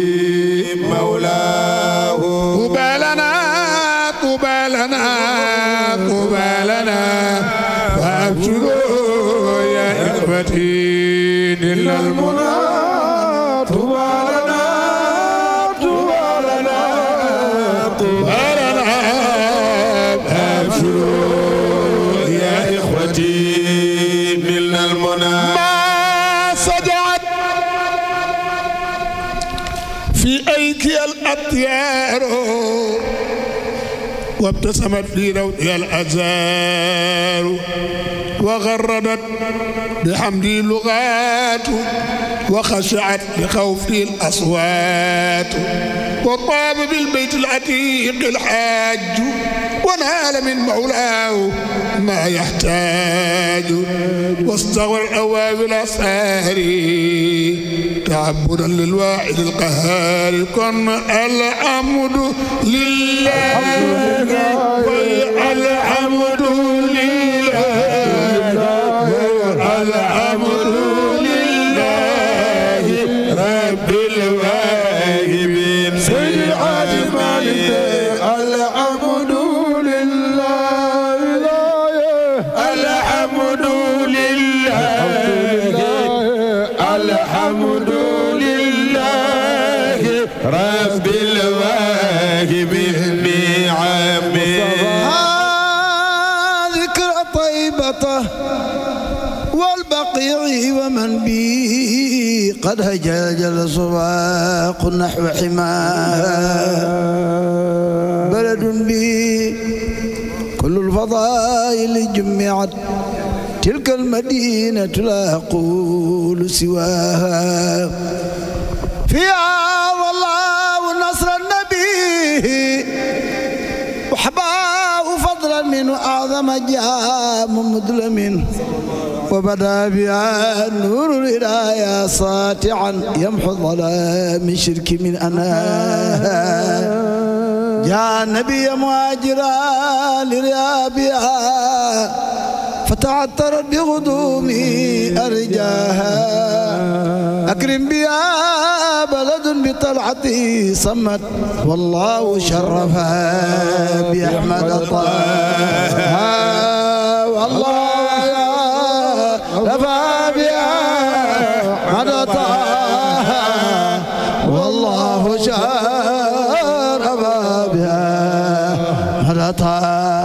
[SPEAKER 1] مولاه وبالنا قبالنا قبالنا فابشروا وابتسمت لي روضها الأزار وغردت بحمدي لغات وخشعت بخوفي الأصوات وطاب بالبيت العتيق الحاج ونال من مولاه ما يحتاج واستوى الأوابل ساري تعبدا للواحد القهار كن الحمد
[SPEAKER 2] لله والحمد
[SPEAKER 8] العطا والبقيع ومن به قد هجاجل سواق نحو حماه بلد به كل الفضائل جمعت تلك المدينة لا أقول سواها فيها والله نصر النبي وحباب أعظم جام مدلم وبدا بها نور الهدايا ساطعا يمحو ظلام شرك من أنا يا نبي مهاجرا لريابها فتعطرت بغضومي أرجاها أكرم بها بلد بطلعتي صمت والله شرفها بأحمد طه والله رفع بها مدى طه والله شرف بها مدى طه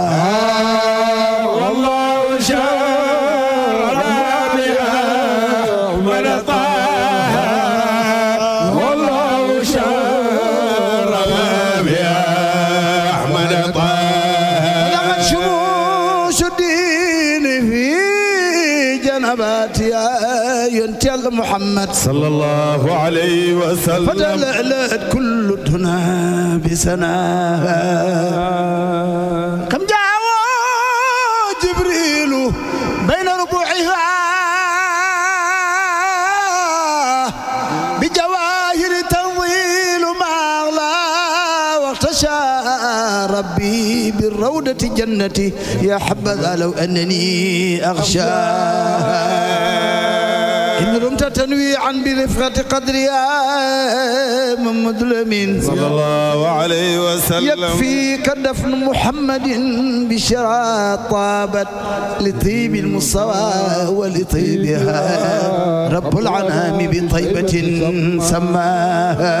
[SPEAKER 8] محمد صلى الله
[SPEAKER 2] عليه وسلم فتلألأت
[SPEAKER 8] كل الدنا بسناها كم جاء جبريل
[SPEAKER 1] بين ربوعها
[SPEAKER 8] بجواهر تنظيل ما أغلى واغتشى ربي بالروضة جنتي يا حبذا لو أنني أغشاها تنويعا برفقة قدرها محمد الأمين صلى
[SPEAKER 1] الله عليه وسلم يكفيك
[SPEAKER 8] دفن محمد بشرى طابت لطيب المستوى ولطيبها رب العنام بطيبة سماها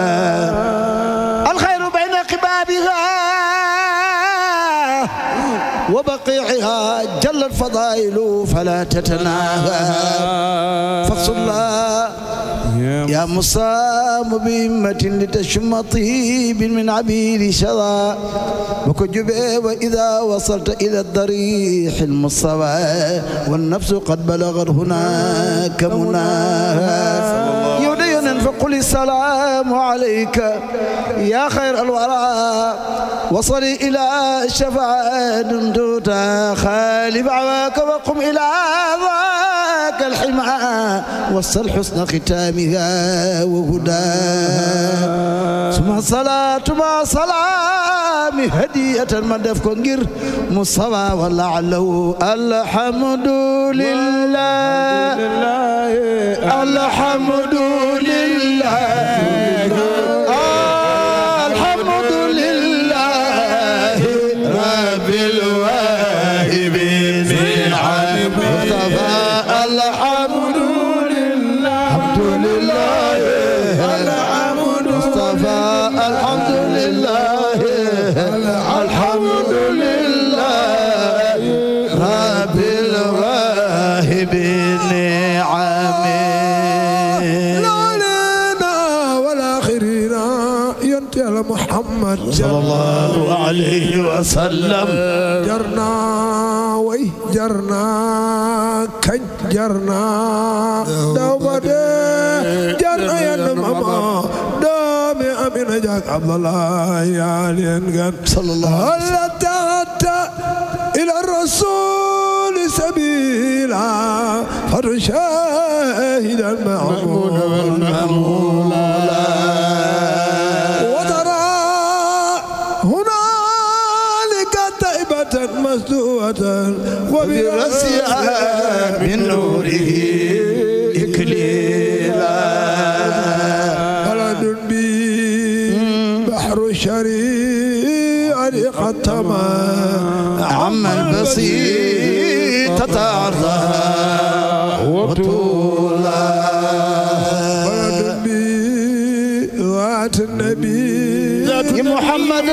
[SPEAKER 8] الخير
[SPEAKER 9] بين قبابها
[SPEAKER 8] وبقيعها القائل فلا تتناهى فصلى يا مصام بهمة لتشم طيب من عبير شرى وكجب وإذا وصلت إلى الضريح المصطفى والنفس قد بلغت هناك مناها quli salaamu alayka yaa xayra alwaraa wasali ilaa shafaa dunduta xaalib awaaka wa qum ilaa الحمى وصل حسن ختامها وهدى ثم صلاة مع سلام هدية ما دف كونغير مصطفى ولعله الحمد لله الحمد
[SPEAKER 1] لله
[SPEAKER 8] sallallahu
[SPEAKER 1] alayhi wa sallam jarna way jarna kañ jarna daw ba dee jarna
[SPEAKER 2] yenn mama
[SPEAKER 1] doomi amina jaag abdallah yaa leen gan
[SPEAKER 8] sallallahu alayhi ta'ata ila rasul sabila fatu shahidan ma'muna wal
[SPEAKER 1] ma'mula
[SPEAKER 8] وبرسيا من نوره إكليلا ولد بي بحر شريع قطما عم البسيط تتعرض وطولا
[SPEAKER 1] ولد بي ذات النبي محمد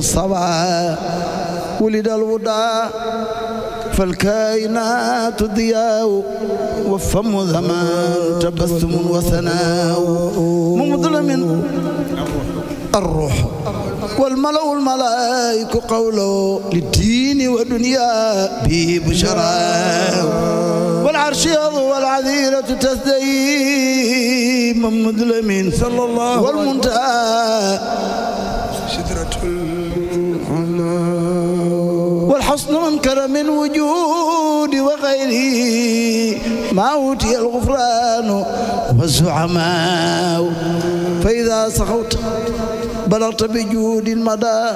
[SPEAKER 8] المصطفى ولد الوضع فالكائنات ضياء وفم زمان تبسم وثناء مظلم الروح والملأ الملائك قوله للدين ودنيا به بشرى والعرش يضوى العذيرة تستدعي من مظلم صلى الله والمنتهى شدرة والحسن منكر من وجود وغيره ما أوتي الغفران والزعماء فإذا سخوت بلغت بجود المدى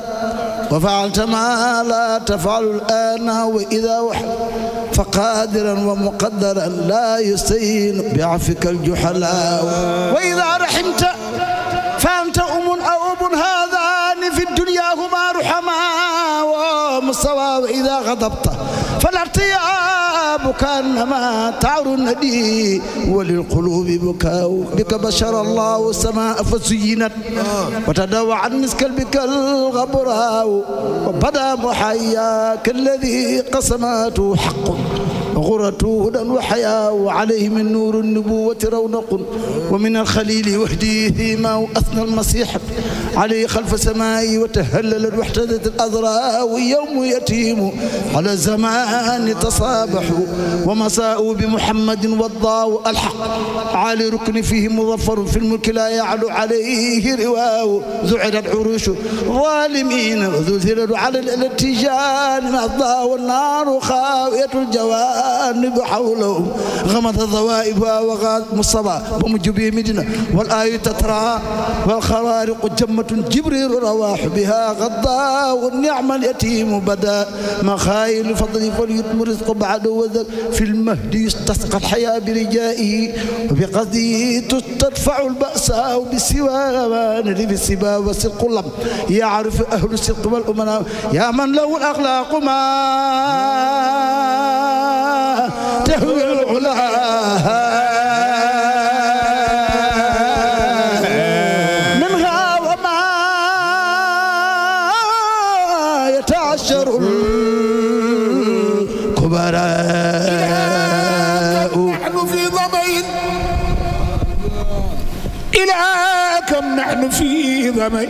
[SPEAKER 8] وفعلت ما لا تفعل الآن وإذا وحد فقادرا ومقدرا لا يستهين بعفك الجحلاء وإذا رحمت فأنت أم أو أب هذان في الدنيا هما رحمان الصواب إذا غضبت فالارتياح كأنما تعر الندي وللقلوب بكاء بك بشر الله السماء فزينت وتداوى عن مسك بك الغبراء وبدا محيا كالذي قسماته حق غرة هدى وحياء عليه من نور النبوة رونق ومن الخليل وهديه ما أثنى المسيح عليه خلف سمائي وتهللت واحتدت الأذراء ويوم يتيم على زمان تصابحوا ومساءوا بمحمد والضاء الحق عالي ركن فيه مظفر في الملك لا يعلو عليه رواء زعر العروش ظالمين ذو ذلل على الاتجان ما الضاء والنار خاوية الجوانب حولهم غمض الضوائب وغاد مصطفى ومجبي مدنة والآية تترى والخوارق جمة جبريل رواح بها غضاء والنعم اليتيم بدا مخايل فضل فليتم رزق بعد وزن العذب في المهد يستسقى الحياة برجائه وبقصده تستدفع البأساء بسوان بالسبا وسرق اللم يعرف أهل السرق والأمناء يا من له الأخلاق ما تهوي العلا
[SPEAKER 1] ظمأ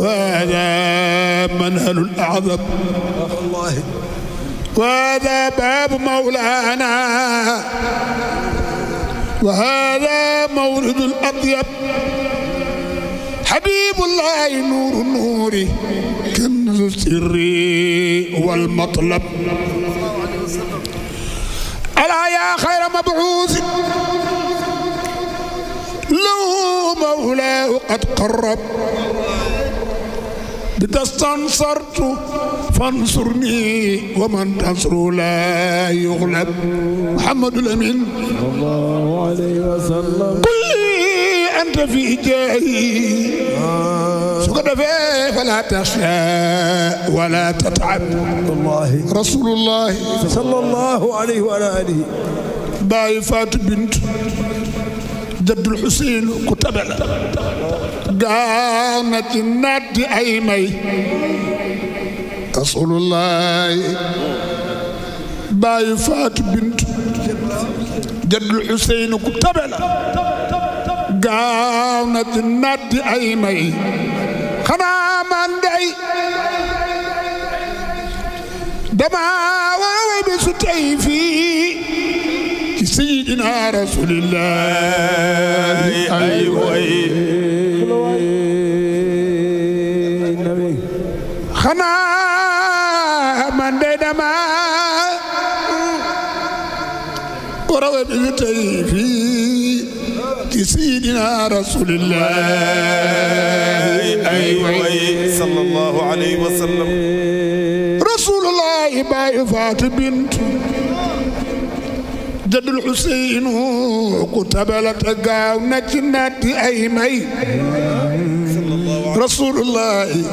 [SPEAKER 1] وهذا منهل الأعظم الله وهذا باب مولانا وهذا مورد الأطيب حبيب الله نور النور كنز السر والمطلب ألا يا خير مبعوث له مولاه قد قرب إذا استنصرت فانصرني ومن تنصر لا يغلب محمد الأمين صلى الله عليه وسلم قل لي أنت في جاهي سكت فيه فلا تخشى ولا تتعب الله رسول الله صلى الله عليه وعلى آله باي فات بنت jëddul xuseenu ku tabe la gaana ci naat di ay may rasulullahi bàyyi faatu bintu jëddul xuseenu ku tabe la gaana ci naat di ay may xanaa man day dama waawe
[SPEAKER 2] bi su tey fii
[SPEAKER 1] سيدنا رسول الله أيوة خنا من دينما قرأ بالتيفي سيدنا رسول الله أيوة صلى الله عليه وسلم رسول الله باي فاطمة بنت jadul Xuseynu ku tabalata gaaw na ci naati ay may rasulullahi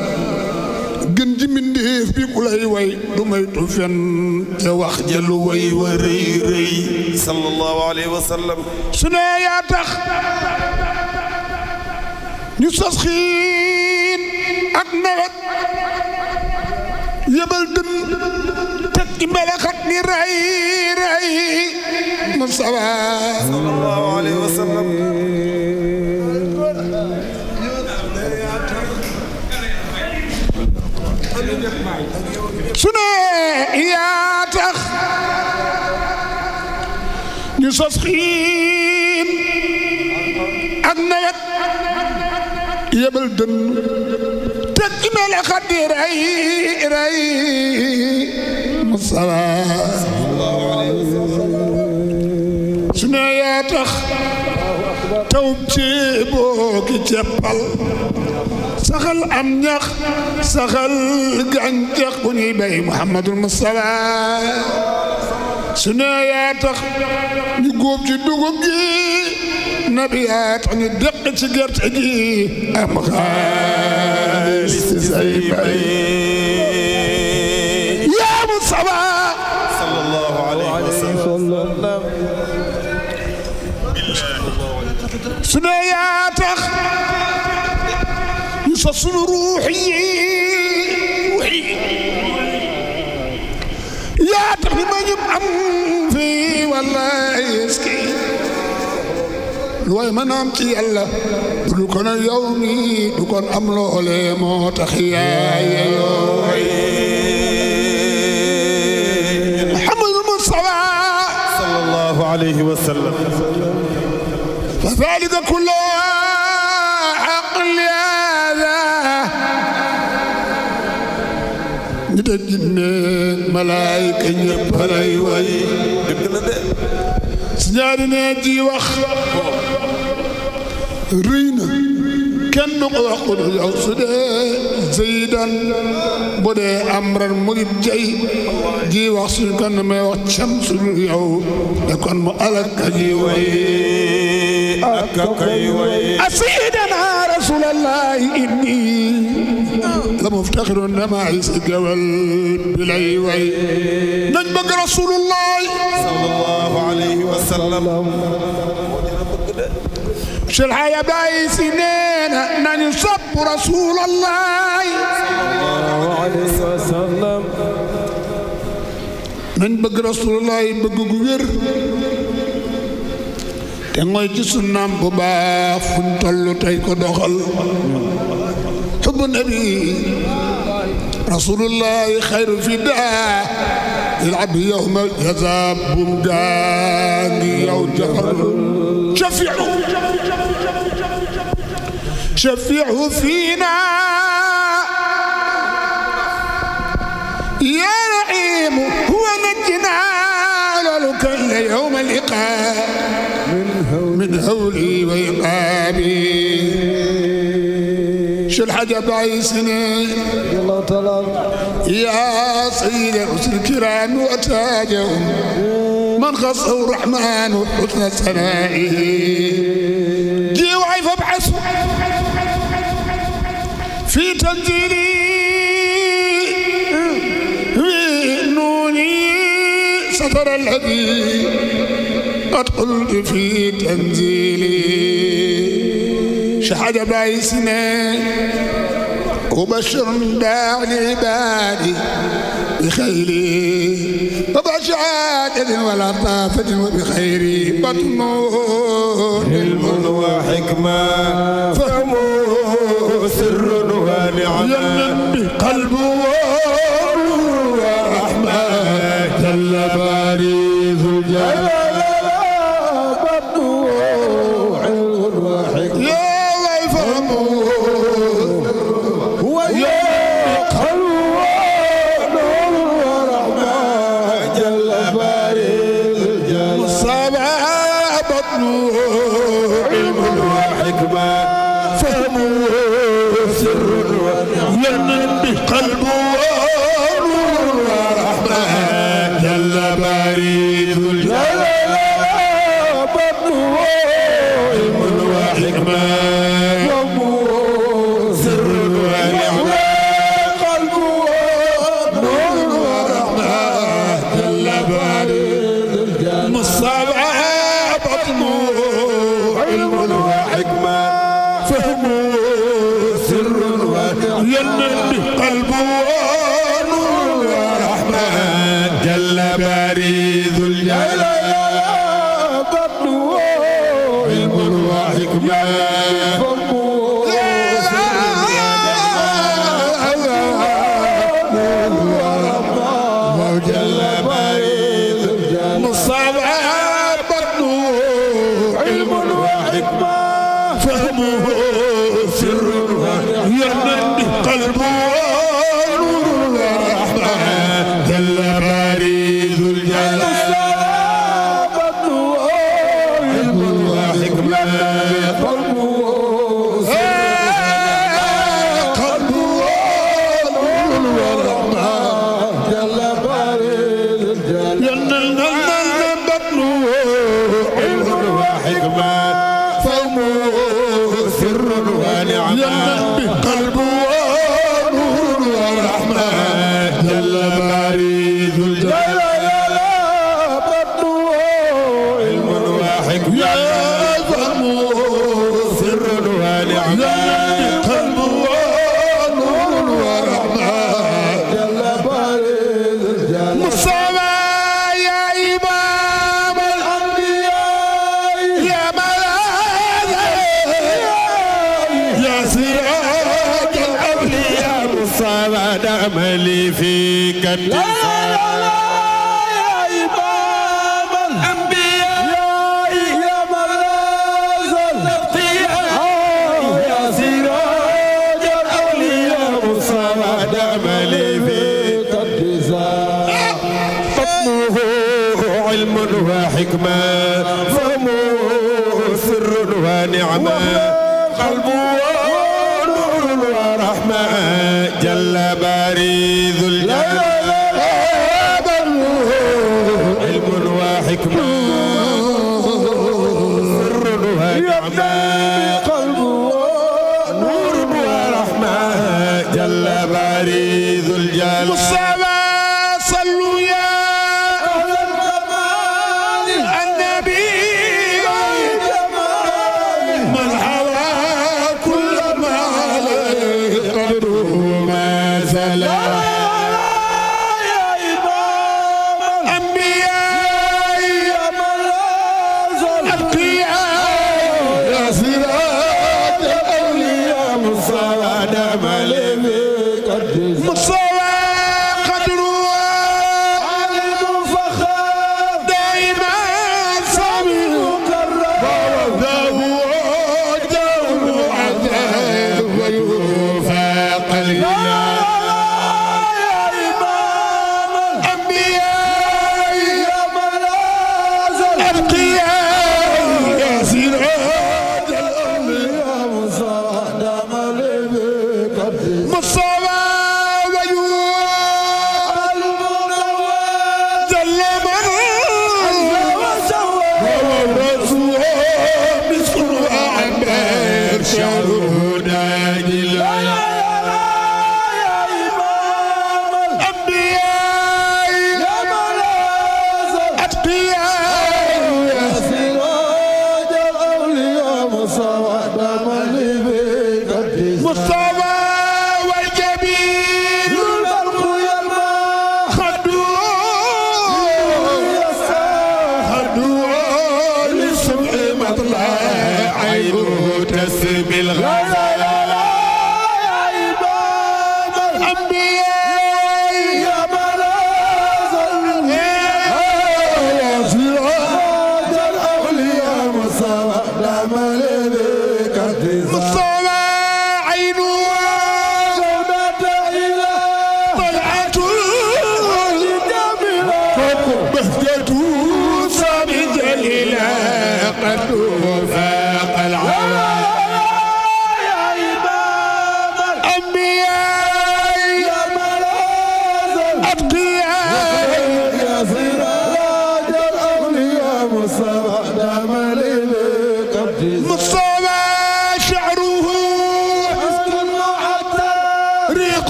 [SPEAKER 1] gën ji mbindéef bi ku lay way du maytu fen te wax jëlu way wa rëy rëy sallallahu alayhi wa sallam su ne yaa tax ñu sos xiin ak nawet yebal dën بلغت للرأي رأي من صلى الله عليه وسلم سنة يا تخ نصص خيم أغنيت يبل دن تكمل خدي رأي رأي المصطفى سنة يا تخ توبتي بوكي تيبال saxal am ñax saxal gàncax bu ñuy béy Muhammadul Mustafa su ne yaa tax ñu góob ci dugub gi nabi yaa tax ñu dëq ci gerte gi am xaalis ci say bay المصطفى صلى الله عليه وسلم سنة يا تخ يصصن روحي روحي يا تخ ما يبقى في والله يسكي looy mën a am ci yàlla du kon yow mi du kon am loole moo tax yaay yooy عليه وسلم فذلك كل عقل هذا نتجمع ملائكة يبهري وي سنارنا دي وخ رينا كان نقوى قدر العصدين sëyidan bu dee amran murid jay ji wax suñ kan may wax cam suñu yow da kon mu alak ka ji way ak ka kay way asiyidana rasulallahi inni la muftaxirun dama is gawal bi lay way nañ bëgg rasulullah sallallahu alayhi wa sallam Cheikh El Hadj Abdoulaye Sy nee na nañu sopp Rasulallah
[SPEAKER 2] sallallahu
[SPEAKER 1] alayhi wa bëgg Rasulallah te mooy ci sunnaam bu baax fuñ tollu tey ko doxal xubbu nabi Rasulallah xayru fidaa العب يوم الجزاء بمدان يوم جهر شفيعه شفعه فينا يا رحيم هو نجنا لك يوم اللقاء من هولي وإقابي شو الحاج أبعي سنين الله تعالى يا سيد أسر الكرام وأتاجهم من خصه الرحمن وحسن ثنائه جي وعيف ابحث تجري بنوني سطر الهدي أدخل في تنزيلي شهد بايسنا وبشر داع لعبادي بخيري طبع شهادة ولا طافة وبخيري بطنه للمن وحكمة فهمه سر قلبه الرحمن جل باري ذو الجلال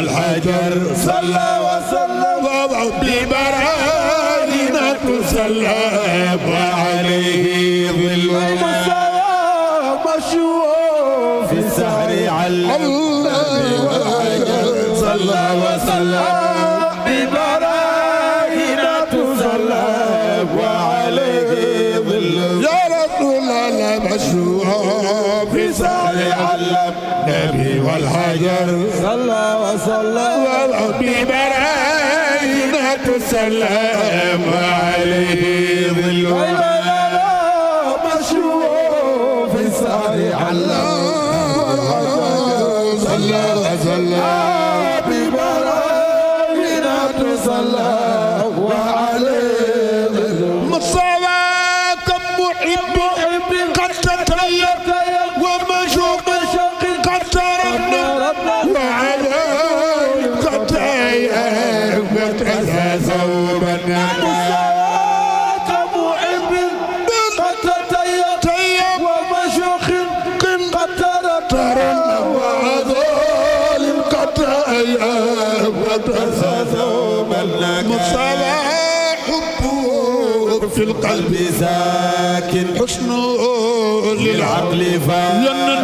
[SPEAKER 1] والحجر صلى سلام عليه ظل القلب زاكن حسن للعقل فاكن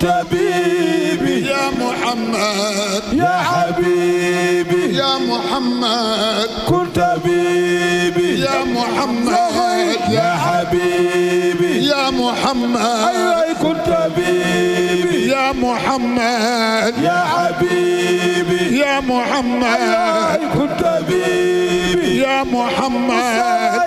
[SPEAKER 1] طبيبي يا محمد يا حبيبي يا محمد كن طبيبي يا محمد يا حبيبي يا محمد أيوة كن طبيبي يا محمد يا حبيبي يا محمد كنت حبيبي يا محمد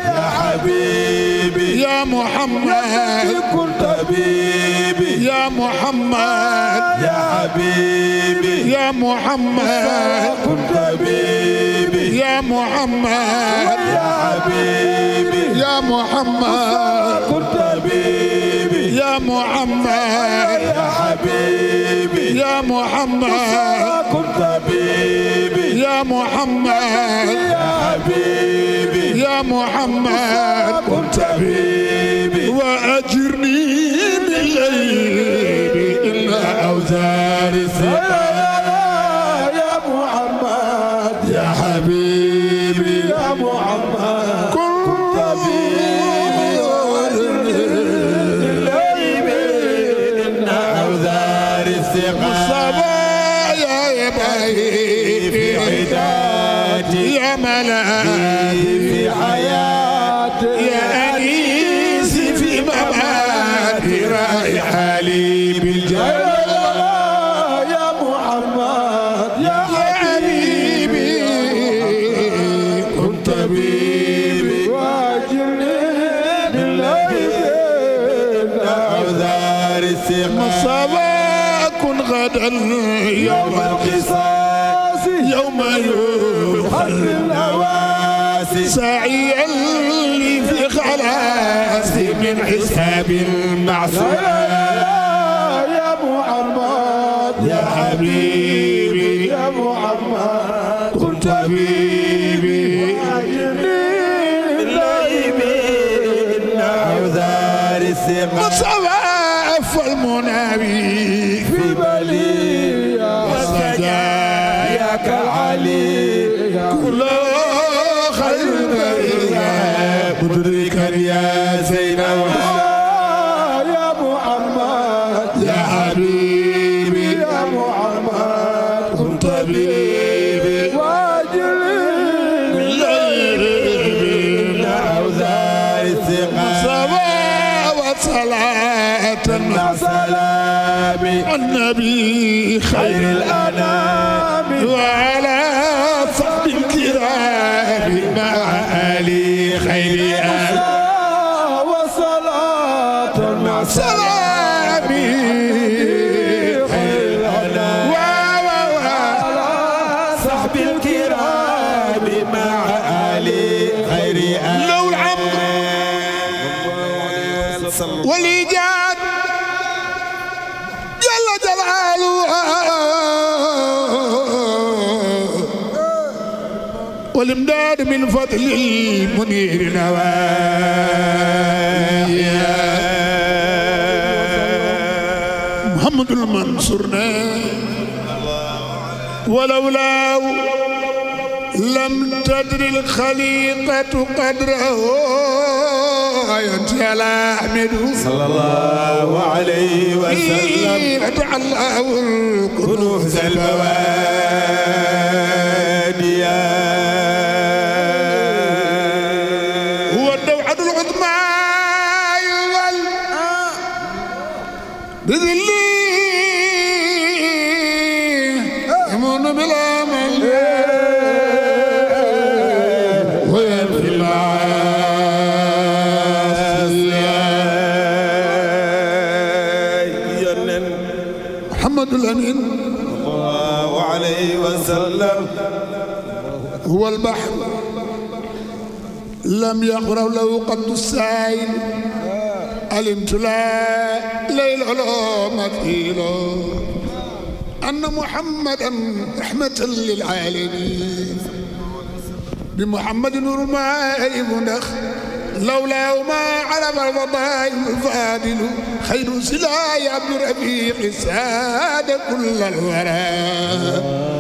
[SPEAKER 1] يا حبيبي يا محمد كنت حبيبي يا محمد يا حبيبي يا محمد كنت حبيبي يا محمد يا حبيبي يا محمد كنت حبيبي يا محمد يا حبيبي يا محمد كنت حبيبي يا محمد يا حبيبي يا محمد كنت حبيبي وأجرني من الليل إن أوزار السيئات أصحاب المعصوم يا محمد يا حبيبي يا محمد كنت بي بفضل المنير نوايا محمد المنصورنا ولولاه لم تدري الخليقة قدره يا أحمد صلى الله عليه وسلم فتح الله الكنوز البواديات لم يقرأ له قد السائل علمت لا ليل علوم مثيلا أن محمدا رحمة للعالمين بمحمد نور الماء منخ لولا ما علم الفضائل الفاضل خير سلاي عبد الرفيق ساد كل الورى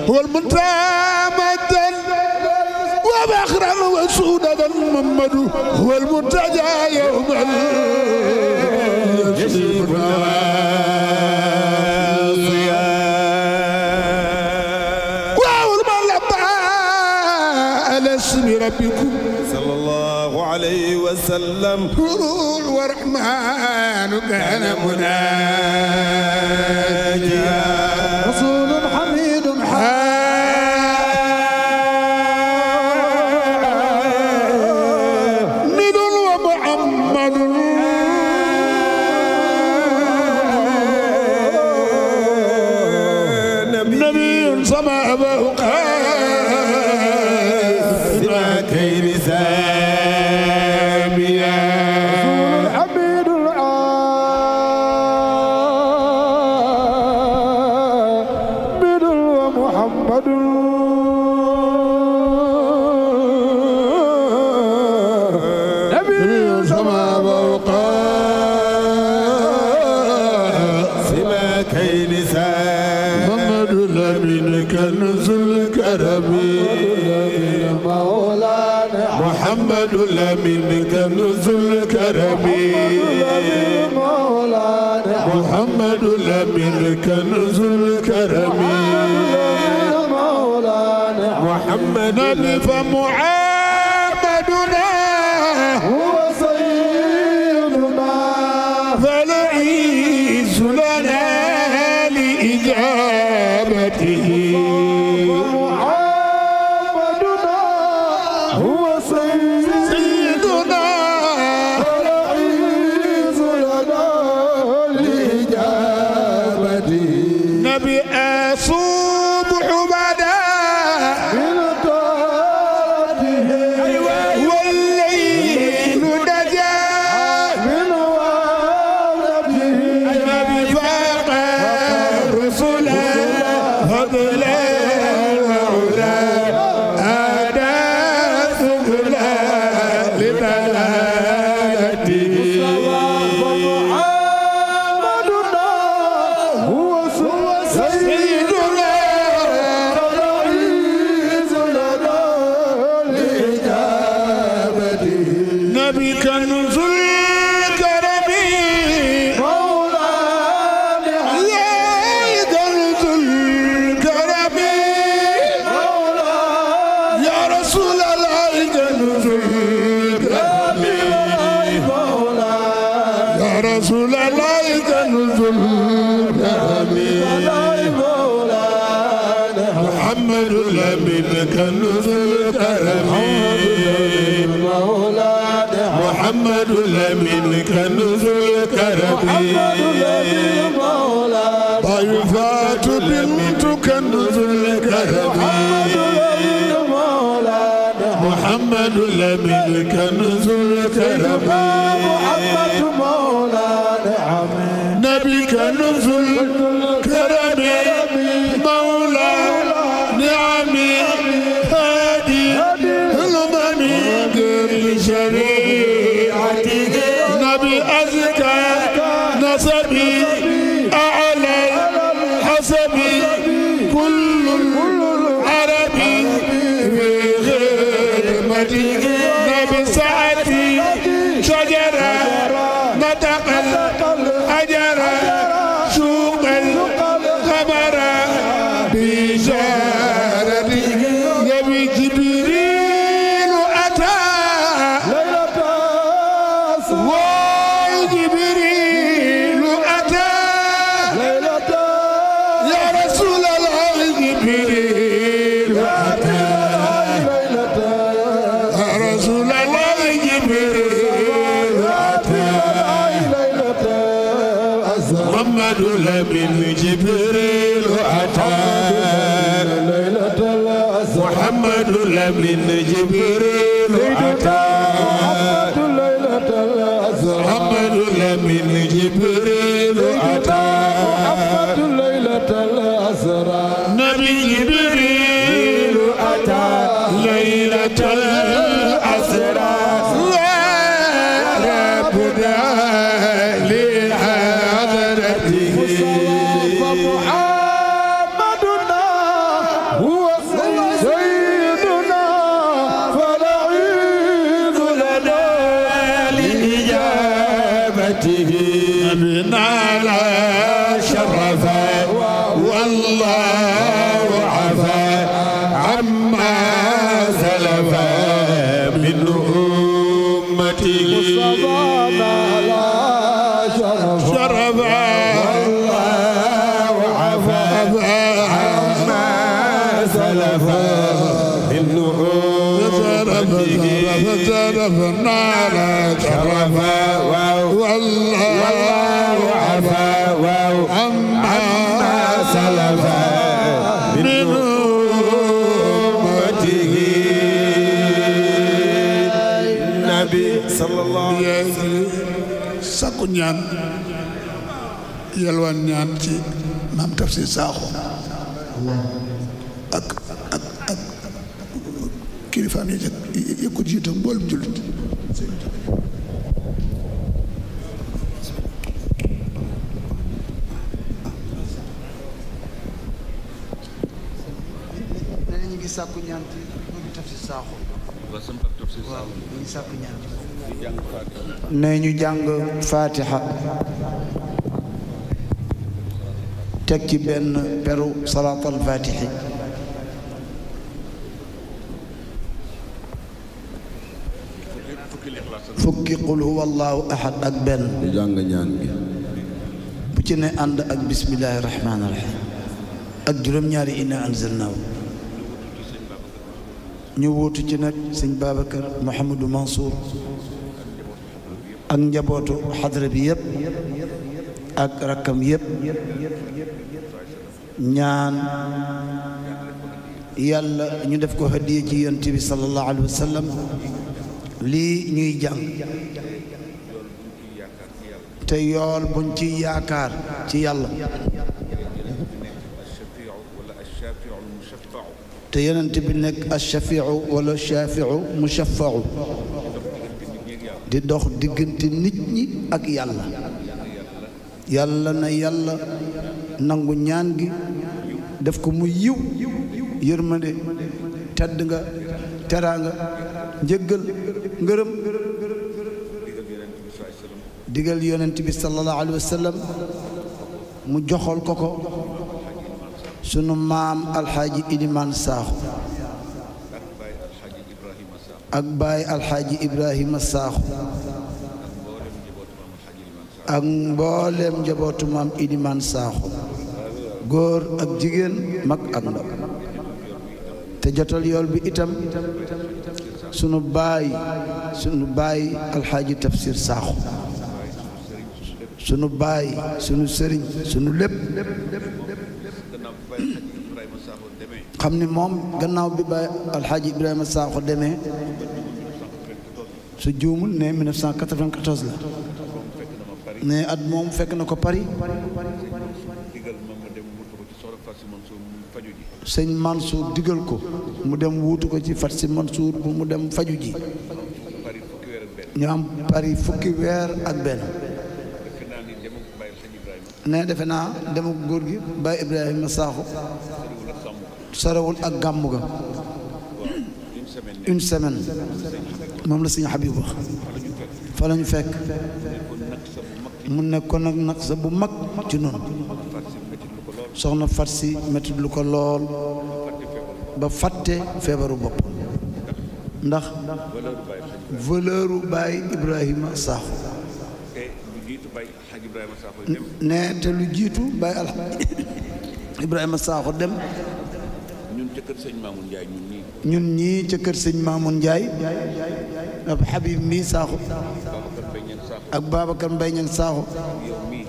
[SPEAKER 1] هو المنتهى وبخرا وسودا محمد هو المرتجى يوم يجيب اسم ربكم صلى الله عليه وسلم حرور ورحمن كان مناجيا waan ñaan ci maam Tafsir Sakho
[SPEAKER 2] ak ak
[SPEAKER 8] ñu jàng faatiha teg ci benn peru salaatal fukki qul huwa allahu ahad ak benn bu jàng ñaan bu ci ne ànd ak bismillaahi rahmaani rahiim ak juróom-ñaari inna anzalnaahu ñu wuutu ci nag sëñ Babacar Mouhamadou Mansour ak njabootu xadra bi ak rakkam yépp ñaan yàlla ñu def ko hadiya ci yonent bi sallallahu alayhi ñuy jàng te yool buñ ci yaakaar ci yàlla te yonent bi nekk ash-shafiu wala shafiu mushafau di dox diggante nit ñi ak yàlla yàlla na yàlla nangu ñaan gi def ko mu yiw yërmande tedd nga teraanga njëggal ngërëm digal yonent bi sallallahu alayhi wa mu joxal ko ko sunu maam alxaaji ilimaan saaxu ak baay alxaaji ibrahima saaxu ak mbooleem njabootu maam Ilimane Sakho góor ak jigéen mag ak ndaw te jotal yool bi itam sunu baay sunu baay alxaaji tafsir Sakho sunu baay sunu sëriñ sunu lépp xam ni moom gannaaw bi baay alxaaji Ibrahima Sakho demee su juumul ne 1994 la ne at moom fekk na ko Paris. sëñ Mansour digal ko mu dem wuutu ko ci fat Fatsi Mansour bu mu dem faju ji ñu am Paris fukki weer ak benn ne defe naa dem ak góor gi Baye Ibrahima Sakho sorewul ak gàmm ga une semaine moom la sëñ Habib fa la fekk mu nekkoon ak naq sa bu mag ci noonu soxna fat si métti lu ko lool ba fàtte feebaru bopp ndax valeuru baay Ibrahima Sakho nee te lu jiitu baay alxaj Ibrahima Sakho dem
[SPEAKER 7] ñun ñi kër sëñ Mamoun Ndiaye
[SPEAKER 8] ñun ñii ca kër sëñ Mamoun Ndiaye ak Babacar Mbaye ñang saaxu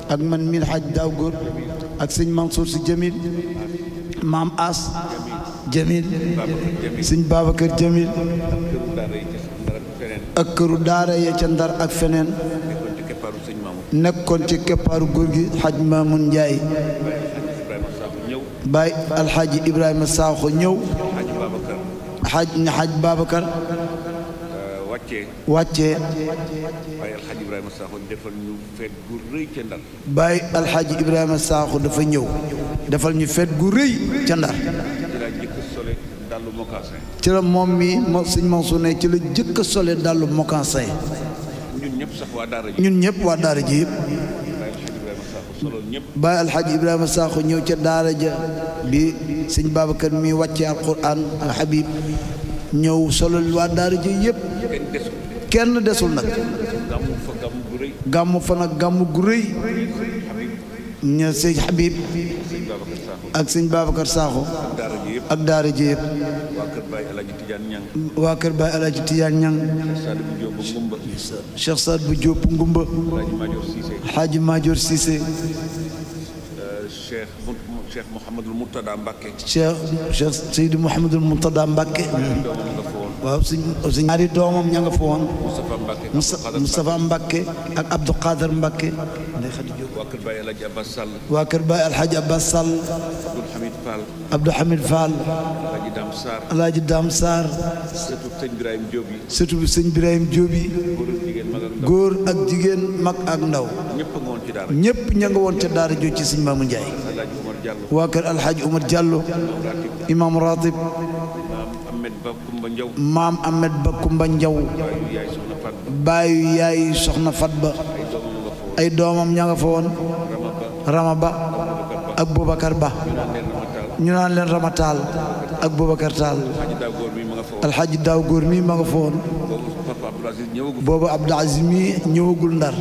[SPEAKER 8] ak man mii xaaj daaw góor ak sëñ Mansour si Jamil maam As Jamil sëñ Babacar Jamil ak këru daara ya ca Ndar ak feneen nekkoon ci keppaaru góor gi xaj Maamun Njaay baay alxaaji Ibrahima Saaxo ñëw xaj na xaj Babacar
[SPEAKER 7] wàcce wàccee. Baye Alxaaji Ibrahima Sakho defal ñu feet gu rëy ca Ndar.
[SPEAKER 8] Baye Alxaaji Ibrahima Sakho dafa ñëw. defal ñu feet gu rëy ca Ndar. ci la moom mi mo sëñ Mansour ne ci la jëkk sole dàllu mokansin.
[SPEAKER 7] ñun ñëpp sax waa daara ñun ñëpp waa daara ji yëpp. Baay Alxaaji
[SPEAKER 8] Ibrahima Sakho ñëw ca daara ja bi sëñ Babacar mi wàccee alquran al ñëw solo waa daara yépp kenn desul nag gàmm fa nag gàmm gu rëy ña sëñ Habib ak sëñ Babacar Sakho ak daara ji waa kër Baye Alaaji Tijaan Ñang Cheikh Saad bu Diop Ngumba Xaaji Maajoor Cissé
[SPEAKER 7] Cheikh Mouhamadul Moutada Mbacke. Cheikh
[SPEAKER 8] Cheikh Seydi Mouhamadul Moutada Mbacke. waa suñ suñ ñaari doomam ña nga fa woon
[SPEAKER 7] Moustapha
[SPEAKER 8] Mbakke ak Abdou Khader Mbakke
[SPEAKER 7] nday Xadi waa kër Baye Alhaji Abbas Sall waa kër Baye Alhaji Abbas Sall Hamid Fall
[SPEAKER 8] Abdou Hamid Fall
[SPEAKER 7] Alhaji Dam Sarr sëñ
[SPEAKER 8] Birahim Diop yi ak jigéen mag ak ndaw ñëpp ña woon ca daara joo ci sëñ Maamu Njaay
[SPEAKER 7] waa kër Alhaji Omar Diallo
[SPEAKER 8] Imam Ratib Bakumba Njaw maam Ahmed Bakumba Njaw baayu yaay soxna fat ba ay doomam ña nga fa woon rama ba ak Boubacar ba ñu naan leen rama taal ak Boubacar taal alxaaji daaw góor mi ma nga fa woon
[SPEAKER 7] boobu Abdou Aziz mi
[SPEAKER 8] ñëwagul ndar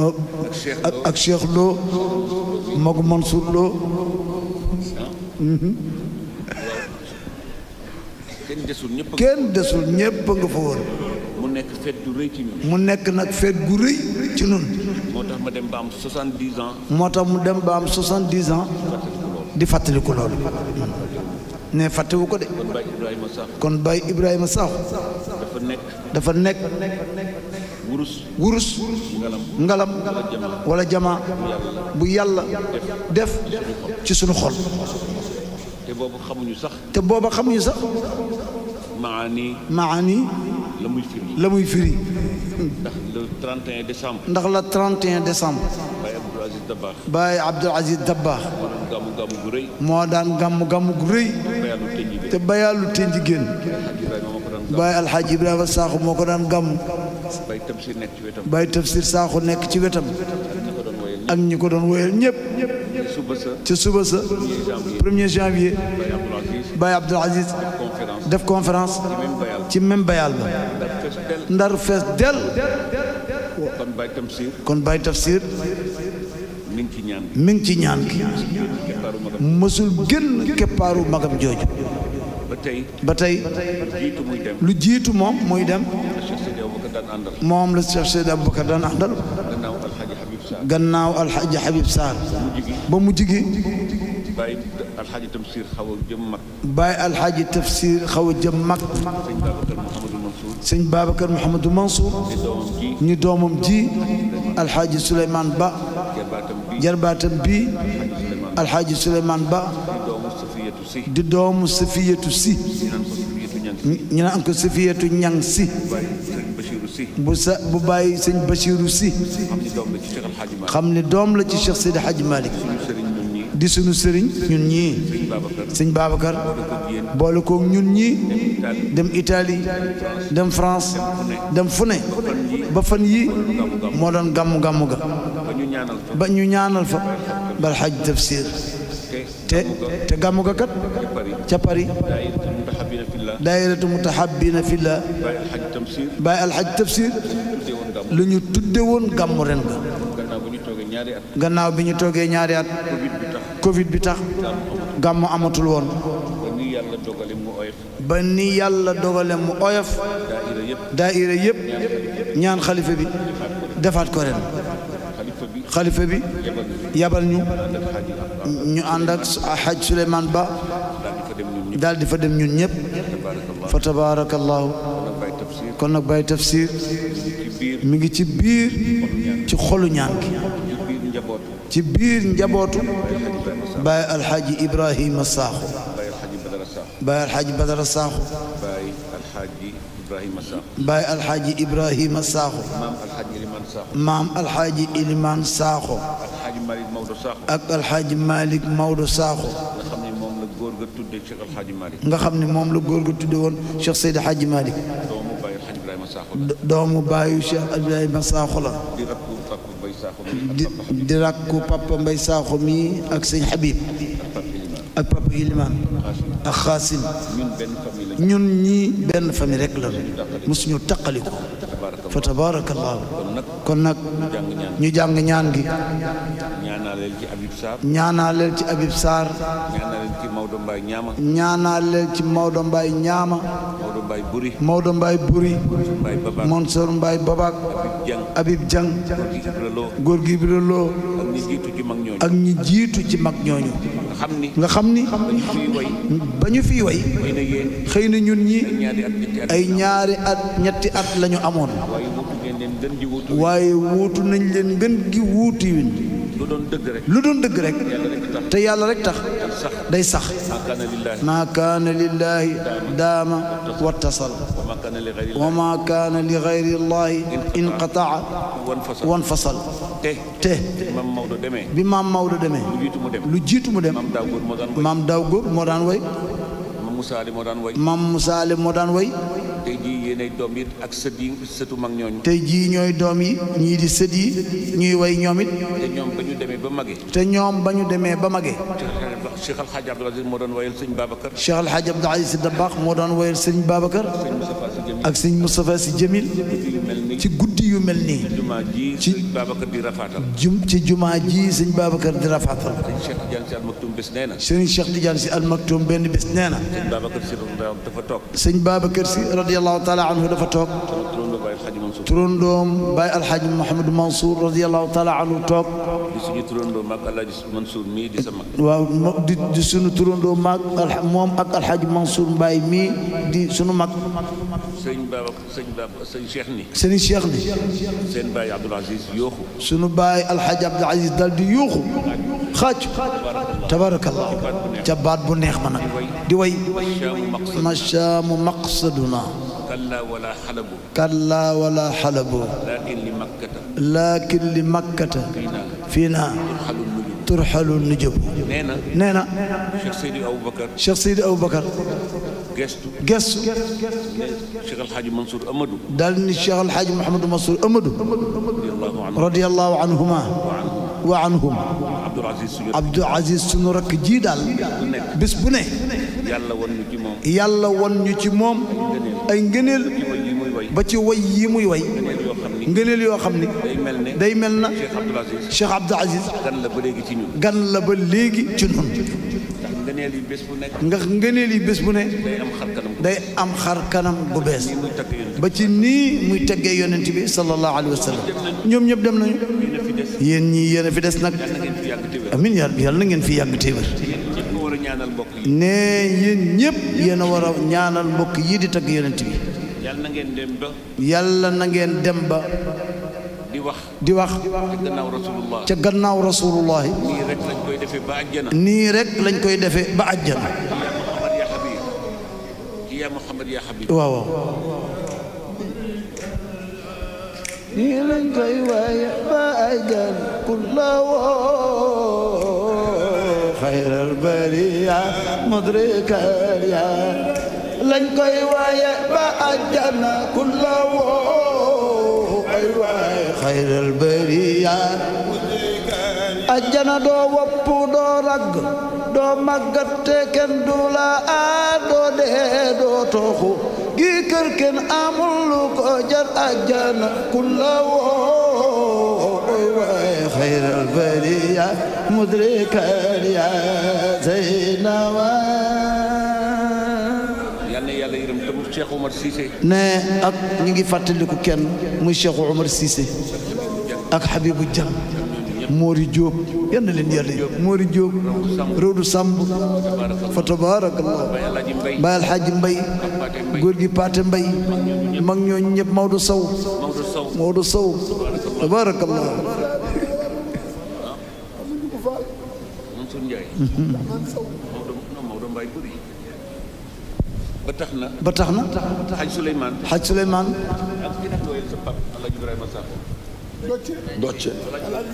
[SPEAKER 8] oh, ak Cheikh Lo magu
[SPEAKER 7] kenn desul ñëpp kenn
[SPEAKER 8] desul ñëpp nga fa woon.
[SPEAKER 7] mu nekk fête gu rëy ci mu nekk nag fête gu rëy ci ñun. moo tax mu dem ba am soixante dix ans.
[SPEAKER 8] moo tax mu dem ba am soixante dix di fàttaliku loolu. Hmm. ne fàttewu ko de. kon Baye Ibrahima Sakho. dafa nekk. dafa nekk. wurus. ngalam wala jamaa. bu yàlla def ci sunu xol.
[SPEAKER 7] te boobu xamuñu sax.
[SPEAKER 8] te boobu xamuñu sax. maani. maani.
[SPEAKER 7] la muy firi. la muy firi. ndax la 31 décembre. ndax
[SPEAKER 8] le 31 décembre.
[SPEAKER 7] Baye Abdoul Aziz Dabakh. Baye Abdoul Aziz Dabakh. moo daan gàmmu gàmmu gu rëy. moo daan te bayaalu te njigéen. Baye
[SPEAKER 8] Alhaji Ibrahima Sakho moo ko daan gàmmu.
[SPEAKER 7] Baye Tafsir nekk ci wetam. Baye Tafsir Sakho nekk ci wetam.
[SPEAKER 8] ak ñi ko doon woyal ñëpp ci suba sa premier janvier Baye Abdoul def conférence ci même bayal ba ndar fees del kon Baye Tafsir mi ngi ci ñaan gi mësul génn keppaaru magam jooju
[SPEAKER 7] ba tey lu jiitu moom muy dem moom la Cheikh Seydi Aboubacar daan àndal gannaaw alxaaji Habib Sarr ba mu jigi bàyyi alxaaji tafsir xaw a jëm mag
[SPEAKER 8] bàyyi alxaaji tafsir xaw a jëm mag sëñ Babacar Mouhamadou Mansour ji alxaaji Souleymane Ba jarbaatam bi alxaaji Souleymane Ba di doomu Safiyatu Si ñu naan ko Safiyatu Ñang Si bu sa bu bàyyi sëñ Bachirou si xam ne doom la ci Cheikh Seydi Hadj Malick di sunu sëriñ ñun ñii sëñ Babacar boole koog ñun ñi dem Italie dem France dem fu ba fan yi moo doon gàmmu gàmmu ga ba ñu ñaanal fa bal Hadj Tafsir te gàmmu ga kat ca Paris daayiratu mutahabbina fillah
[SPEAKER 7] Baay Alxaj Tafsir
[SPEAKER 8] lu ñu tudde woon gàmmu ren
[SPEAKER 7] ga gannaaw bi ñu
[SPEAKER 8] toogee ñaari at covid bi tax gàmmu amatul woon ba ni yàlla dogale mu oyof daayira yépp ñaan xalifa bi defaat ko ren xalifa bi yabal ñu ñu ànd ak xaj Souleymane Ba daldi fa dem ñu ñëpp fa tabaarakallaahu kon nag Baye Tafsir mi ngi ci ci xolu ñaan gi ci biir njabootu Baye Alxaaji Ibrahima Sakho
[SPEAKER 7] Baye Alxaaji Badara Sakho Baye Alxaaji maam
[SPEAKER 8] alxaaji Ilimaan Saaxo ak alxaaji Malick Maodo Saaxo nga xam ni moom la góor ga tudde woon Cheikh Seydi Hadji Malick
[SPEAKER 7] doomu baayu Cheikh Ibrahima Saaxo la
[SPEAKER 8] di rakku Papa Mbay Saaxo mi ak sëñ Habib ak Papa Ilimaan ak Xaasim ñun ñi benn famille rek la mosuñu taqaliko fa tabarakallahu kon nag ñu jàng ñaan gi
[SPEAKER 7] ñaanaaleel ci Habib Sarr ñaanaaleel ci ci Maodo Mbaye Ñaama
[SPEAKER 8] ñaanaaleel ci Maodo Mbaye Ñaama Maodo Mbaye Buri Buri Mansour Mbaye Babak Habib Dieng góor gi bi ak ñi jiitu ci mag ñooñu nga xam ni ba ñu fiy way xëy na ñun ñi ay ñaari at ñetti at la ñu amoon waaye wuutu nañ leen gën gi wuuti win lu doon dëgg rek. lu doon dëgg rek. te yàlla rek tax. day sax. maa kaana lillaahi daama wattasal. wa maa kaana li gayri llaahi inqataa wan fasal. te bi maam Maodo demee. lu jiitu mu dem. maam daaw góor moo daan woy. Musaali moo daan woy. maam Musaali moo daan woy. tey jii
[SPEAKER 7] yéenay doom ak sët sëtu mag ñooñu. tey jii ñooy doom yi
[SPEAKER 8] ñii di sët ñuy woy ñoom it. te
[SPEAKER 7] ñoom ba ñu demee ba mage.
[SPEAKER 8] te ñoom ba ñu demee ba mage.
[SPEAKER 7] Cheikh Al Hadj Abdoul Aziz moo doon woyal sëñ Babacar. Cheikh Al Hadj
[SPEAKER 8] Abdoul Aziz Dabakh moo doon woyal sëñ Babacar.
[SPEAKER 7] ak sëñ Moustapha Sy Jamil ci gudd. yu mel nii. ci jumaa ji sëñ Babacar di rafaatal.
[SPEAKER 8] jum ci jumaa ji sëñ Babacar di rafaatal. sëñ
[SPEAKER 7] Cheikh Tidiane si almaktum bés nee na.
[SPEAKER 8] sëñ Cheikh Tidiane si almaktum benn bés nee na.
[SPEAKER 7] sëñ Babacar si dafa toog.
[SPEAKER 8] sëñ Babacar si radiyallahu taala anhu dafa toog.
[SPEAKER 7] turandoom Baye Alxaaji turandoo maag alhaji Mansour mii di sa mag. waaw moom di di sunu
[SPEAKER 8] turandoo maag alha moom ak alhaji Mansour Mbaye mii di sunu mag.
[SPEAKER 7] sëñ Baba sëñ Baba sëñ Cheikh ni. sëñ Cheikh ni. seen baay Abdoul Aziz yooxu.
[SPEAKER 8] sunu baay alhaji Abdoul Aziz dal di yooxu. xaaj tabarakallah ca baat bu neex ma nag di way machaamu maqsaduna kallaa wala xalabu laakin li makkata fii naa turxalu nujub nee na nee na
[SPEAKER 7] Cheikh Seydi Aboubacar
[SPEAKER 8] Cheikh Seydi Aboubacar gestu gestu Cheikh Alxaaji Mansour Amadou daal ni Cheikh Alxaaji Mouhamadou Mansour Amadou radiyallahu anhuma wa anhum Abdou Aziz sunu rakk ji daal bis bu ne
[SPEAKER 7] yàlla won ñu ci moom
[SPEAKER 8] yàlla won ñu ci moom ay ngëneel ba ci way yi muy way ni yoo xam ni day mel na Cheikh Abdou Aziz gan la ba léegi ci ñun gan la ba léegi ci ñun yi bés bu nekk nga ngëneel yi bés bu ne day am xar kanam bu bees ba ci nii muy teggee yonent bi sallallahu alayhi wa sallam ñoom ñëpp dem nañu yéen ñii yéen a fi des nag amin yaa rabbi yàlla na ngeen fi yàgg téeméer ne yéen ñëpp yéen a war ñaanal mbokk yi di tagg yonent bi
[SPEAKER 10] yàlla na ngeen dem ba.
[SPEAKER 8] yàlla na ngeen dem ba.
[SPEAKER 10] di wax di wax. ca gannaaw
[SPEAKER 7] rasulullah. ca gannaaw rasulullah. nii rek lañ koy defee ba àjjana. nii rek lañ koy defee ba àjjana. yaa Muhammad yaa Habib. waaw waaw.
[SPEAKER 8] nii lañ koy waaye ba àjjana. kullawoo. xayral bariya mudrikal yaa. lañ koy waaye ba àjjana ku woo ay waay xayral bariya àjjana doo wopp doo ragg doo màggat te du la aar doo dee doo tooxu gi kër kenn amul lu ko jar àjjana ku woo ay waay xayral bariya mudrikal ya zeyna waay
[SPEAKER 7] Cheikh Omar Cissé.
[SPEAKER 8] ak ñi ngi fàttaliku kenn muy Cheikh Omar Cissé ak Habibou Dia Mori Diop yal na leen yàlla Mori Diop Rawdu Samb fa tabaarakallah Baye Alxaaji Mbay góor gi Paate Mbay mag ñooñu ñëpp Maodo Sow Maodo Sow tabaarakallah Mansour Ndiaye mhm.
[SPEAKER 7] ba tax na ba tax na xaj Souleymane
[SPEAKER 8] xaj Souleymane
[SPEAKER 11] docce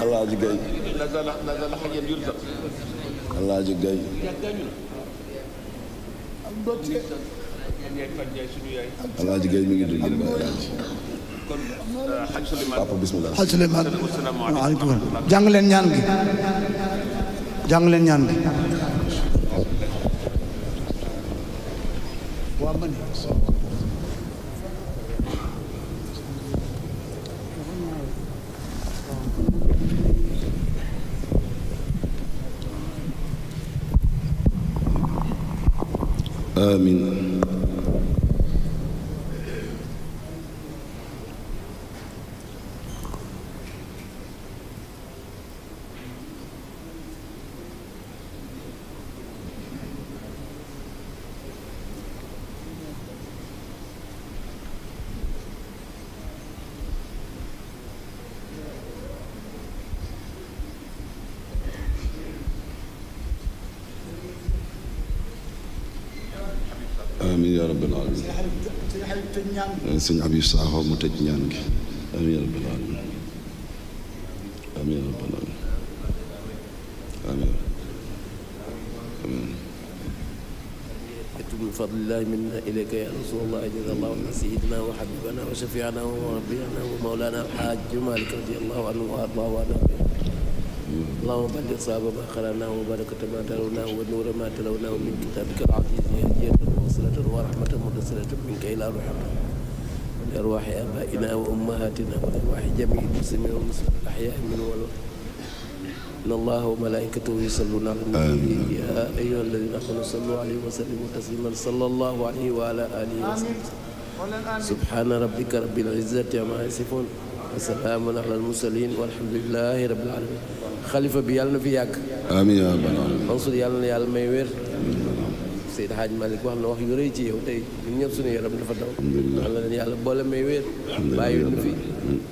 [SPEAKER 6] alaaji gay alaaji gay
[SPEAKER 11] alaaji gay mi ngi
[SPEAKER 7] dund ba alaaji
[SPEAKER 11] euh, papa
[SPEAKER 7] bismillah xaj Souleymane waaleykum
[SPEAKER 8] jàng leen ñaan gi jàng leen ñaan gi waa ma ne
[SPEAKER 11] amin sëñ Abib Sakho mu tëj ñaan gi amiin yaa rabbal aalamiin amiin yaa rabbal aalamiin
[SPEAKER 6] amiin amiin atubu bi fadlillahi minna ilayka ya rasulallah jazakallahu anna sayyidina wa habibana wa shafiana wa rabbina wa mawlana alhaaj malik radiyallahu anhu wa ardaahu wa اللهم بلغ صواب ما قرانا وبركة ما تلوناه ونور ما تلوناه من كتابك العزيز يا متصلة ورحمة متصلة من كي لا نحب لأرواح آبائنا وأمهاتنا ولأرواح جميع المسلمين والمسلمين الأحياء من والوفاة إن الله وملائكته يصلون على النبي يا أيها الذين آمنوا صلوا عليه وسلموا تسليما صلى الله عليه وعلى آله وسلم سبحان ربك رب العزة عما يصفون وسلام على المرسلين والحمد لله رب العالمين xalifa bi yàlla na fi yàgg. amiin yaa rabbal aalamiin. Mansour yàlla na yàlla may wér. Seydi Hadj Malick wax na wax yu rëy ci yow tey ñun ñëpp suñu yaram dafa daw boole may wéer bàyyi nu fi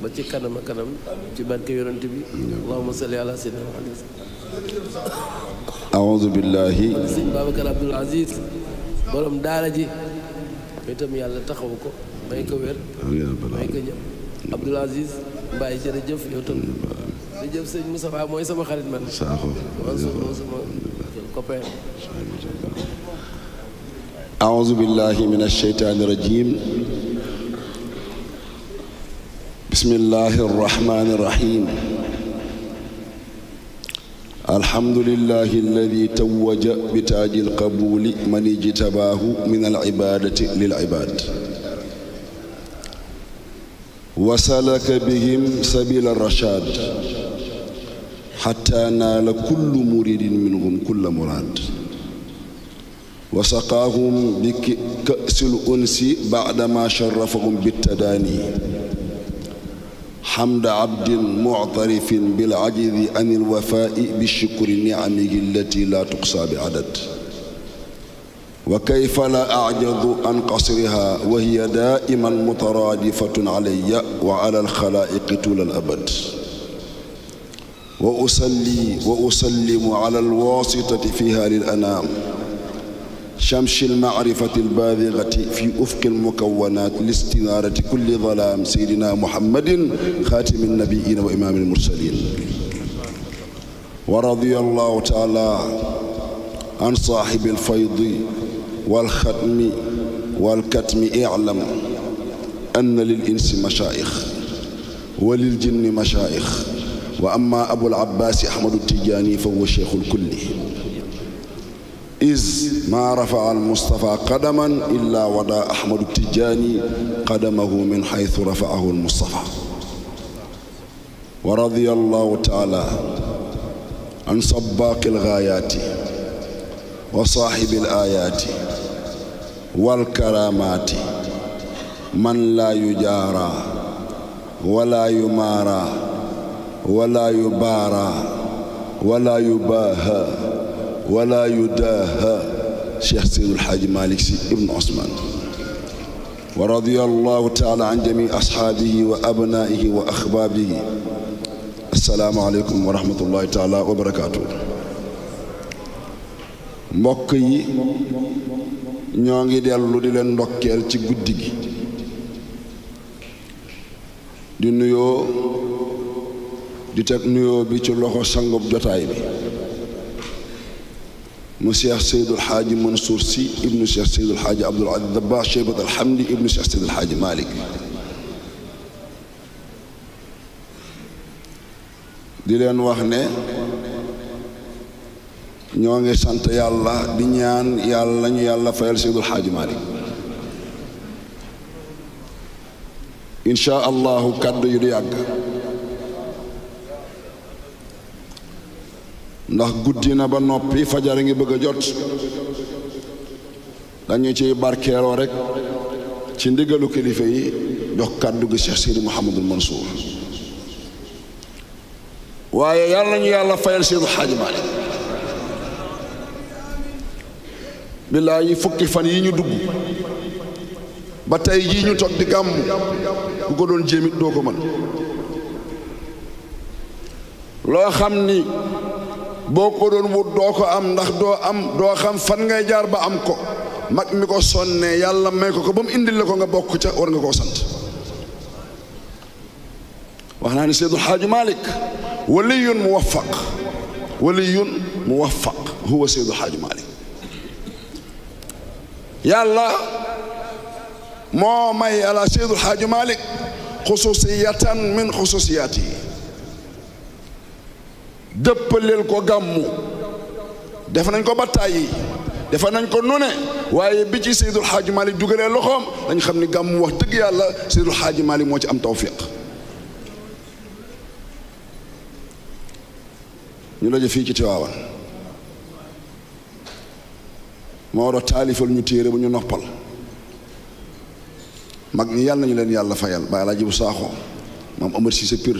[SPEAKER 6] ba ci kanam a kanam ci barke yonent bi allahuma salli ala sayyidina Muhammad ji itam yàlla taxaw ko may ko wér mooy sama xarit man Sakho waaw sama sama copain
[SPEAKER 11] أعوذ بالله من الشيطان الرجيم بسم الله الرحمن الرحيم الحمد لله الذي توج بتاج القبول من اجتباه من العبادة للعباد وسلك بهم سبيل الرشاد حتى نال كل مريد منهم كل مراد wa saqaahum bi kësil unsi baadama sharafahum bittadaani xamda abdin muctarifin bil ajzi an ilwafaai bi shukri nicamihi allati laa tuqsaa bi adad wa kayfa la acjadu an qasriha wa hiya daaiman mutaraadifatun calaya wa ala alxalaa'iqi tula al abad wa usalli wa usallimu ala alwaasitati fiha lil anaam شمش المعرفة الباذغة في أفق المكونات لاستنارة كل ظلام سيدنا محمد خاتم النبيين وإمام المرسلين ورضي الله تعالى عن صاحب الفيض والختم والكتم اعلم أن للإنس مشايخ وللجن مشايخ وأما أبو العباس أحمد التجاني فهو شيخ الكل is maa rafaa almustafa qadaman illa wada ahmadu tijaani qadamahu min xaytu rafaahu almustafa wa radia allahu taala an sabaaqi algaayaati wa saaxibi alaayaati walkaraamaati man laa yujaara walaa yumaara walaa yubaara walaa yubaaha wala yudaaha cheikh seydul xaaji malik si ibnu osmaan wa radia taala an jami asxaabihi wa abnaihi wa axbaabihi asalaamualeykum wa rahmatullahi taala wa barakaatu mbokk yi ñoo ngi dellu di leen ndokkeel ci guddi di nuyoo di teg nuyoo bi ci loxo sango jotaay bi mu cheikh seydul xaaji mansour si ibnu cheikh seydul xaaji abdul aziz dabbaax cheybat alhamdi ibnu cheikh seydul xaaji malik di leen wax ne ñoo ngi sant yàlla di ñaan yàlla ñu yàlla fayal seydul xaaji malik incha allahu kàddu yu du yàgg ndax guddi na ba noppi fajar ngi bëgg a jot dañu ciy barkeeloo rek ci ndigalu kilifa yi jox kàddu gi Cheikh Sidi Mouhamadul Mansour waaye yàlla nañu yàlla fayal Seydi Xaaji Maalik billaahi fukki fan yi ñu dugg ba tey jii ñu toog di gàmm ku ko doon jéemit doo ko mën loo xam ni boo ko doon wut doo ko am ndax doo am doo xam fan ngay jaar ba am ko mag mi ko sonnee yàlla may ko ko ba mu indil la ko nga bokk ca war nga koo sant wax naa ne Seydul Xaaji Malik waliyun muwaffaq waliyun muwaffaq huwa Seydul Xaaji Malik yàlla moo may àla Seydul Xaaji Malik xususiyatan min xususiyaati dëppaleel ko gàmmu def nañ ko ba tàyyi defa nañ ko nu waaye bi ci Seydul Xaaji Maalik dugalee loxoom dañ xam ni gàmmu wax dëgg yàlla Seydul Xaaji mali moo ci am tawfiq ñu la laje fii ci Tiwaawan moo war a taalifal ñu téere bu ñu noppal mag ñi yàlla nañu leen yàlla fayal Baay Alaaji bu Saaxo maam Amar Siise Pir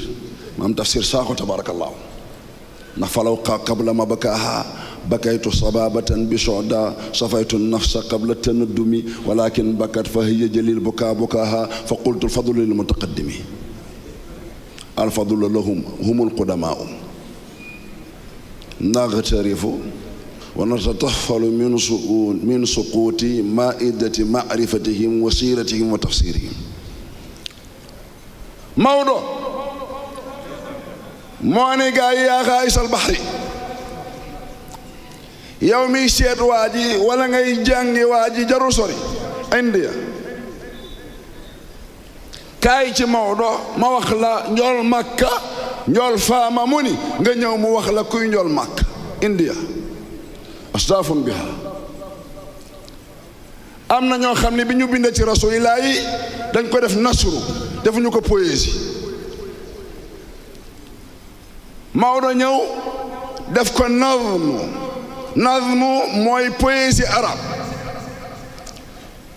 [SPEAKER 11] maam Tafsir Saaxo tabaarakallaahu ndax falaw qabla mabakaaha bakaytu sababatan bi soda safaytu nafsa qabla tanaddumi walakin bakat fa hiya jalil bukaa bukaaha fa qultu alfadlu lil mutaqaddimi alfadlu lahum humul qudamaau nagtarifu ونتطهر من من سقوط مائدة معرفتهم وسيرتهم وتفسيرهم Maodo moo ne gaa yi yaa xaayisal baxri yow miy seet waa ji wala ngay jàngi waa ji jaru sori india kaay ci Maodo ma wax la njool makka njool faama ni nga ñëw mu waxla la kuy njool makka india astaafun biha am na ñoo xam ne bi ñu bind ci rasulilah yi dañ ko def nasru defuñu ko poésie Maodo ñëw def ko nazmu nazmu mooy poésie arabe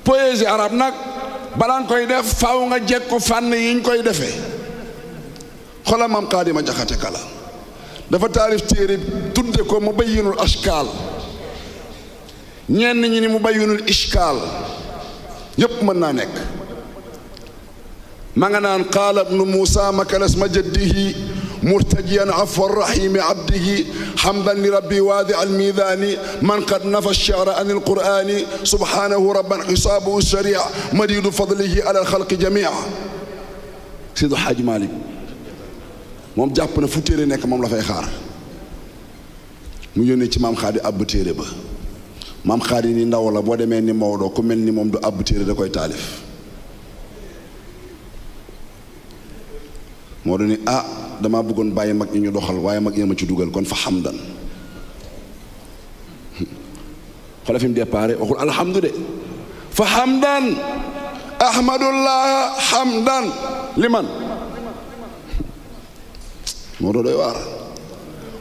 [SPEAKER 11] poésie arabe nag balaan koy def faw nga jeg ko fànn yiñ koy defee xoolal maam Xaadima Jaxate Kala dafa taarif téere tudde ko mu bayyinul ashkaal ñenn ñi ni mu bayyinul ishkaal yépp mën naa nekk ma nga naan qaala ibnu Muusa makalas ma jaddihi مرتجيا عفو الرحيم عبده حمدا لربي واذع الميزان من قد نفى الشعر عن القرآن سبحانه ربا حسابه السريع مديد فضله على الخلق جميعا Seydi Hadji Malick moom jàpp na fu téere nekk moom la fay xaar mu yónnee ci maam xaadi àbb téere ba maam xaadi ni ndaw la boo demee ni Maodo ku mel ni moom du àbb téere da koy taalif moo do ni ah damaa bëggoon bàyyi mag ñu doxal waaye mag ñi ma ci dugal kon fa xamdan xoolal fi mu déparé waxul alhamdu de fa xamdan ahmadullah xamdan liman moo doy waar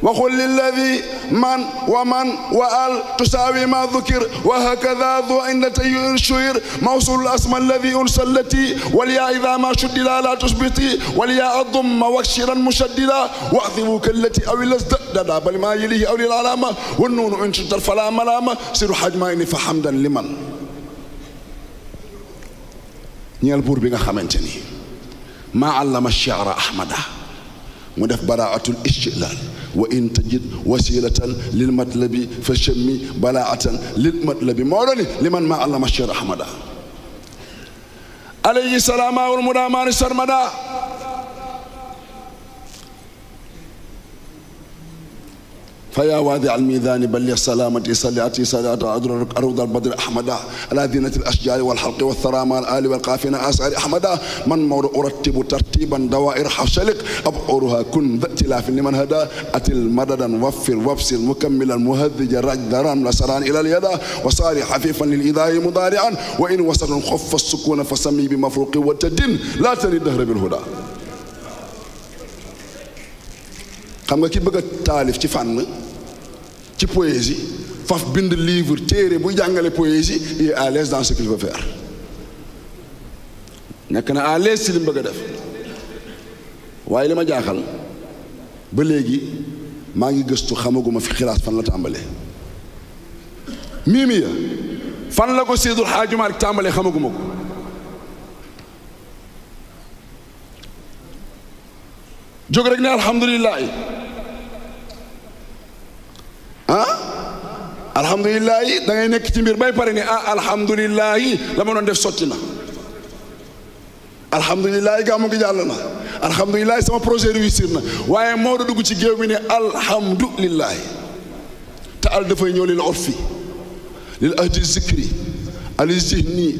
[SPEAKER 11] وقل للذي من ومن وال تساوي ما ذكر وهكذا ذو عندتي شعر موصول الاسماء الذي انسلتي والياء اذا ما شدد لا تثبتي والياء الضم وكسرا مشددا واعذبك التي او الازدددا بل ما يليه او للعلامه والنون ان شدت فلا ملامه سر حجمين فحمدا لمن ñeel buur bi nga xamante ni maa allama shi'ra ahmada mu def baraatul istilal wa in tajid wasilatan lil matlabi fa chammi balaatan lil matlabi mawɗoni liman ma allama cheikh ahmada alayhi salama wal mudamani sarmada فيا واضع الميزان بلغ سلامتي صلاتي صلاة أدرك أرض البدر أحمدا على زينة الأشجار والحلق والثرى مع الآل والقافنة آثار أحمدا من أرتب ترتيبا دوائر حوشلك أبعرها كن ذا ائتلاف لمن هدى أتل مددا وفر وفسر مكملا مهذجا رجدرا وسرا إلى اليدا وصار حفيفا للإذاء مضارعا وإن وصل خف السكون فسمي بمفروق وتدن لا تري الدهر بالهدى xam nga ki bëgg a taalif ci fànn ci poésie faf bind livre téere bu jàngale poésie il est à l'aise dans ce qu'il veut nekk na à l'aise ci mu bëgg a def waaye li ma jaaxal ba léegi maa ngi gëstu xamaguma fi xilaas fan la tàmbalee miimi ya fan la ko Seydul Xaaji Maalik tàmbalee xamaguma ko jóg rek ne alhamdulilah ah alhamdulilahi da ngay nekk ci mbir bay pare ni ah alhamdulilahi la ma doon def sotti na alhamdulilahi gàmmu gi jàll na alhamdulilahi sama projet réussir na waaye moo da dugg ci géew mi ne alhamdulilahi te al dafay ñëw lil urfi lil ahdi zikri al zihni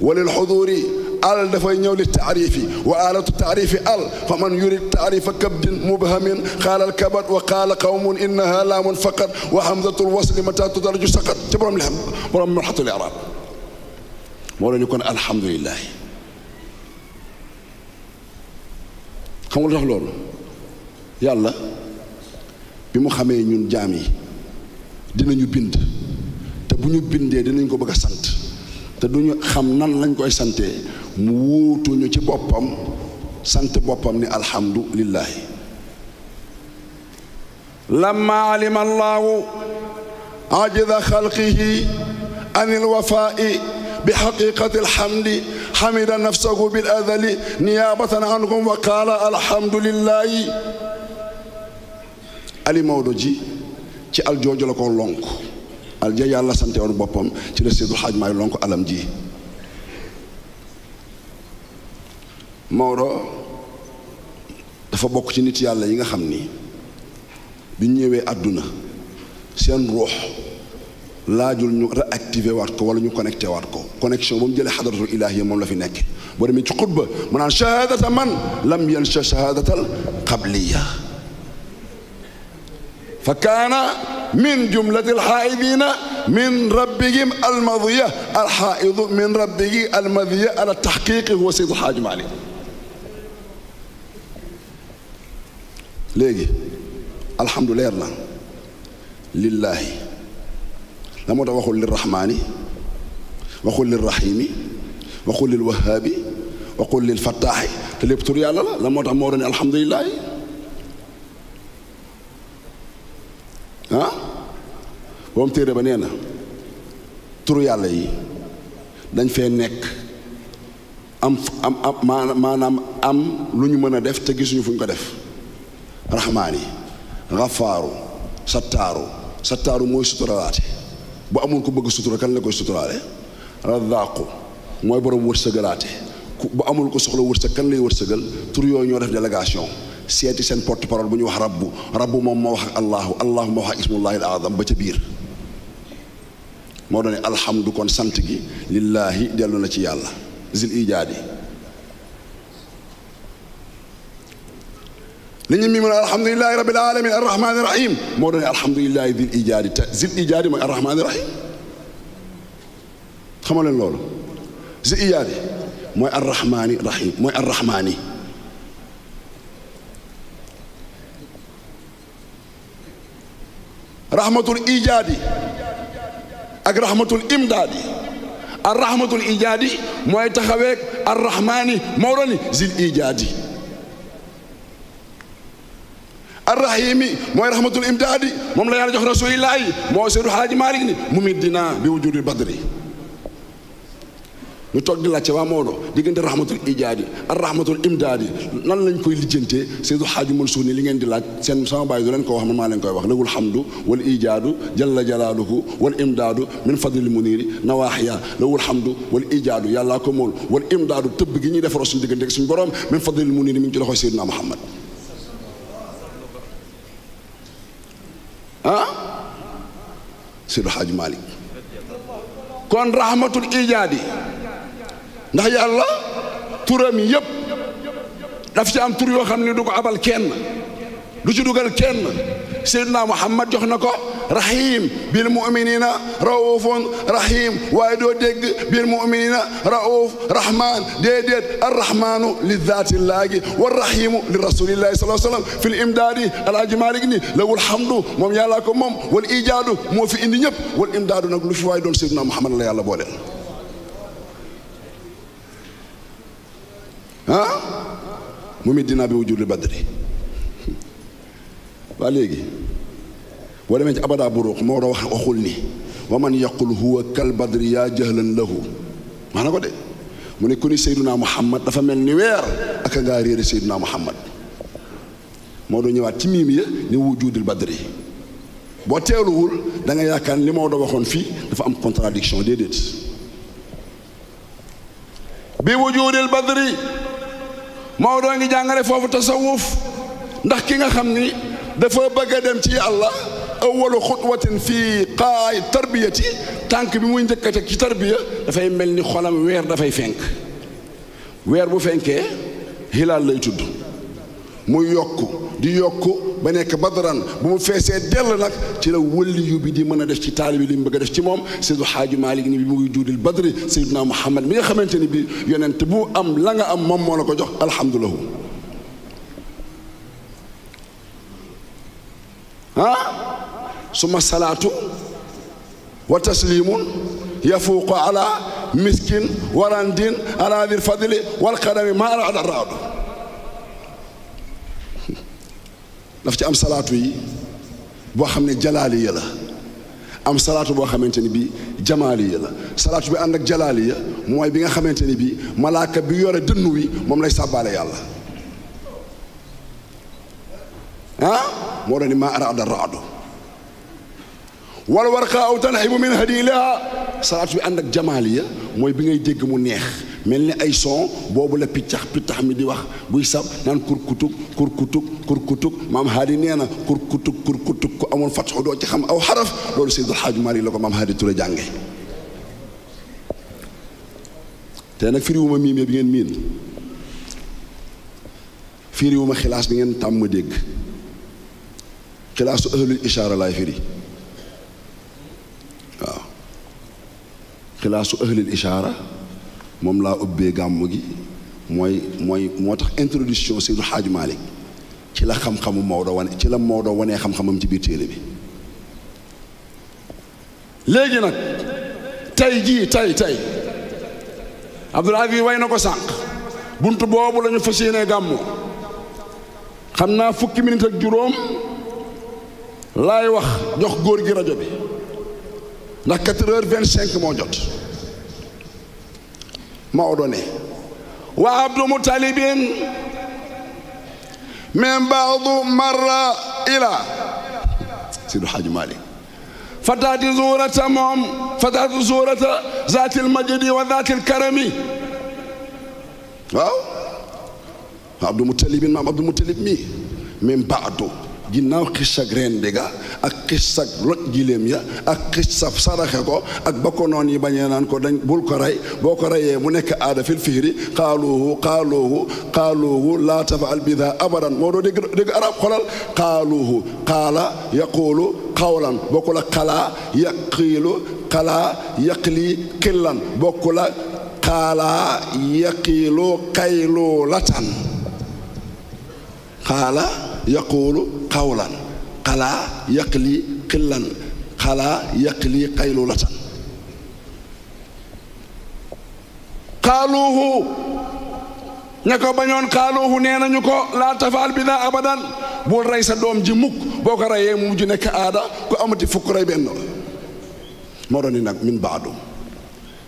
[SPEAKER 11] wa lil xuduri al dafay ñëw li taarifi wa alatu taarifi al fa man yurid taarifa kabdin mubhamin qaala al kabat wa qaala qawmun innaha laamun faqat wa hamzatul wasli mata tudaraju saqat ci borom li xam borom marxatul iraab moo la ñu kon alhamdulilah xam nga lu tax loolu yàlla bi mu xamee ñun jaam yi dinañu bind te bu ñu bindee dinañ ko bëgg sant te du ñu xam nan lañ koy sante mu ci boppam sant boppam ni alhamdulillaahi lamma alima allaahu ajza xalqihi an ilwafaai bi xaqiqati alxamdi xamida nafsahu bil adali niyaabatan anhum wa qaala alhamdulillaahi ali Maodo ji ci aljooju la ko lonk alja yàlla sante woon boppam ci la Seydul Xaaj Maay lonk alam ji Maodo dafa bokk ci nit yàlla yi nga xam ni bi ñu ñëwee àdduna seen ruux laajul ñu réactivé waat ko wala ñu connecté waat ko connexion ba mu jëlee xadaratul la fi nekk boo demee ci xutba mu naan shahadata man lam yansha shahadatal qabliya fa kaana min jumlati alxaaidina min rabbihim almadiya alxaaidu min rabbihi almadiya ala taxqiqi maalik léegi alhamdu leer na lillaahi la moo tax waxul lirrahmaani waxul lirrahimi waxul lilwahaabi waxul lilfattaaxi te lépp tur yàlla la la moo tax moo doon alhamdulilaahi ah boom téere ba nee na tur yàlla yi dañ fee nekk am am am maanaam am lu ñu mën a def te gisuñu fu ñu ko def raxmaani xafaaru sattaaru sattaaru mooy suturalaate bu amoon ko bëgg sutura kan la koy suturaale razaqu mooy borom wërsëgalaate bu amul ko soxla wërsëg kan lay wërsëgal tur yooyu ñoo def délégation seeti seen porte parole bu ñu wax rabbu rabbu moom moo wax ak allahu allahu wax ak ismullahi al ba ca biir moo doon ne alhamdu kon sant gi lillaahi dellu na ci yàlla zil ijaadi li ñu miimul alhamdulilahi rabil alamin arrahmani rahim moo doon alhamdulilahi zil ijaadi te zil ijaadi mooy arrahmani rahim xamoo leen loolu zil ijaadi mooy arrahmani rahim mooy arrahmani rahmatul ijaadi ak rahmatul imdaadi arrahmatul ijaadi mooy taxaweeg arrahmani moo doon zil ijaadi arrahimi mooy rahmatul imdaadi moom la yàlla jox rasulillahi moo seedu xaaji maalik ni mu mit dinaa bi wujudi badri ñu toog di laajte waa Maodo diggante rahmatul ijaadi ak rahmatul imdaadi nan lañ koy lijjantee seedu xaaji Mansuur ni li ngeen di laaj seen sama bàyyi du leen ko wax man maa lañ koy wax lagul hamdu wal ijaadu jalla jalaaluhu wal imdaadu min fadlil muniiri nawaaxiya lagul hamdu wal ijaadu yàllaa ko mool wal imdaadu tëbb gi ñuy def rasul diggante suñu borom min fadlil muniiri mi ngi ci loxoy Muhammad ah Seydi Hadj Malick kon rahmatul ijaadi ndax yàlla turam yépp daf ci am tur yoo xam ne du ko abal kenn du ci dugal kenn seydina muhammad jox na ko rahim bil muminina raufun rahim waaye doo dégg bil muminina rauf rahman déedéet arrahmanu li zaatillaahi wa rahimu li rasulillahi sallallahu alayhi wasallam fi l imdaadi alaaji maalik ni lawul hamdu moom yàllaa ko moom wal ijaadu moo fi indi ñëpp wal imdaadu nag lu fi waaye doon seydina muhammad la yàlla boole ah mu mi dinaa bi wujudi badri waa léegi boo demee ci abadaa buruux moo wax waxul ni wa man yaqul huwa kal badri yaa jahlan lahu wax na ko de mu ne ku ni Seydunaa Muhammad dafa mel ni weer ak a ngaa réere Seydunaa Muhammad moo doo ñëwaat ci miim ya ni wujudul badri boo teeluwul da nga yaakaar li moo da waxoon fi dafa am contradiction déedéet bi wujudul badri moo doo ngi jàngale foofu tasawuf ndax ki nga xam ni dafa bëgg a dem ci yàlla awalu xutwatin fii qaay tarbiyati tànk bi muy njëkk ci tarbiya dafay mel ni xolam weer dafay fenk weer bu fenkee hilaal lay tudd muy yokk di yokk ba nekk badran bu mu feesee dell nak ci law la wëliyu bi di mën a def ci taalibi li mu bëgg a def ci moom Seydu Xaaji Maalik ni bi mu ngi juudil badri Seydina Muhammad mi nga xamante ni bi yonent bu am la nga am moom moo la ko jox alhamdulilah ah suma salaatu wa taslimun yafuuqu ala miskin warandin ala dir fadli walkarami maa raada raadu daf ci am salaatu yi boo xam ne jalaaliya la am salaatu boo xamante ni bi jamaaliya la salaatu bi ànd ak jalaaliya mooy bi nga xamante ni bi malaaka bi yore dënn wi moom lay sàbbaale yàlla ah moo doon maa araada raadu wala warqaa aw tanxibu min hadiila salaatu bi ànd ak jamaaliya mooy bi ngay dégg mu neex mel ni ay son boobu la piccax piccax mi di wax buy sab naan kurkutug kurkutug kurkutug maam haadi nee na kurkutug kurkutug ku amoon fatxu doo ci xam aw xaraf loolu Seydou Hadj Mari la ko maam haadi Touré jànge te nag firiwuma miime bi ngeen miin firiwuma xilaas bi ngeen tàmm dégg xilaasu ahlul ishaara laay firi waaw xilaasu ahlul ishaara moom laa ubbee gàmm gi mooy mooy moo tax introduction Seydu Xaaj Maalik ci la xam-xamu Maodo wane ci la Maodo wane xam-xamam ci biir téere bi léegi nag tay jii tey tey Abdoul Aziz way na ko sànq bunt boobu la ñu fas gàmmoo xam naa fukki minit ak juróom laay jox góor gi rajo bi ndax quatre heures vingt cinq moo jot Maodo wa abdu mutalibin min baadu marra ila Seydi Haaji Maalik fataati zuurata moom fataati zuurata zaatil majdi wa zaatil karami waaw abdu mutalibin maam abdu mutalib mi min baadu ginnaaw xisag reen bi ga ak xisag loj giléem ya ak xisag saraxe ko ak ba yi bañee naan ko dañ bul ko rey boo ko reyee mu nekk aada fil fihri xaaluuhu xaaluuhu xaaluuhu laa tafaal bida abadan moo doo dégg dégg xolal xaaluuhu yaquulu xawlan bokkul ak xalaa yaqiilu xalaa yaqlii xillan bokkul ak xaalaa yaqiilu xaylulatan xaala yaquulu qawlan xalaa yaqli xillan xalaa yaqli qaylulatan xaaluuhu ña ko bañoon xaaluuhu nee nañu ko laa tafaal bi abadan bul rey sa doom ji mukk boo ko reyee mu mujj nekk aada ku amati fukk rey benn moo doon ni nag min baadu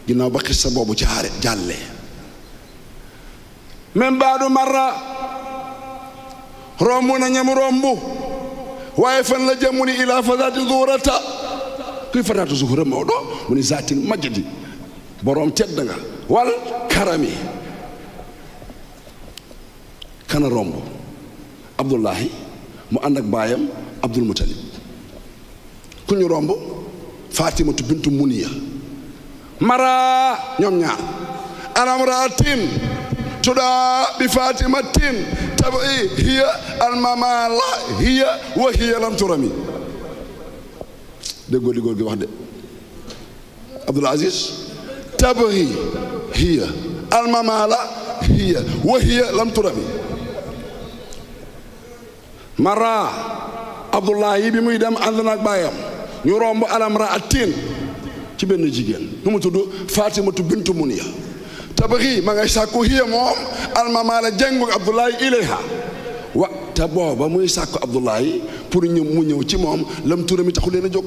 [SPEAKER 11] ginnaaw ba xis sa boobu jaare jàllee min baadu marra romb na ñam romb waaye fan la jëm mu ni ilaa fadaati zuhrata kuy fadaatu zuhra Maodo mu ni zaatil majdi boroom tedd nga wal karami kana romb abdullahi mu ànd baayam abdul mutalib ku ñu romb fatimatu bintu muniya mara ñoom ñaar aram raatin tudaa bi fatimatin tabu eh almamala hiya wa hiya lam turami déggoo li góor wax de Abdul Aziz tabri hiya almamala hiya wa hiya lam turami mara Abdullahi bi muy dem ànd na ak baayam ñu romb alamra atin ci benn jigéen nu mu tudd Fatimatu bintu Muniya tabari ma ngay sàkku hiya moom almamaala jengug abdoulaye ilayha wa te booba muy sàkku abdoulaye pour ñëw mu ñëw ci moom lam turam yi taxu leen a jóg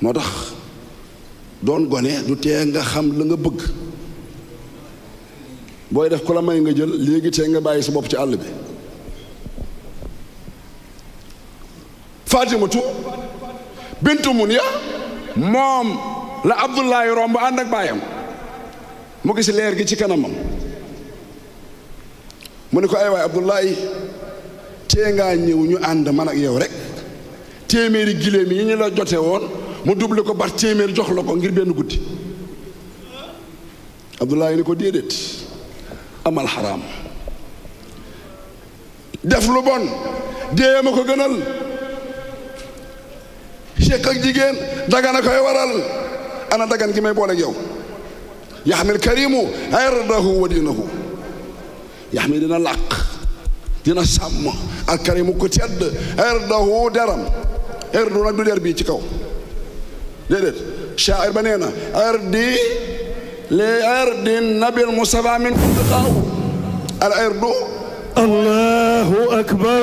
[SPEAKER 11] moo tax doon gone du tee nga xam la nga bëgg booy def ku la may nga jël léegi tee nga bàyyi sa bopp ci àll bi fatimatu bintu mun ya moom la Abdullahi romb ànd ak baayam mu gis leer gi ci kanamam mu ne ko ay waay Abdullahi tee ngaa ñëw ñu ànd man ak yow rek téeméeri giléem yi ñu la jote woon mu dubli ko bar téeméer jox la ko ngir benn guddi Abdullahi ni ko déedéet amal xaraam def lu bon déeyam a ko gënal sekk ak jigéen dagan a koy waral ana dagan gi may booleeg yow yaxmil karimu irdahu wa diinahu yaxmil dina làq dina sàmm al karimu ku tedd irdahu deram irdu nag du der bii ci kaw déedéet shaa'ir ba nee na irdi li irdi nabil mustafa min fudqaaw al irdu allahu akbar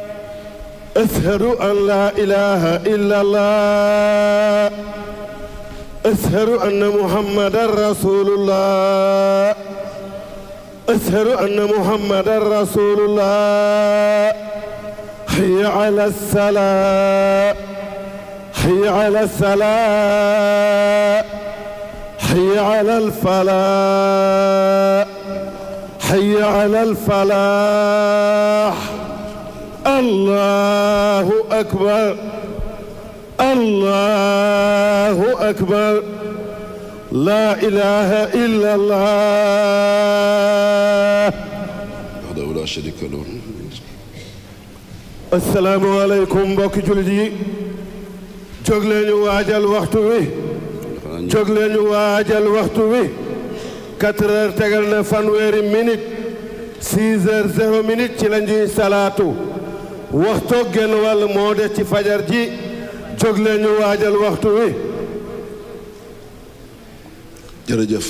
[SPEAKER 1] أشهد أن لا إله إلا الله أشهد أن محمدا رسول الله أشهد أن محمدا رسول الله حي على الصلاة حي على الصلاة حي على الفلاح حي على الفلاح allahu akbar allahu akbar laa ilaaha illallaah.
[SPEAKER 11] wahdahu laa shariika lahu.
[SPEAKER 1] asalaamualeykum mbokki jullit yi.
[SPEAKER 6] jóg leen ñu waajal waxtu wi. jóg leen ñu waajal waxtu wi. quatre heures tegal na fanweeri minute. six heures zéro
[SPEAKER 3] minute ci la ñuy salaatu. waxtoo genn wàll moo des ci fajar ji jóg leen ñu waajal waxtu wi
[SPEAKER 11] jërëjëf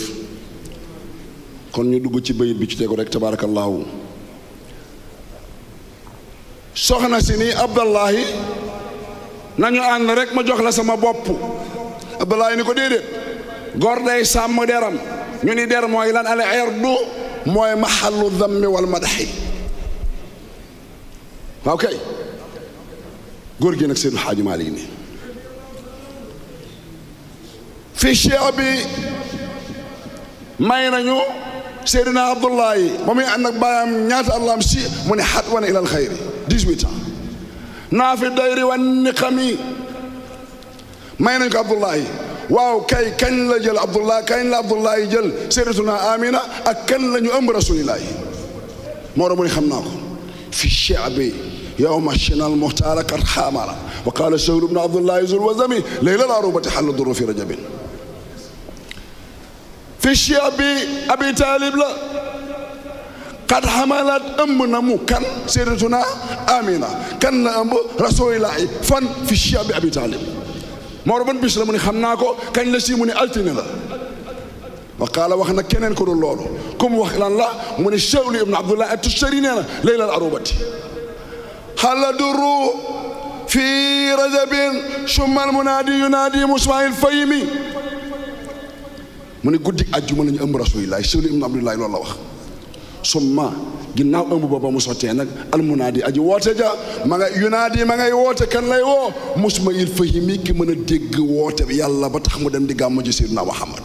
[SPEAKER 11] kon ñu dugg ci bayit bi ci tegu rek tabaarakallaahu soxna si nii abdallahi nañu ànd rek ma jox la sama bopp abdallahi ni ko déedéet góor day sàmm deram ñu ni der mooy lan al irdu mooy maxallu dammi wal madaxi waaw kay góor gi nag seen xaaju maa léegi nii fi cheikh bi may nañu seydina abdullahi ba muy ànd ak baayam ñaata àllam si mu ne xat wana ilal xayri 18 ans naa fi dayri wan niqami may nañ ko abdullahi waaw kay kañ la jël abdullah kañ la abdullahi jël seydatuna amina ak kañ la ñu ëmb rasulillahi moo tax mu ne xam naa ko fi cheikh bi يوم الشنال المختار قد حامل وقال شهر بن عبد الله ذو الوزمي ليلة العروبة حل الضر في رجب في شياب أبي طالب لا قد حملت أمنا مو كان سيرتنا آمنة كان أم رسول الله فن في شياب أبي طالب مربن بيش لمن خمناكو كان لسي من ألتنا لا وقال وخنا كنن كل لولو كم وخلان لا من الشاولي ابن عبد الله أتشتري لنا ليلة العروبة هل دروا في رجب ثم المنادي ينادي موسى الفيمي mu ne guddi àjjuma la ñu ëmb rasulilaay sëli ibnu abdullahi loolu la summa ginnaaw ëmb booba mu sottee nag almunaadi aji woote ja ma nga yunaadi ma ngay woote kan lay woo musma il fahimi ki mën a dégg woote yàlla ba tax mu dem di gàmmu ji seyduna muhammad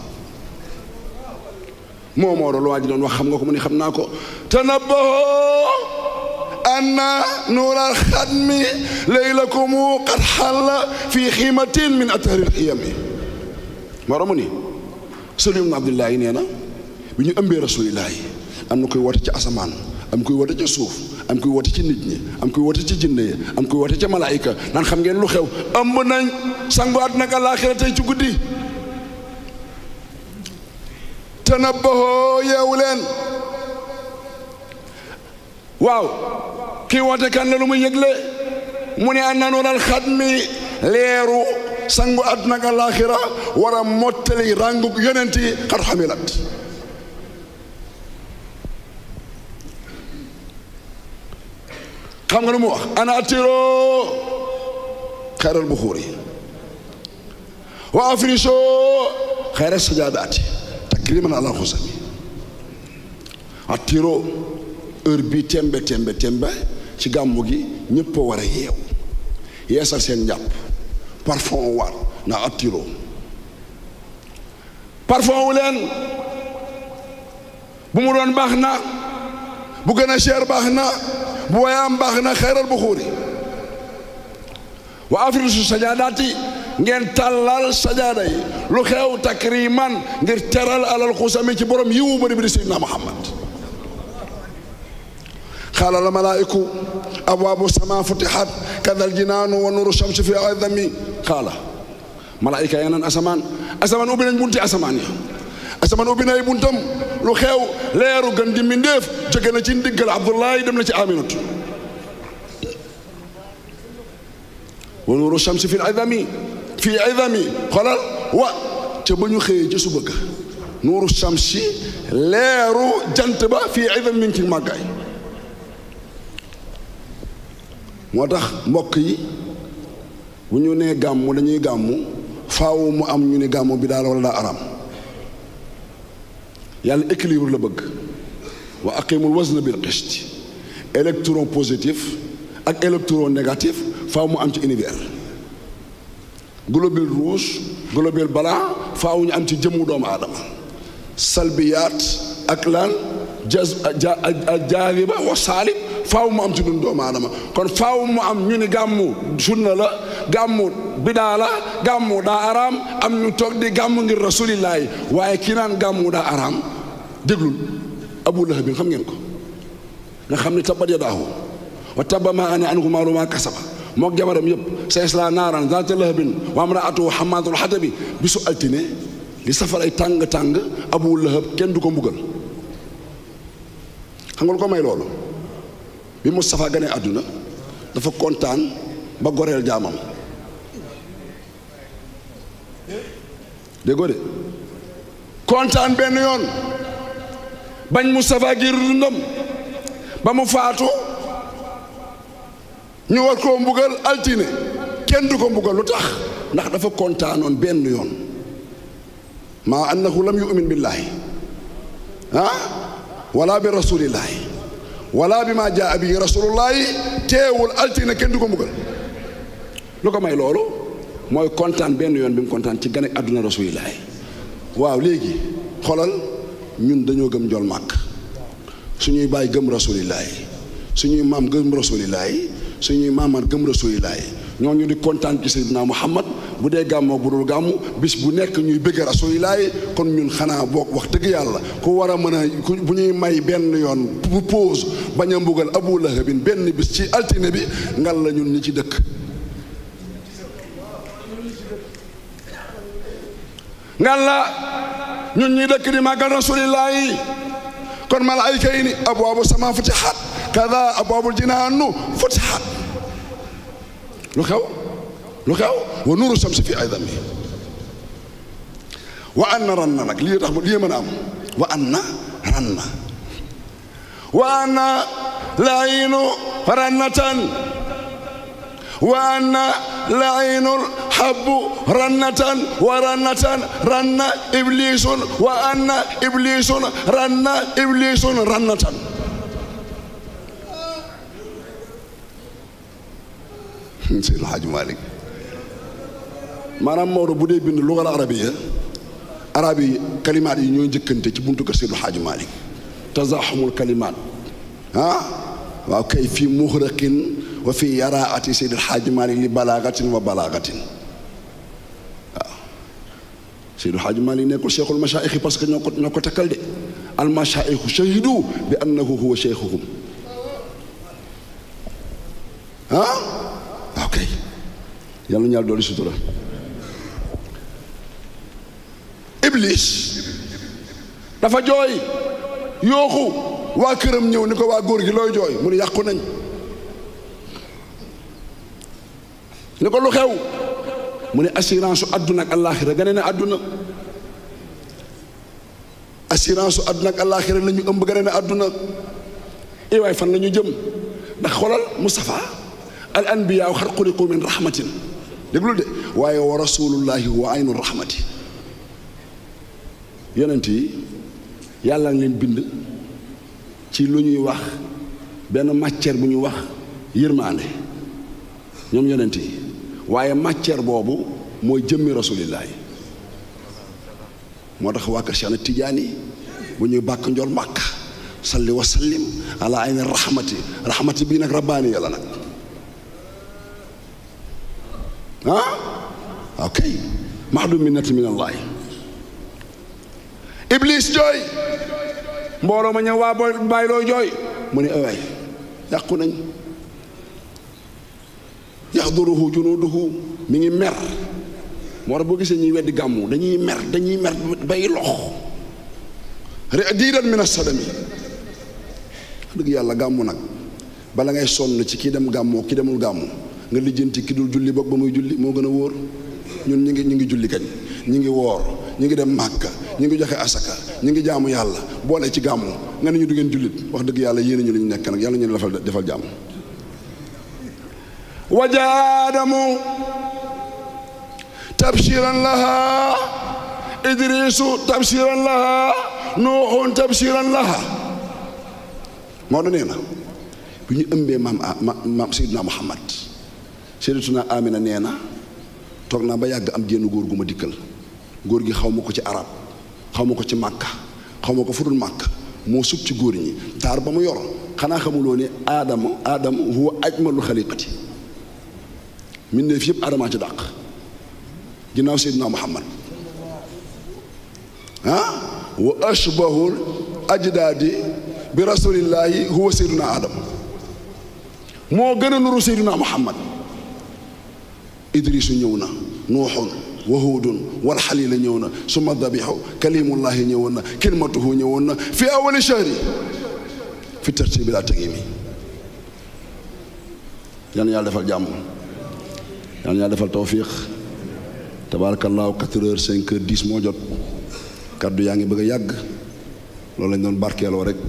[SPEAKER 11] moo moo doon waa ji doon wax xam nga ko mu ne xam naa ko tanabbaho أن نور الختم la قد حل في خيمة من أطهر الخيام moromani Sëriñ Ibnu Abdullahi nee na bi ñu ëmbee Rasulillahi am na koy woote ci asamaan am koy woote ci suuf am koy woote ci nit ñi am koy woote ci jinne yi am koy woote ci malaayika naan xam ngeen lu xew ëmb nañ sangu àddina ak ci guddi tanabbahu yeewu leen waaw kii woote kan la lu muy yëgle mu ne an nanu nal xat leeru sangu àdduna ak alaaxira war a mottali ràngu yonent yi xamilat xam nga lu mu wax ana attiroo xayral buxuur wa afrisoo xayral sajaadaati takriman ala xusami attiroo heure bi tembe tembe tembe ci gàmmu gi ñëpp a war a yeew yeesal seen njàpp parfum war na attiroo parfum wu leen bu mu doon baax na bu gën a cher baax na bu wayaam baax na xayral bu xuuri wa afrisu sajaadaati ngeen tàllal sajaada yi lu xew takriman ngir teral alal xusami ci borom yiwu bëri bi di Seydina Muhammad قال الملائكة أبواب السماء فتحت كذا الجنان ونور الشمس في أعظمي قال ملائكة ينان أسمان أسمان أبنى بنتي أسمان asamaan ubbi na ay buntam lu xew leeru gën di mbindéef jóge na ci ndiggal Abdullahi dem na ci Aminatu wa nuuru shamsi fi idami fii idami xoolal wa te ba ñu xëyee ci suba ga nuuru shamsi leeru jant ba fii idami mi ngi ci màggaay moo tax mbokk yi bu ñu nee gàmmu dañuy gàmmu faaw mu am ñu ni gàmmu bi daal wala daa araam yàlla équilibre la bëgg wa aqimul wazna bil qist électron positif ak électron négatif faaw mu am ci univers globule rouge globule blanc faaw ñu am ci jëmmu doomu aadama salbiyaat ak lan jaz jaaliba wa saalib faaw mu am ci dund doomu aadama kon faaw mu am ñu ni gàmmu sunna la gàmmu bidaa la gàmmu daa araam am ñu toog di gàmmu ngir rasulillah waaye kii naan gàmmu daa araam déglul abu lahab xam ngeen ko nga xam ne tabbat yadaahu wa tabba maa ana anhu maalu maa kasaba mook jabaram yëpp sa isla naaran zaata lahabin wa amraatuhu xammaalatul xatabi bisu altine li safar ay tàng-tàng abu lahab kenn du ko mbugal xam ko may loolu bi Moustapha gane àdduna dafa kontaan ba goreel jaamam déggoo de kontaan benn yoon bañ Moustapha giiru dundam ba mu faatu ñu war koo mbugal altine kenn du ko mbugal lu tax ndax dafa kontaanoon benn yoon maa annahu lam yu'min billaahi ah bi rasuulillaahi wala bi maa jaa bi rasulullahi teewul altine kenn du ko mbugal lu ko may loolu mooy kontaan benn yoon bi mu kontaan ci gane àdduna rasulillahi waaw léegi xoolal ñun dañoo gëm jol màkk suñuy bàyyi gëm rasulillahi suñuy maam gëm rasulillahi suñuy maamaat gëm rasulillahi ñoo ñooñu di kontaan ci Seydina Muhammad bu dee gàmmoo bu dul gàmmu bis bu nekk ñuy bëgg rasulilaay kon ñun xanaa boog wax dëgg yàlla ku war a mën a bu ñuy may benn yoon bu pause bañ a mbugal Abu Lahabin benn bis ci altine bi ngal la ñun ñi ci dëkk ngal la ñun ñi dëkk di màggal rasulilaay kon malaayka yi ni abwaabu sama futihat kada abwaabul jinaanu futihat lu xew lu xew wa nuuru samsi fi ay dambi wa an na ran na nag lii tax lii mën a am wa an na ran na wa an na laayinu rannatan wa an na laayinul xabbu rannatan wa rannatan ranna iblisun wa an na iblisun ranna iblisun rannatan Seydi El Hadji Malick maanaam Maodo bu dee bind lugal arabiya arab yi kalimaat yi ñooy njëkkante ci buntu kër Seydi El Hadji Malick tazaxumul kalimaat ah waaw kay fii muxraqin wa fii yaraati Seydi El Hadji Malick li balaagatin wa balaagatin waaw Seydi El Hadji Malick nekkul cheikhul machaayixi parce que ñoo ko ñoo ko takkal de al machaayixu shahidu bi annahu huwa cheikhuhum ah yàlla na ñu yàlla doolu sutura iblis dafa jooy yooxu waa këram ñëw ni ko waa góor gi looy jooy mu ne yàqu nañ ni ko lu xew mu ne assurance su àdduna ak àllaaxira gane na àdduna assurance su àdduna ak àllaaxira la ñu ëmb gane na àdduna i eh fan la ñu jëm ndax xoolal Moustapha al anbiyaaw xar xuliqu min rahmatin déglul de waaye wa rasulullahi wa aynu rahmati yonent yi yàlla ngi leen bind ci lu ñuy wax benn matière bu ñu wax yërmaande ñoom yonent yi waaye matière boobu mooy jëmmi rasulillahi moo tax waa kër Cheikh na yi bu ñuy bàkk njool màkk salli wa sallim ala ayni rahmati rahmati bii nag rabbaani yàlla nag ah waaw kay maxdum minnati min allaahi iblis jooy mbooloo ma ñëw waa booy bàyyi jooy mu ne awaay yàqu nañ yaxduruhu junuduhu mi ngi mer moo tax boo gisee ñuy weddi gàmmu dañuy mer dañuy mer bay lox diiran min asadami dëgg yàlla gàmmu nag bala ngay sonn ci kii dem gàmmoo kii demul gàmmu nga lijjanti ki dul julli boog ba muy julli moo gën a wóor ñun ñu ngi ñu ngi julli kañ ñu ngi woor ñu ngi dem màkka ñu ngi joxe asaka ñu ngi jaamu yàlla boole ci gàmmu nga ne ñu du ngeen jullit wax dëgg yàlla yéen ñu li ñu nekk nag yàlla ñu defal defal jàmm wajaadamu tabshiran laha idrisu tabshiran laha nuuxun tabshiran laha moo da nee na bi ñu ëmbee maam ah, maam Seydina Muhammad Sayyidatuna Amina nee na toog naa ba yàgg am génn góor gu ma dikkal góor gi xaw ma ko ci araab xaw ma ko ci màkka xaw ma ko fu dul màkk moo sub ci góor ñi taar ba mu yor xanaa xamuloo ne aadama aadama huwa ajmalul xaliqati mbindéef yëpp aadamaa ci dàq ginnaaw seydinaa muhammad ah wa ashbahul ajdaadi bi rasulillahi huwa seydinaa aadama moo gën a nuru seydinaa muhammad idrisu ñëw na nuuxun wahudun wal xalila ñëw na suma dabixu kalimullahi ñëwoon na kilmatuhu ñëwoon na fi awali shahri fi tartibi laa tegi mi yal na yàlla defal jàmm yal na yàlla defal tawfiq tabaarakallaahu quatre heures cinq heures dix moo jot kaddu yaa ngi bëgg a yàgg loolu lañ doon barkeeloo rek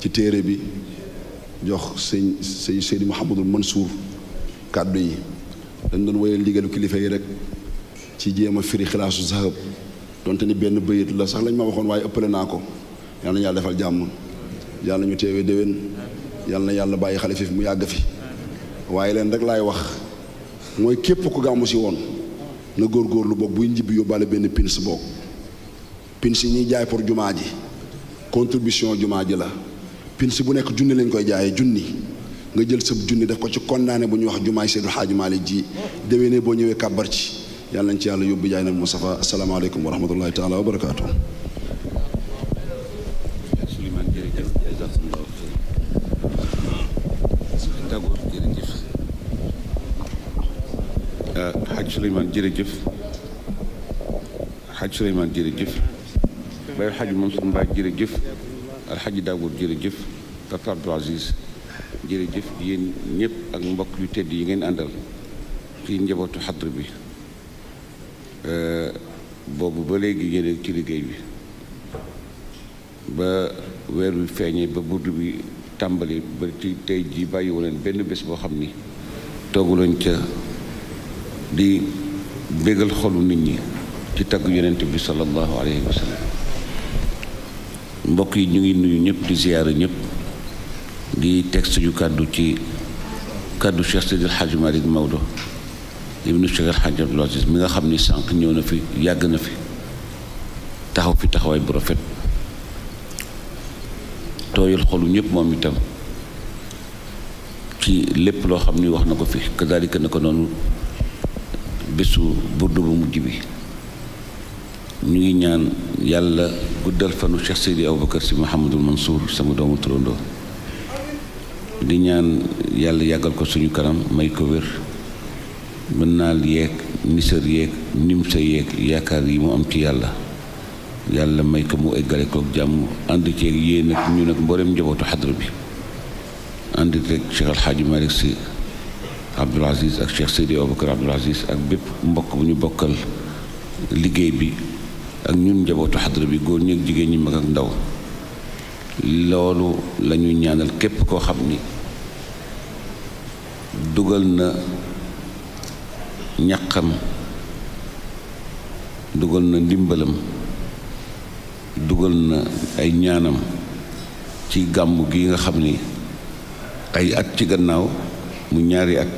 [SPEAKER 11] ci téere bi jox sëñ sëñ Seydi Mouhamadul Mansour kaddu yi dañ doon woyal ndigalu kilifa yi rek ci jéem a firi xilaasu zahab donte ni benn bayit la sax lañ ma waxoon waaye ëppale naa ko yal na yàlla defal jàmm yàlla ñu teewee déwén yal na yàlla bàyyi xale fi mu yàgg fi waaye leen rek laay wax mooy képp ku gàmmu si woon na góor góorgóorlu boog buy njibbi yóbbaale benn pins boog pins yi ñuy jaay pour jumaa ji contribution jumaa ji la pince bu nekk junni lañ koy jaayee junni nga jël sab junni def ko ci kondaane bu ñuy wax jumaay Seydou Hadji Malick ji déwénee boo ñëwee kàbbar ci yàlla nañ ci yàlla yóbbu jaay nabi Mustafa asalaamaaleykum wa rahmatullahi taala wa barakaatu xaj
[SPEAKER 7] euh, Souleymane jërëjëf xaj Souleymane jërëjëf bay xaj jëf Mbaye jërëjëf alxaji Daawud jërëjëf Abdou Aziz jërëjëf yéen ñépp ak mbokk yu tedd yi ngeen àndal ci njabootu xadr bi euh, boobu ba léegi yéen ci liggéey bi ba weer wi feeñee ba burdu bi tàmbali ba ci tey ji bàyyiwu leen benn bés boo xam ni lañ ca di bégal xolu nit ñi ci tagg yonent bi sallallahu alayhi wa sallam mbokk yi ñu ngi nuyu ñëpp di ziyaara ñëpp di teg suñu kàddu ci kàddu Cheikh Seydil Hadji Malick Maodo ibnu Cheikh El Hadji mi nga xam ni sànq ñëw na fi yàgg na fi taxaw fi taxawaay bu rafet tooyal xolu ñëpp moom itam ci lépp loo xam ni wax na ko fi kadaalika na ko noonu bésu burdu bu mujj bi ñu ngi ñaan yàlla guddal fanu Cheikh Seydi Aboubacar Sy Mouhamadul Mansour sama doomu turandoo di ñaan yàlla yàggal ko suñu kanam may ko wér mën yéeg yeeg nisër yeeg nim sa yeeg yaakaar yi mu am ci yàlla yàlla may ko mu eggale kook jàmm ànd ceeg yéen ak ñu nag mboolem njabootu xadra bi ànd rek Cheikh El Hadj Malick Sy Abdoul Aziz ak Cheikh Seydi Aboubacar Abdoul Aziz ak bépp mbokk bu ñu bokkal liggéey bi ak ñun njabootu xadra bi góor ñeeg jigéen ñi mag ak ndaw loolu lañu ñaanal képp koo xam ni dugal na ñaqam dugal na ndimbalam dugal na ay ñaanam ci gàmmu gi nga xam ni ay at ci gannaaw mu ñaari at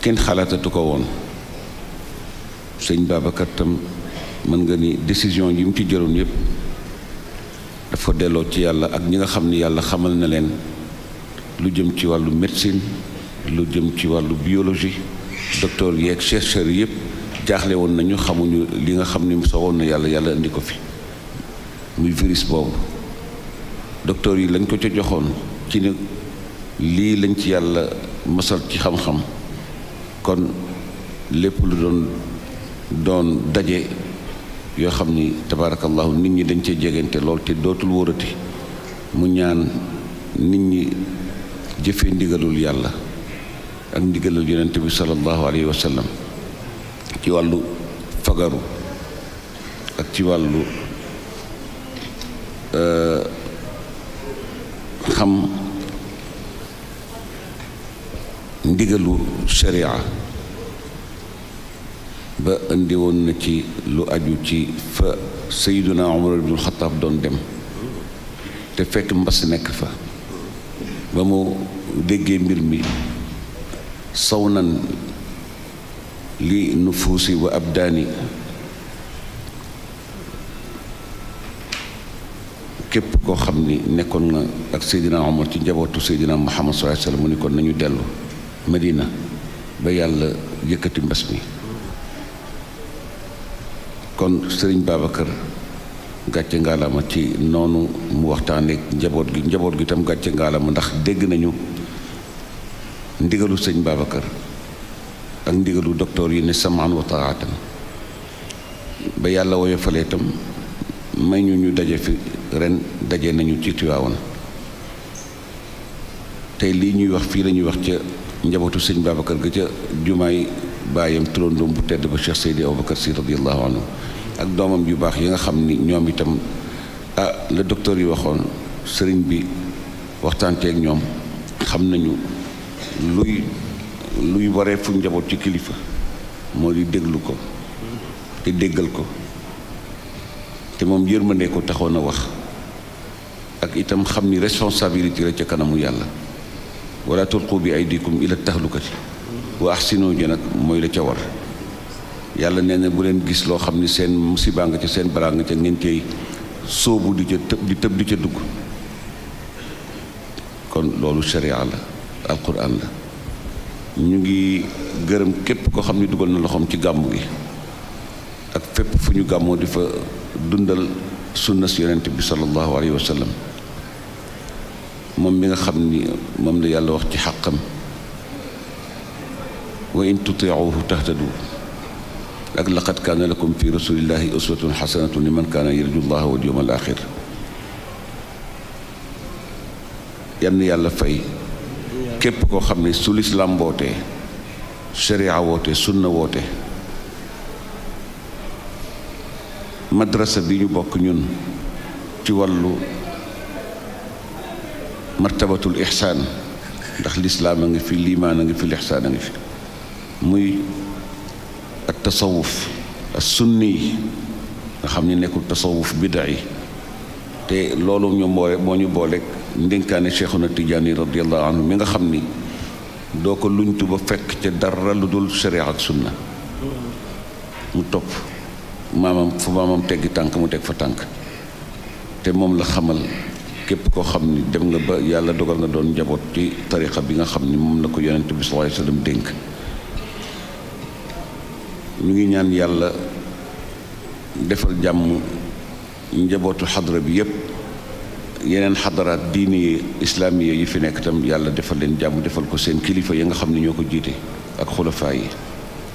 [SPEAKER 7] kenn xalaatatu ko woon sëñ Babacar mën nga ni décision yi mu ci jëloon yépp dafa delloo ci yàlla ak ñi nga xam ni yàlla xamal na leen lu jëm ci wàllu médecine lu jëm ci wàllu biologie docteur yeeg chercheurs yëpp jaaxle woon nañu xamuñu li nga xam ni sowoon na yàlla yàlla indi ko fi muy virus boobu docteur yi lañ ko ca joxoon ci ne lii lañ ci yàlla mosal ci xam-xam kon lépp lu doon doon daje yoo xam ni tabaarakallahu nit ñi dañ cee jegante lool te dootul wóorati mu ñaan nit ñi jëfee ndigalul yàlla ak ndigalul yonent bi sallallahu alayhi wa sallam ci wàllu fagaru ak ci wàllu euh, xam ndigalu sharia ba indi woon na ci lu aju ci fa Sayyiduna Umar ibnul Xataab doon dem te fekk mbas nekk fa ba mu déggee mbir mi saw nan li nufuusi wa abdaani képp koo xam ni nekkoon na ak Seydina Omar ci njabootu Seydina Muhammad sallallahu alayhi wa nañu dellu Medina ba yàlla jëkkati mbas mi kon sëriñ Babacar gàcce ngaalama ci noonu mu waxtaanee njaboot gi njaboot gi itam gàcce ngaalama ndax dégg nañu ndigalu sëñ Babacar ak ndigalu docteur yi ne samaan wa taatan ba yàlla woyofalee itam may ñu ñu daje fi ren daje nañu ci Tiwaawan tey lii ñuy wax fii lañuy wax ca njabootu sëñ Babacar ga ca jumaay baayam turandoom bu tedd ba Cheikh Seydi Aboubacar Sy radiyallahu anhu ak doomam ju baax yi nga xam ni ñoom itam ah la docteur yi waxoon sëriñ bi waxtaan ceeg ñoom xam nañu luy luy waree fu njaboot ci kilifa moo di déglu ko te déggal ko te moom jër yërmande ko taxoon a wax ak itam xam ni responsabilité la ca kanamu yàlla wala tulqu bi aydikum ila tahlukati wa ahsinu ji nag mooy la ca war yàlla nee na bu leen gis loo xam ni seen musiba nga ca seen balaa nga ca ngeen sóobu di ca tëb di tëb di ca dugg kon loolu sharia la alquran la ñu ngi gërëm képp koo xam ni dugal na loxoom ci gàmmu gi ak fépp fu ñu gàmmoo di dundal sunna si yonent bi sallallahu alayhi wa moom mi nga xam ni moom la yàlla wax ci xàqam wa in tutiuhu tahtadu lak laqad kan lakum fi rasulillahi uswatun xasanatun liman kaana yarju llaha wal yawmal axir yann yàlla fay képp koo xam ne su lislaam wootee sharia woote sunna woote madrasa bi bokk ñun ci wàllu martabatul ixsaan ndax lislaam a ngi fi liimaan a ngi fi lixsaan fi ak tasawuf sunni nga xam ni nekkul tasawuf bida yi te loolu ñu mbooy moo ñu booleeg ndénkaane Cheikhuna Tijaani radiallahu anhu mi nga xam ni doo ko luñtu ba fekk ca dara lu dul sharia ak sunna mu topp maamam fu maamam teggi tànk mu teg fa tànk te moom la xamal képp koo xam ni dem nga ba yàlla dogal nga doon njaboot ci tariqa bi nga xam ni moom la ko yonent bi sallallahu alayhi dénk ñu ngi ñaan yàlla defal jàmm njabootu xadara bi yépp yeneen xadaraat diini islaamiya yi fi nekk tam yàlla defal leen jàmm defal ko seen kilifa yi nga xam ne ñoo ko jiite ak xulafaa yi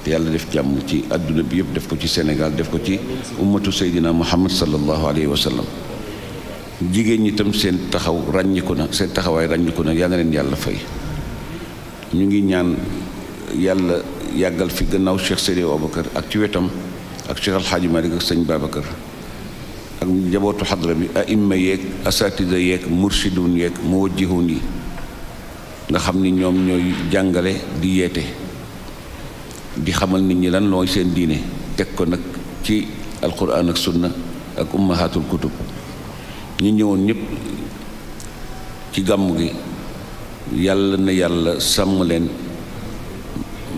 [SPEAKER 7] te yàlla def jàmm ci àdduna bi yépp def ko ci Sénégal def ko ci ummatu seydina muhammad sallallahu alayhi wa sallam jigéen ñi tam seen taxaw ràññiku na seen taxawaay ràññiku na yàlla na leen yàlla fay ñu ngi ñaan yàlla yàggal fi gannaaw Cheikh Seydi Ababacar ak ci wetam ak Cheikh Alxaaji Malik ak sëñ Babacar ak njabootu xadra bi aimma yeeg asatida yeeg mursidun yeeg muwajjihun yi nga xam ni ñoom ñooy jàngale di yéete di xamal nit ñi lan looy seen diine teg ko nag ci alquran ak sunna ak ummahatul kutub ñi ñëwoon ñëpp ci gàmm gi yàlla na yàlla sàmm leen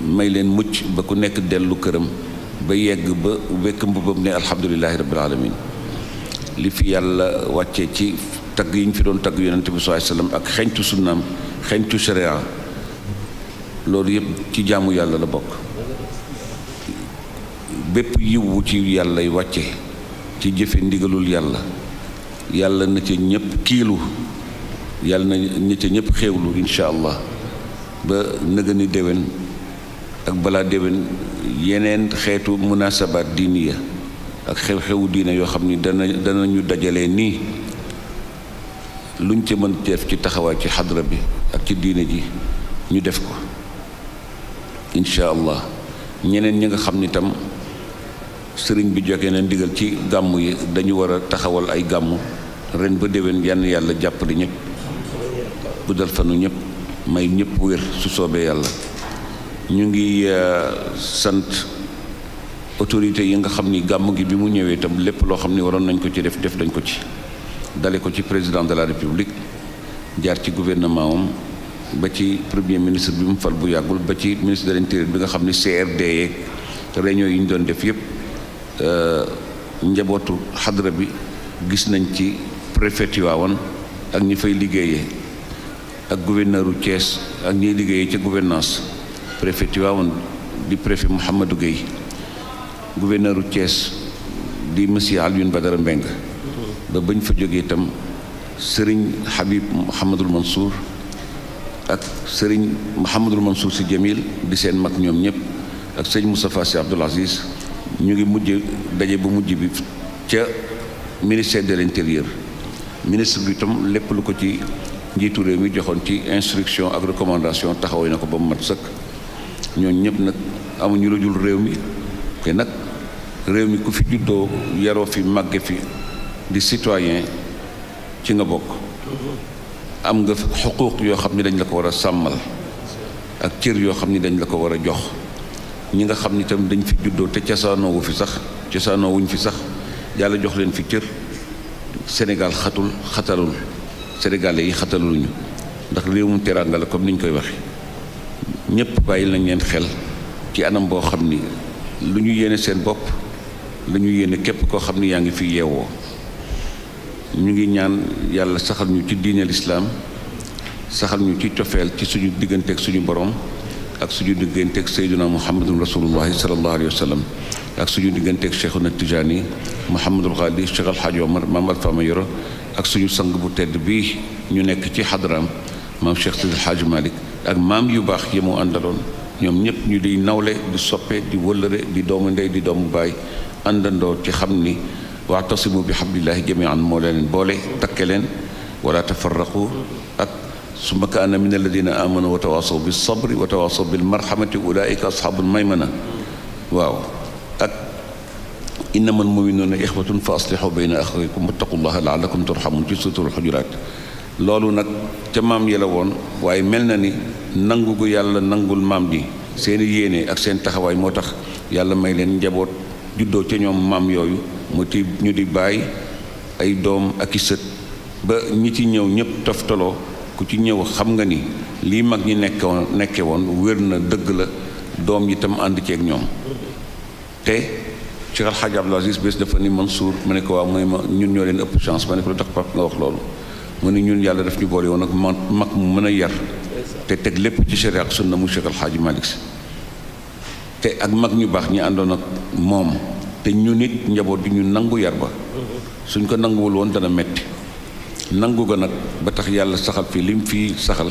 [SPEAKER 7] may leen mucc ba ku nekk dellu këram ba yegg ba bekk mbubam ne alhamdulilahi rabbil alamin li fi yàlla wàcce ci tagg yi ñu fi doon tagg yonente bi sallallahu alayhi wasallam ak xeñtu sunnaam xeñtu sharia loolu yëpp ci jaamu yàlla la bokk bépp yiwu ci yàllay wàcce ci jëfe ndigalul yàlla yàlla na ca ñëpp kiilu yàlla na ca ñëpp xéewlu incha allah ba nëgëni déwén ak balaa déwén yeneen xeetu munasabaat diiniya ak xew-xewu diine yoo xam ni dana dana ñu dajale nii luñ ci mën def ci taxawaay ci xadra bi ak ci diine ji ñu def ko incha ñeneen ñi nga xam ni tam sëriñ bi joxe na ndigal ci gàmm yi dañu war a taxawal ay gàmm ren ba déwén yenn yàlla jàppale ñëpp guddal fanu ñëpp may ñëpp wér su soobee yàlla ñu ngi euh, sant autorités yi nga xam ni gàmm gi bi mu ñëwee itam lépp loo xam ni waroon nañ ko ci def def dañ ko ci dale ko ci président de la république jaar ci gouvernement am ba ci premier ministre bi mu fal bu yàggul ba ci ministre de l'intérieur bi nga xam ni CRD yeeg réunion yi ñu doon def yépp euh, njabootu xadra bi gis nañ ci préfet Tivaouane ak ñi fay liggéeyee ak gouverneur u Thiès ak ñiy liggéeyee ca gouvernance préfet Tivaouane di préfet Mouhamadou Guèye gouverneur u Thiès di monsieur Alioune Badara Mbengue ba bañ fa jógee itam sëriñ Habib Mouhamadul Mansour ak sëriñ Mouhamadul Mansour si Jamil di seen mag ñoom ñëpp ak sëñ Moustapha si Abdoul Aziz ñu ngi mujj daje bu mujj bi ca ministère de l'intérieur ministre bi itam lépp lu ko ci njiitu réew mi joxoon ci instruction ak recommandation taxawee na ko ba mu mat sëkk ñooñu ñëpp nag amuñu lu dul réew mi te nag réew mi ku fi juddoo yaroo fi màgge fi di citoyen ci nga bokk am nga xuquuq yoo xam ni dañ la ko war a sàmmal ak cër yoo xam ni dañ la ko war a jox ñi nga xam ni tam dañ fi juddoo te cosaanoo wu fi sax cosaanoo wuñ fi sax yàlla jox leen fi cër Sénégal xatul xatalul sénégalais yi xataluñu ndax réew mu teraanga la comme ni ñu koy waxe ñépp bàyyi nañ leen xel ci anam boo xam ni lu ñu yéene seen bopp lu ñu yéene képp koo xam ni yaa ngi fi yeewoo ñu ngi ñaan yàlla saxal ñu ci diine lislaam saxal ñu ci cofeel ci suñu diggante ak suñu borom ak suñu diggante ak sayyiduna muhammadun rasulullahi sallallahu alayhi wa sallam ak suñu diggante ak cheikhuna tijaani muhammadul xaali cheikh alxaaji omar maam alfama yoro ak suñu sang bu tedd bii ñu nekk ci xadraam maam cheikh sidil xaaji malik ak maam yu baax yi mu àndaloon ñoom ñëpp ñu di nawle di soppe di wëllëre di doomu ndey di doomu baay àndandoo ci xam ni waatasimu bi xablillahi jamian moo leen boole takke leen wala tafarraqu ak summa kaana min alladina amanu wa tawasaw bi sabri wa tawasaw bil marhamati ulaika ashabul maymana waaw ak innama almuminuuna ixwatun fa aslihu bayna axawaykum wattaqullaha laalakum turhamun ci suutul xujuraat loolu nag ca maam yi la woon waaye mel na ni nangu gu yàlla nangul maam ji seeni yéene ak seen taxawaay moo tax yàlla may leen njaboot juddoo ca ñoom maam yooyu mu ti ñu di bàyyi ay doom ak i sët ba ñi ci ñëw ñëpp toftaloo ku ci ñëw xam nga ni lii mag ñi nekkoon nekke woon wér na dëgg la doom yi tam ànd ceeg ñoom te Cheikh Al Hadj Abdoul Aziz bés dafa ni Mansour ma ne ko waaw mooy ma ñun ñoo leen ëpp chance ma ne ko lu tax pap nga wax loolu mu ne ñun yàlla daf ñu boole woon ak mag mu mën a yar te teg lépp ci sharia ak na mu Cheikh Alxaaji Malick Si te ak mag ñu baax ñi àndoon ak moom te ñu nit njaboot bi ñu nangu yar ba suñ ko nanguwul woon dana metti nangu ko nag ba tax yàlla saxal fi lim fi saxal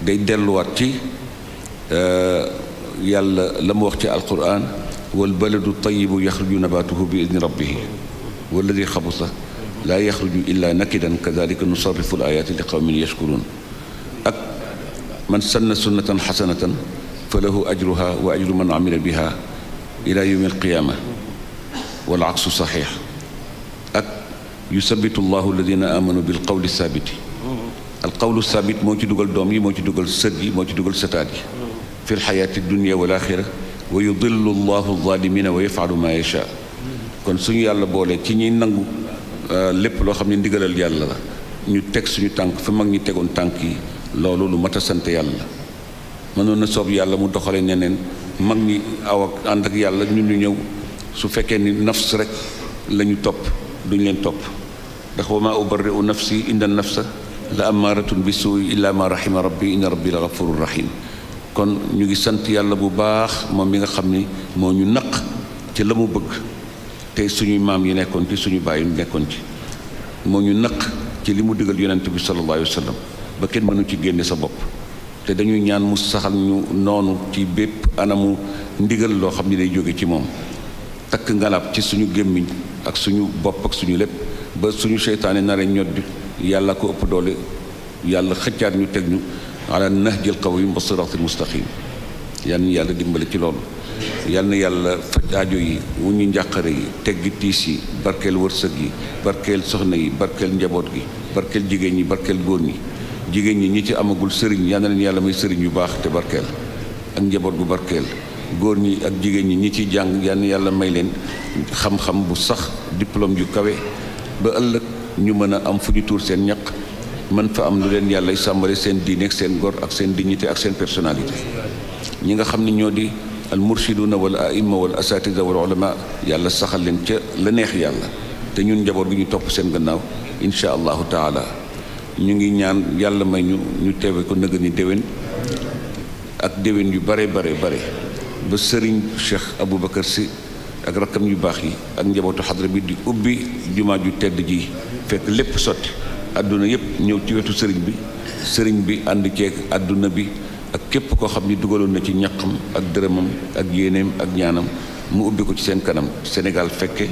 [SPEAKER 7] day delluwaat ci euh, yàlla la mu wax ci alquran wal baladu tayibu yaxruju nabatuhu bi idni rabbihi walladi xabusa laa yaxruju illa nakidan kadalika nusarrifu alayaati li qawmin yashkurun ak man sanna sunnatan xasanatan fa lahu ajruha wa ajru man amila biha ila yowmi alqiyaama wal aksu saxiix ak yusabitu llahu alladina amanu bil qawli saabiti al qawlu saabit moo ci dugal doom yi moo ci dugal sët yi moo ci dugal sëtaat yi fi lxayaati dunia wal axira wa yudillu llahu alzalimina wa yafalu ma yasha kon suñu yàlla boole ci ñuy nangu Euh, lépp loo xam ne ndigalal yàlla la ñu teg suñu tànk fi mag ñi tegoon tànk yi loolu lu mat a sant yàlla mënoon na soob yàlla mu doxale neneen mag ñi aw ak ànd ak yàlla ñun ñu ñëw su fekkee ni nafs rek la ñu topp duñ leen topp ndax wa maa ubarri'u nafsi inna nafsa la amaaratun bi suu'i illa ma rahima rabbi inna rabbi la gafurun rahim kon ñu ngi sant yàlla bu baax moom mi nga xam ni moo ñu naq ci la mu bëgg tey suñuy maam yi nekkoon ci suñu baay nekkoon ci moo ñu naq ci li mu digal yonent bi sallallahu alayhi wa sallam ba kenn mënu ci génne sa bopp te dañuy ñaan mu saxal ñu noonu ci bépp anamu ndigal loo xam ne day jóge ci moom takk ngalaab ci suñu gémmiñ ak suñu bopp ak suñu lépp ba suñu seytaane nare ñoddi yàlla ko ëpp doole yàlla xëccaat ñu teg ñu ala nahjil qawim ba siraatil mustaqim yal na yàlla dimbali ci loolu yal na yàlla faj aajo yi wu ñu njàqare yi teggi tiis yi barkeel wërsëg yi barkeel soxna yi barkeel njaboot gi barkeel jigéen ñi barkeel góor ñi jigéen ñi ñi ci amagul sëriñ yal yàlla may sëriñ yu baax te barkeel ak njaboot gu góor ñi ak jigéen ñi ñi ci jàng yal yàlla may leen xam-xam bu sax diplôme ju kawe ba ëllëg ñu mën a am fu ñu tuur seen ñaq mën fa am lu leen yàlla sàmbale seen diine ak seen gor ak seen dignité ak seen personnalité ñi nga xam ne ñoo di al mursiduna wal aima wal asatida wal ulama yàlla saxal leen ca la neex yàlla te ñun njaboot gi ñu topp seen gannaaw incha allahu taala ñu ngi ñaan yàlla may ñu ñu teewe ko nëgë ni déwén ak déwén yu bare bare bare ba sëriñ Cheikh Aboubacar Sy ak rakkam yu baax yi ak njabootu xadra bi di ubbi jumaa ju tedd ji fekk lépp sotti àdduna yépp ñëw ci wetu sëriñ bi sëriñ bi ànd ceeg àdduna bi képp koo xam ni dugaloon na ci ñaqam ak dërëmam ak yéeneem ak ñaanam mu ubbi ko ci seen kanam Sénégal fekke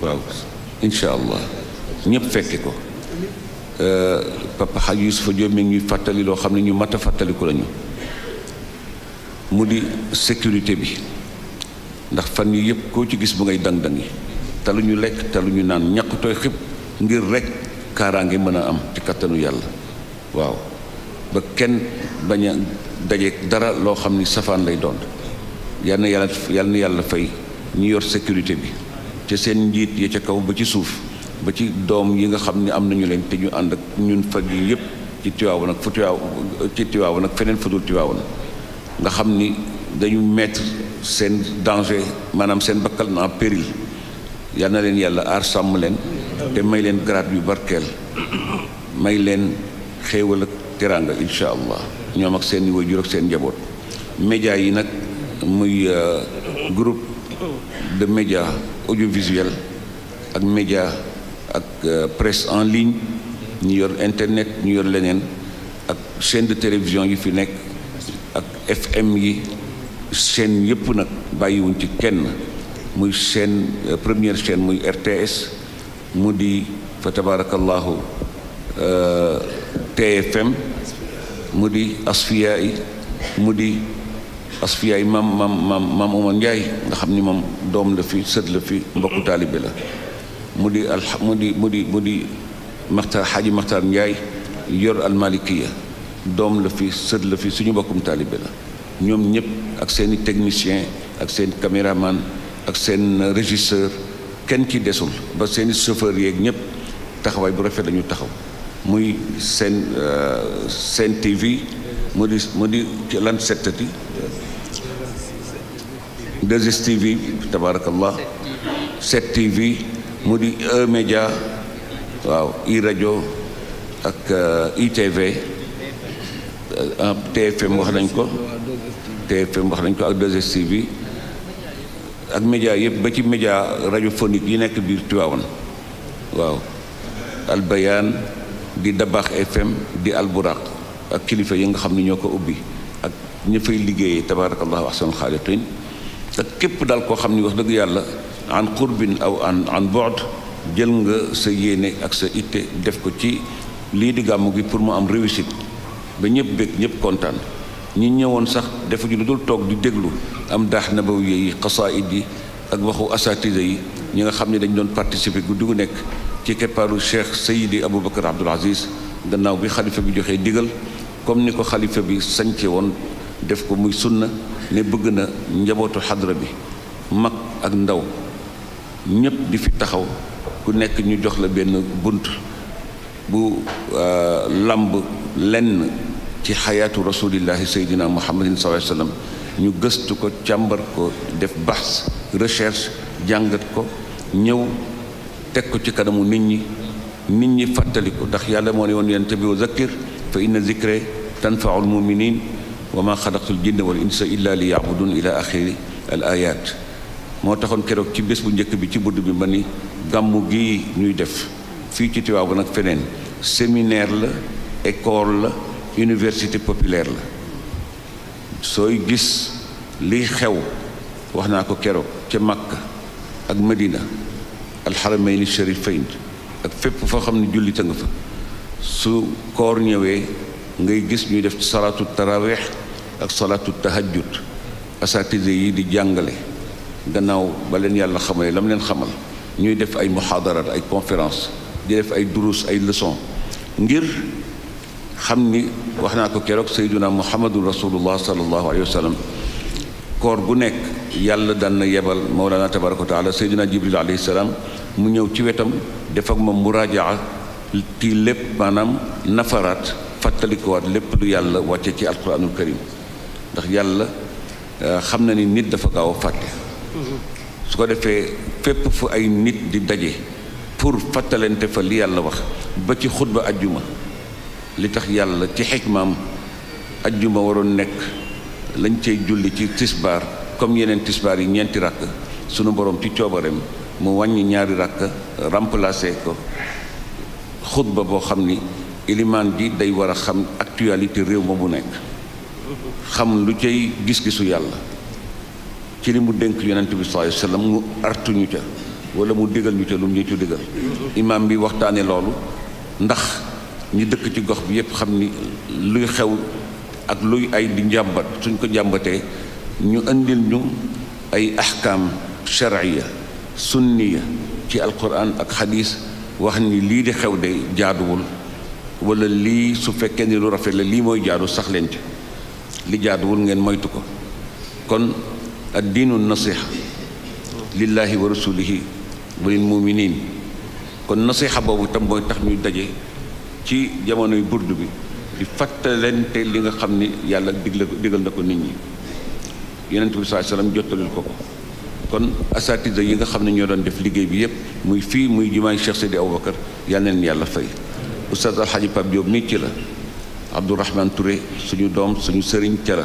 [SPEAKER 7] waaw incha allah ñëpp fekke ko euh, papa xaj Yusufa Diop mi ngi ñuy fàttali loo xam ne ñu mat a fàttaliku lañu mu di sécurité bi ndax fan yi yëpp koo ci gis bu ngay dang dangi te ñu lekk te ñu naan ñàqutooy xib ngir rek ngi mën a am ci kattanu yàlla waaw ba kenn bañ a dajeeg dara loo xam ni safaan lay doon yal na yàlla yal na fay ñu yor sécurité bi ca seen njiit ya ca kaw ba ci suuf ba ci doom yi nga xam ni am nañu leen te ñu ànd ak ñun fag yi yëpp ci Tiwaawan ak fu Tiwaawan ci Tiwaawan ak feneen fu Tiwaawan nga xam ni dañu mettre seen danger maanaam seen bakkal na en péril yal na leen yàlla aar sàmm leen te may leen grade yu barkeel may leen xéewal teraanga incha allah ñoom ak seen waajur ak seen njaboot média yi nag muy euh, groupe de média audiovisuel ak média ak euh, presse en ligne ñu yor internet ñu yor leneen ak seen de télévision yi fi nekk ak FM yi seen yëpp nag bàyyiwuñ ci kenn muy seen euh, première chaîne muy RTS mu di fa tabarakallahu TFM mu di asfiyaay mu di asfiyaay maam maam maam maam Ndiaye nga xam ni moom doom la fi sët la fi mbokku taalibe mu di al mu di mu di mu di maxtaar xaaji maxtaar Ndiaye yor almalikiya doom la fi sët la fi suñu mbokkum taalibe la ñoom ñëpp ak seeni technicien ak seen caméraman ak seen régisseur kenn ci desul ba seeni chauffeur yeeg ñëpp taxawaay bu rafet lañu taxaw muy seen euh, seen TV mu di mu di ci lan settati 2STV tabarakallah 7TV mu di E-Média waaw euh, i rajo euh, ak ah, tv TFM wax nañ ko TFM wax nañ ko ak 2STV ak média yëpp ba ci média radiophonique yi nekk biir Tivaouane waaw Albayaan di Dabakh FM di Alburaaq ak kilifa yi nga xam ne ñoo ko ubbi ak ña fay liggéeyee tabarakallahu ahsanul xaaliqin ak képp daal koo xam ni wax dëgg yàlla an qurbin aw an an bu'd jël nga sa yéene ak sa itte def ko ci lii di gàmmu gi pour mu am réussite ba ñëpp bég ñëpp kontaan ñi ñëwoon sax defu ñu lu dul toog di déglu am daax nabawi yi xasaayid yi ak waxu assatise yi ñi nga xam ne dañ doon participer guddi gu nekk ci keppaaru cheikh sayidi aboubacar abdoul aziz gannaaw bi xalifa bi joxee diggal comme ni ko xalifa bi sance woon def ko muy sunna ne bëgg na njabootu xadra bi mag ak ndaw ñépp di fi taxaw ku nekk ñu jox la benn bunt bu euh, làmb lenn ci xayaatu rasulillahi sayyidina muhammadin sallallahu alayhi wasallam ñu gëstu ko càmbar ko def bahs recherche jàngat ko ñëw teg ko ci kanamu nit ñi nit ñi fàttaliku ndax yàlla moo ne woon yonent bi wa zakkir fa inna zikre tanfaul muminin wa ma xalaqtul jinna wal insa illa li yaabudun ila axiri al ayat moo taxoon keroog ci bés bu njëkk bi ci budd bi ma ni gàmmu gi ñuy def fii ci Tiwaawan nag feneen séminaire la école la université populaire la sooy gis liy xew wax naa ko keroog ca Makka ak madina alxaramayni sharifayn ak fépp foo xam ne jullita nga fa su koor ñëwee ngay gis ñuy def ci salaatu taraweex ak salaatu tahajjud asatise yi di jàngale gannaaw ba leen yàlla xamale lam leen xamal ñuy def ay muhaadarat ay conférence di def ay duruus ay leçon ngir xam ni wax naa ko keroog sayduna muhammadun rasulullah sallallahu alayhi wa sallam koor gu nekk yàlla daan na yebal mawlana tabaraka wa taala seydina jibril alayhi salaam mu ñëw ci wetam def ak moom muraajaa ti lépp maanaam nafaraat fàttalikuwaat lépp lu yàlla wàcce ci alquranul karim ndax yàlla euh, xam na ni nit dafa gaaw a fàtte
[SPEAKER 2] mm-hmm.
[SPEAKER 7] su ko defee fépp fu ay nit di daje pour fàttalente fa li yàlla wax ba ci xutba ajjuma li tax yàlla ci xikmaam ajjuma waroon nekk lañ cay julli ci tisbaar comme yeneen tisbaar yi ñeenti rakk sunu boroom ci coobareem mu wàññi ñaari rakk remplacer ko xutba boo xam ni ilimaan bi day war a xam actualité réew ma mu nekk xam lu cay gis-gisu yàlla ci li mu dénk yonent bi sallallahu mu artuñu ñu ca wala mu digal ñu ca lu mu ñu ci digal imaam bi waxtaane loolu ndax ñi dëkk ci gox bi yépp xam ni luy xew ak luy ay di njàmbat suñ ko jàmbatee ñu indil ñu ay axkaam sharciya sunniya ci alquran ak xadis wax ni lii di xew de jaaduwul wala lii su fekkee ni lu rafet la lii mooy jaadu sax leen ci li jaaduwul ngeen moytu ko kon ad diinu nasiha lillahi wa rasulihi wa lil muminin kon nasiha boobu tam mooy tax ñuy daje ci jamonoy burdu bi di fàttalente li nga xam ni yàlla digle digal na ko nit ñi yonent bi saa sallam jottalul ko ko kon asatida yi nga xam ne ñoo doon def liggéey bi yëpp muy fii muy jumaay Cheikh Seydi Aboubacar yal na leen yàlla fay oustaz alxaji Pape Diop mii ci la Abdourahman Touré suñu doom suñu sëriñ ca la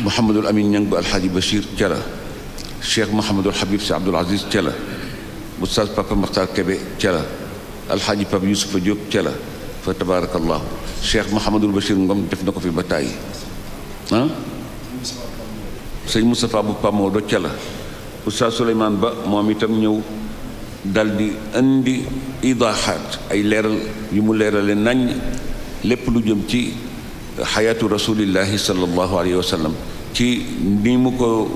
[SPEAKER 7] Mouhamadul Amin Ñang bu alxaji Bachir cela la Cheikh Mouhamadul Habib si Abdoul Aziz ca la oustaz Papa Makhtar Kébé ca la pab Pape Youssoufa Diop ca la fa tabarakallahu Cheikh Mouhamadul Bachir Ngom def na ko fi ba tàyyi ah. sëñ Moustapha bu Pamoo docca la Oustaz Souleymane Ba moom itam ñëw dal di indi idaaxaat ay leeral yu mu leerale nañ lépp lu jëm ci xayaatu rasulillahi sallallahu alayhi wa sallam ci ni mu ko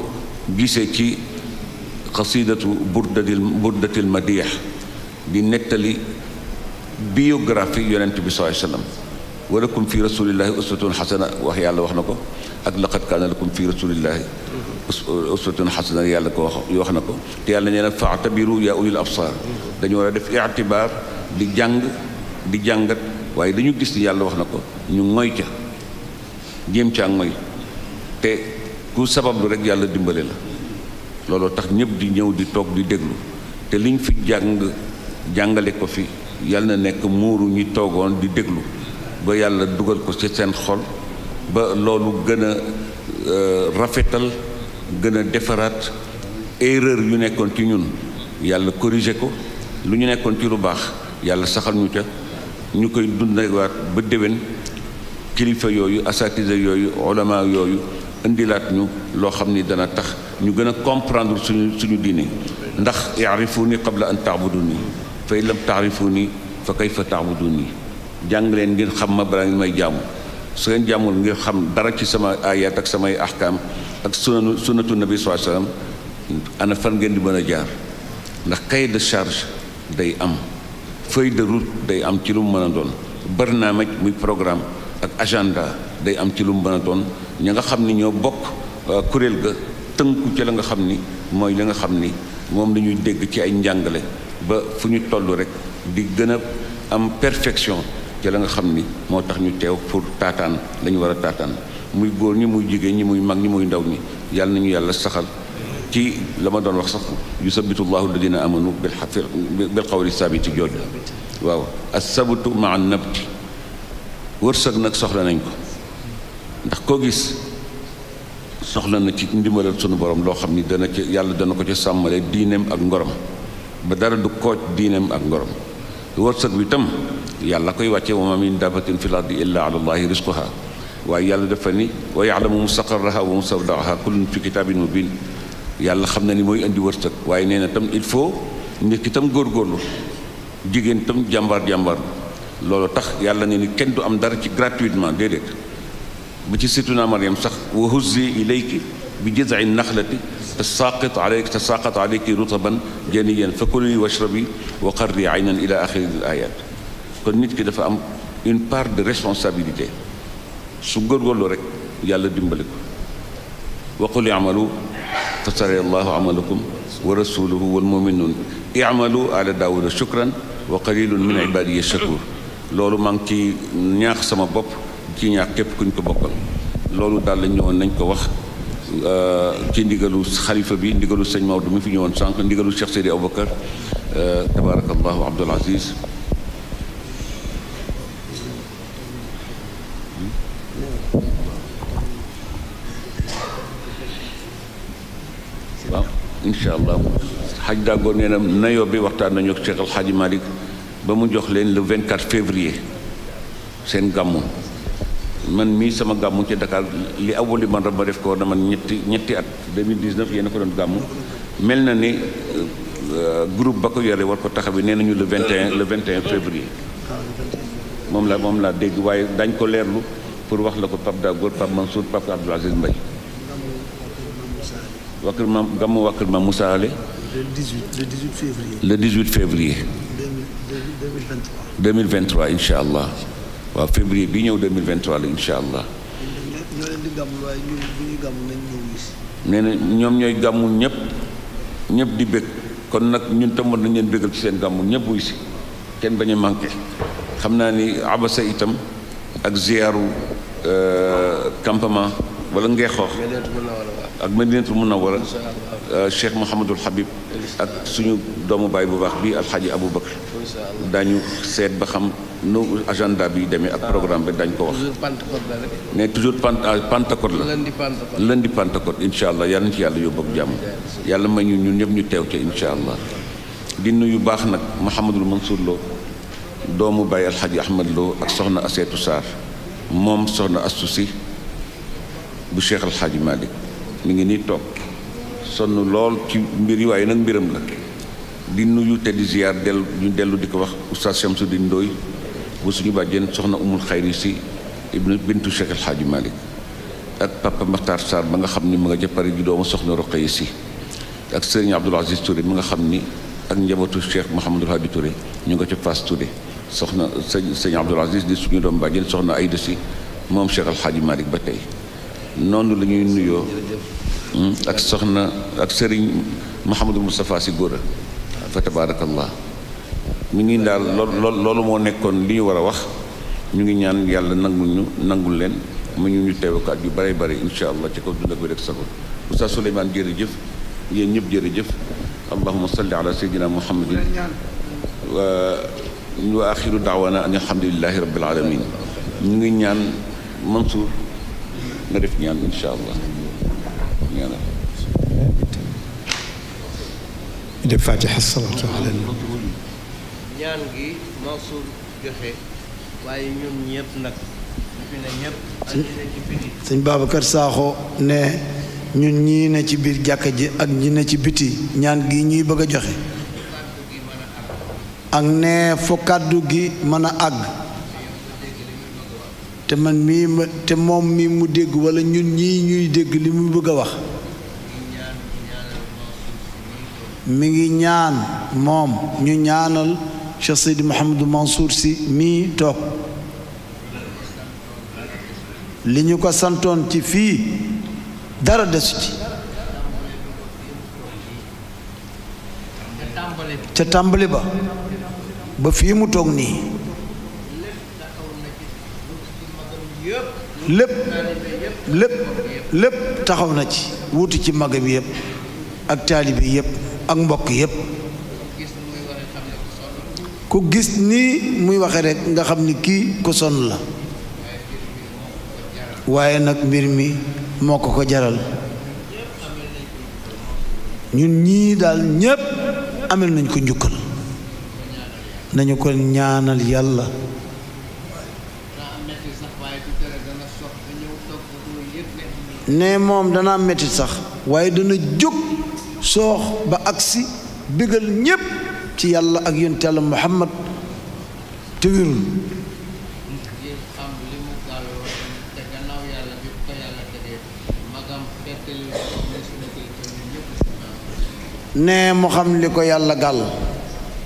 [SPEAKER 7] gisee ci xasidatu burdatil burdatil madiix di nettali biographie yonent bi sallallahu alayhi wa sallam walakum fi rasulillahi uswatun xasana wax yàlla wax na ko ak laqad kaana lakum fi rasulillahi uswatun xasana yàlla ko wax wax na ko te yàlla nee na faatabiru yaa ulil absar dañu war a def itibaar di jàng di jàngat waaye dañu gis ni yàlla wax na ko ñu moy ca jéem caa moy te ku sabablu rek yàlla dimbale la looloo tax ñëpp di ñëw di toog di déglu te liñ fi jàng jàngale ko fi yàlla na nekk muuru ñu toogoon di déglu ba yàlla dugal ko ci seen xol ba loolu gën a euh, rafetal gën a defaraat erreur yu nekkoon ci ñun yàlla corrigé ko lu ñu nekkoon ci lu baax yàlla saxal ñu ca ñu koy dundewaat ba déwén kilifa yooyu asatise yooyu olama yooyu indilaat ñu loo xam ni dana tax ñu gën a comprendre suñu suñu diine ndax yaarifuni qabla an taabuduni fa in lam taarifuni fa kayfa taabuduni jàng leen ngeen xam ma balaa ngeen may jaamu su ngeen jàmmul nga xam dara ci sama ayat ak samay ahkaam ak sunanu sunatu nabi saa sallam ana fan ngeen di mën a jaar ndax cahier de charge day am feuille de route day am ci lu mu mën a doon barnaamaj muy programme ak agenda day am ci lu mu mën a doon ña nga xam ni ñoo bokk euh, kuréel ga tënku ci la nga xam ni mooy la nga xam ni moom la ñuy dégg ci ay njàngale ba fu ñu toll rek di gën a am perfection ca la nga xam ni moo tax ñu teew pour taataan lañu war a taataan muy góor ñi muy jigéen ñi muy mag ñi muy ndaw ñi yàlla nañu yàlla saxal ci la ma doon wax sax yusabitu llahu alladina amanu bil xaqi bil qawli sabiti jooju waaw sabutu ma nabti wërsëg nag soxla nañ ko ndax koo gis soxla na ci ndimbalal sunu borom loo xam ni dana ci yàlla dana ko ci sàmmale diineem ak ngorom ba dara du kooj diineem ak ngorom wërsëg wi tam yàlla koy wàcce wa ma min dabatin fi l ardi illa ala allahi risquha waaye yàlla dafa ni wa yaalamu mustaqarraha wa mustawdaaha kullun fi kitabin mubin yàlla xam na ni mooy indi wërsëg waaye nee na tam il faut nit ki tam góorgóorlu jigéen tam jàmbaar jàmbaar loolu tax yàlla ne ni kenn du am dara ci gratuitement déedéet ba ci surtout naa Mariam sax wa huzzi ilayki bi jiz'i naxlati الساقط عليك تساقط عليك رطبا جنيا فكلي واشربي وقري عينا إلى آخر الآيات kon nit ki dafa am une part de responsabilité su góorgóorlu rek yàlla dimbali ko waqul i'malu fasara allahu amalakum wa rasuluhu wal muminun i'malu ala daawuda shukran wa qalilun min ibadiya shakur loolu maa ngi ci ñaax sama bopp ci ñaax képp kuñ ko bokkal loolu daal la ñëwoon nañ ko wax Euh, ci ndigalu xalifa bi ndigalu sëñ Maodo mi fi ñëwoon sànq ndigalu Cheikh Seydi Aboubacar euh, tabarakallahu Abdoul Aziz waaw incha allah xaj dàggoo nee na nayoo bi waxtaan nañu ak Cheikh Alxaaji Malick ba mu jox leen le 24 février seen gàmmu man mii sama gàmmu ci Dakar li awul li man rab ma def ko dama ñetti ñetti at 2019 yéen a ko doon gàmmu mel na ni euh, groupe ba ko yore war ko taxawee nee nañu le 21 le 21 février moom la moom laa dégg waaye dañ ko leerlu pour wax la ko Pape Dagour Pape Mansour Pape Abdoul Aziz Mbaye wàkkër ma gàmmu wàkkër ma Moussa Ale le
[SPEAKER 8] le 18 février
[SPEAKER 7] le 18 février incha allah waaw février bi ñëw 2023 la incha allah. nee na ñoom ñooy gàmmu ñëpp ñëpp di bég kon nag ñun tam war nañ leen bégal ci seen gàmmu ñëpp wuy si kenn bañ a manqué xam naa ni abasa itam ak ziaru euh, campement wala ngeexoox ak madinatul munawara euh, cheikh mouhamadul habib ak suñu doomu baay bu baax bi alxaaji abu bakar dañu seet ba xam nu agenda bi demee ak programme bi dañ ko wax. ne toujours pant ah, Pentecôte
[SPEAKER 6] la.
[SPEAKER 7] di Pentecôte incha allah yal na ci yàlla yóbbu ak jàmm. yàlla ma ñu ñun ñëpp ñu teew ca incha allah. di yu baax nag Mouhamadul Mansour Lo doomu Baye Alxaji Ahmed Lo ak Soxna Aseetu Sarr moom Soxna Astu bu Cheikh Alxaji Malick mi ngi nii toog sonn lool ci mbir yi waaye nag mbiram la. di nuyu te di ziar dellu ñu dellu di ko wax oustaz Shamsuddin Ndoy bu suñu bàjjen soxna umul xayri si ibnu bintu Cheikh El Hadji ak papa Makhtar Sarr ba nga xam ni mu nga ca Paris di doomu soxna Roqaya si ak sëriñ Abdoul Aziz Touré mi nga xam ni ak njabootu Cheikh Mouhamadul Hadi turi ñu nga ca Fass Touré soxna sëñ sëñ Abdoul Aziz di suñu doom bàjjen soxna Aïda si moom Cheikh El Hadji Malick ba tey noonu la ñuy nuyoo hmm, ak soxna ak sëriñ Mouhamadul Moustapha si góora fa tabaarakallah mu ngi daal loolu moo nekkoon li ñu war wax ñu ngi ñaan yàlla nag mu ñu nangul leen mu ñu ñu teew ko at yu bare bare insha allah ci kaw dund ak wér ak sago Oustaz Souleymane jërëjëf yéen ñëpp jërëjëf allahuma salli ala sayyidina muhammadin wa axiru daawana an alhamdulilahi rabbil alamin ñu ngi ñaan Mansour nga def ñaan insha allah
[SPEAKER 3] ñaanal def fatiha salaatu ala
[SPEAKER 6] ñaan gi
[SPEAKER 8] ne ñun ñii ne ci biir jàkka ji ak ñi ne ci biti ñaan gi ñuy bëgg a joxe ak ne fo kàddu gi mën a àgg te man mii te moom mii mu dégg wala ñun ñii ñuy dégg li mu bëgg a wax mi ngi ñaan moom ñu ñaanal Cheikh Seydi Mouhamadou Mansour si mii toog li ñu ko santoon ci fii dara desu ci ca tàmbali ba ba fii mu toog nii lépp lépp lépp taxaw na ci wuti ci magam yépp ak taalibe yépp ak mbokk yépp ku gis ni muy waxe rekk nga xam ni kii ku sonn la waaye nag mbir mi moo ko ko jaral ñun ñii daal ñépp amel nañ ko njukkal nañu ko ñaanal yàlla ne moom dana mettit sax waaye dana jóg soox ba agsi bégal ñépp ci yàlla ak yonent yàlla muhammad te nee mu xam li ko yàlla gàll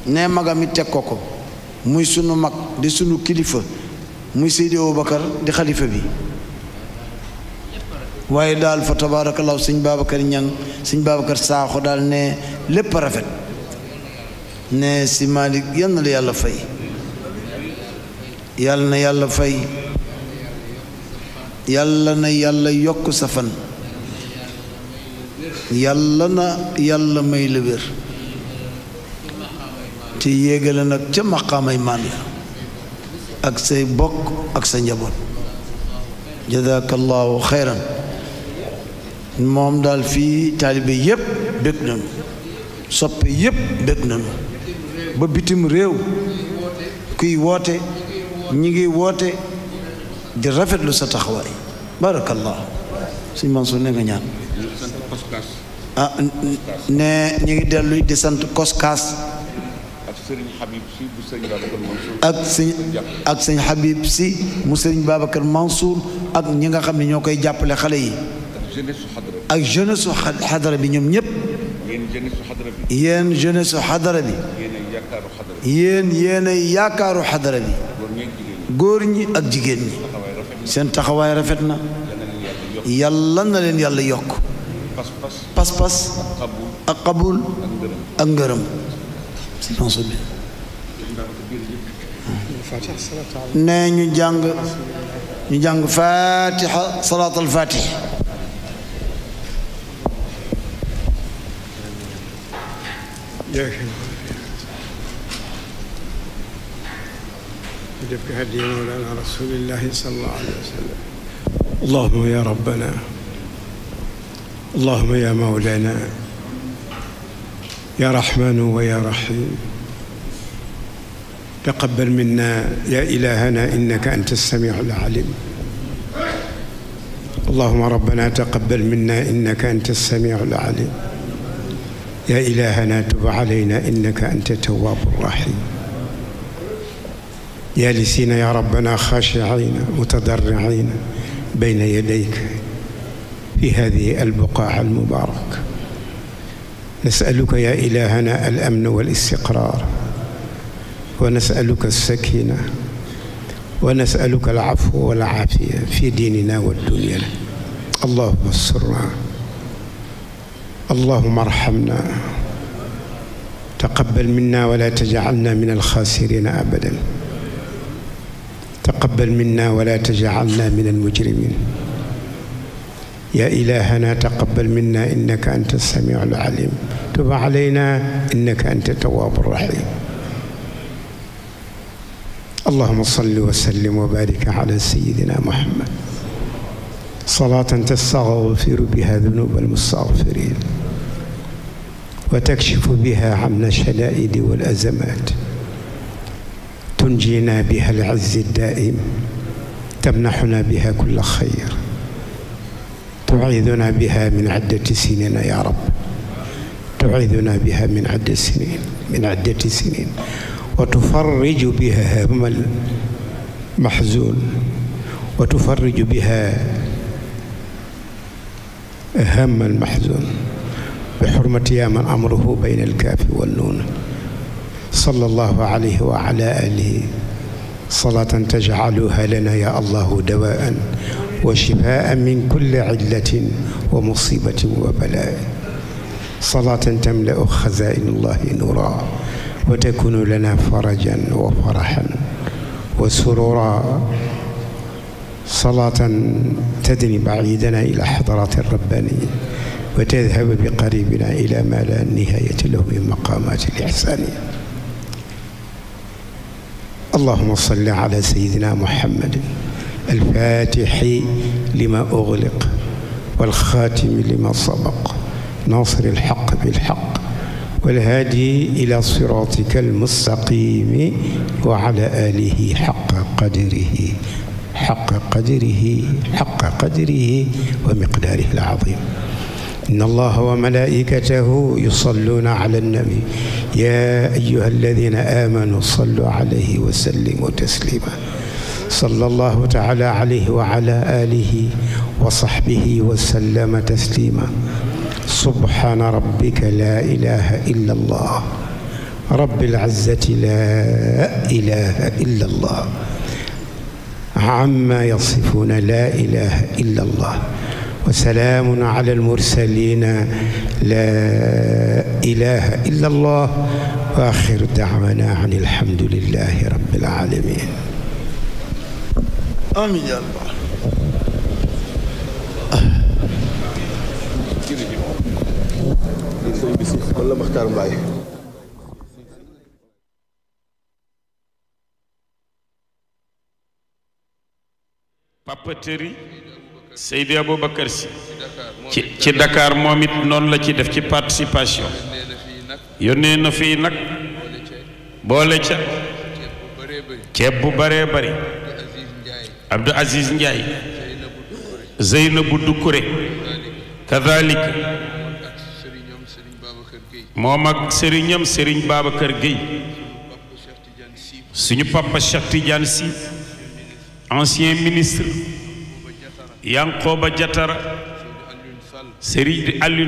[SPEAKER 8] nee magam it teg ko ko muy sunu mag di sunu kilifa muy Seydi Abubakar di xalifa bi waaye daal fa tabaarakallaahu sëñ Babacar Ñang sëñ Babacar Saaxo daal ne lépp rafet ne si Malick yal na la yàlla fay yal yàlla fay yàlla na yàlla yokk sa fan yàlla na yàlla may la wér te yéegale nag ca maqaamay maam ya ak say bokk ak sa njaboot jazakallahu xayran moom daal fii taalibe yépp bëgg nañu soppe yépp bëgg nañu ba bitim réew kuy woote ñi ngi woote di rafetlu sa taxawaay barakallahu suñ Mansour ne nga ñaan ah ne ñu ngi delluy de sant koskaas ak sëñ ak sëñ Habib si mu sëriñ Babacar Mansour ak ñi nga xam ne ñoo koy jàppale xale yi ak jeunesse su xadara bi ñoom ñëpp
[SPEAKER 7] yéen jeunesse su xadara bi
[SPEAKER 8] yéen yéenay yaakaaru ñi ak jigéen ñi seen taxawaay rafet na yàlla na leen yàlla yokk pas-pas ak qabul ak ngërëm nee ñu jàng ñu jàng fatiha salaat al fatih
[SPEAKER 3] ñu def ko hadiya mawlaana rasuulillaahi sallallaahu alayhi wa sallam allahumma yaa rabbanaa allahumma yaa mawlaanaa yaa raxmaanu wa yaa raxiim taqabbal minnaa yaa ilaahanaa innaka anta samiicul aliim allahumma rabbanaa taqabbal minnaa innaka anta samiicul aliim yaa ilaahana tub alayna innaka anta tawaabu rahim jaalisiina yaa rabbana xaashiciina mutadarriciina bayna yadayka fi haadihi albuqaac almubaaraka nasaluka yaa ilaahana alamna walistiqraar wa nasaluka alsakina wa nasaluka alcafwa walcaafiya fi diinina wa dunyana allahuma surna اللهم ارحمنا تقبل منا ولا تجعلنا من الخاسرين أبدا تقبل منا ولا تجعلنا من المجرمين يا إلهنا تقبل منا إنك أنت السميع العليم تب علينا إنك أنت التواب الرحيم اللهم صل وسلم وبارك على سيدنا محمد صلاة تستغفر بها ذنوب المستغفرين وتكشف بها عن الشدائد والأزمات تنجينا بها العز الدائم تمنحنا بها كل خير تعيذنا بها من عدة سنين يا رب تعيذنا بها من عدة سنين من عدة سنين وتفرج بها هم المحزون وتفرج بها هم المحزون bi xurmati yaa man amruhu bayna alkaafi wan nuun sallallahu alayhi wa ala alihi salaatan tajcaluha lana ya allahu dawaan wa shifaa min kulli cillatin wa musibatin wa balaa salaatan tamlau xazaa'inullahi nuura wa takunu lana farajan wa faraxan wa surura salaatan tadni baciidana ila xadraati rabbani wa tadhaba bi qaribina ila ma la nihayata lahu min maqamati l ihsani allahuma salli ala sayidina muhammadin alfatixi lima ugliq walxaatimi lima sabaq nasir alxaq bilxaq walhaadi ila siratika almustaqimi wa ala alihi xaqa qadrihi xaqa qadrihi xaqa qadrihi wa miqdaarihi alazim إن الله وملائكته يصلون على النبي يا أيها الذين آمنوا صلوا عليه وسلموا تسليما صلى الله تعالى عليه وعلى آله وصحبه وسلم تسليما سبحان ربك لا إله إلا الله رب العزة لا إله إلا الله عما يصفون لا إله إلا الله wa salaamun ala almursalina laa ilaha illa allah wa axiru daawana an alhamdulilahi rabbil alamin amiin yaa allah
[SPEAKER 11] wala Maxtaar Mbaay
[SPEAKER 10] papateri Seydi Aboubacar Sy ci ci Dakar moom it noonu la ci def ci participation yónnee na fii nag boole ca ceeb bu bëree bëri Abdou Aziz Ndiaye Zeynabou Doucouré kazalik moom ak sëriñam sëriñ Babacar Gueye suñu papa Cheikh Tidiane Sy ancien ministre
[SPEAKER 2] Yankoba Diatara Serigne Alioune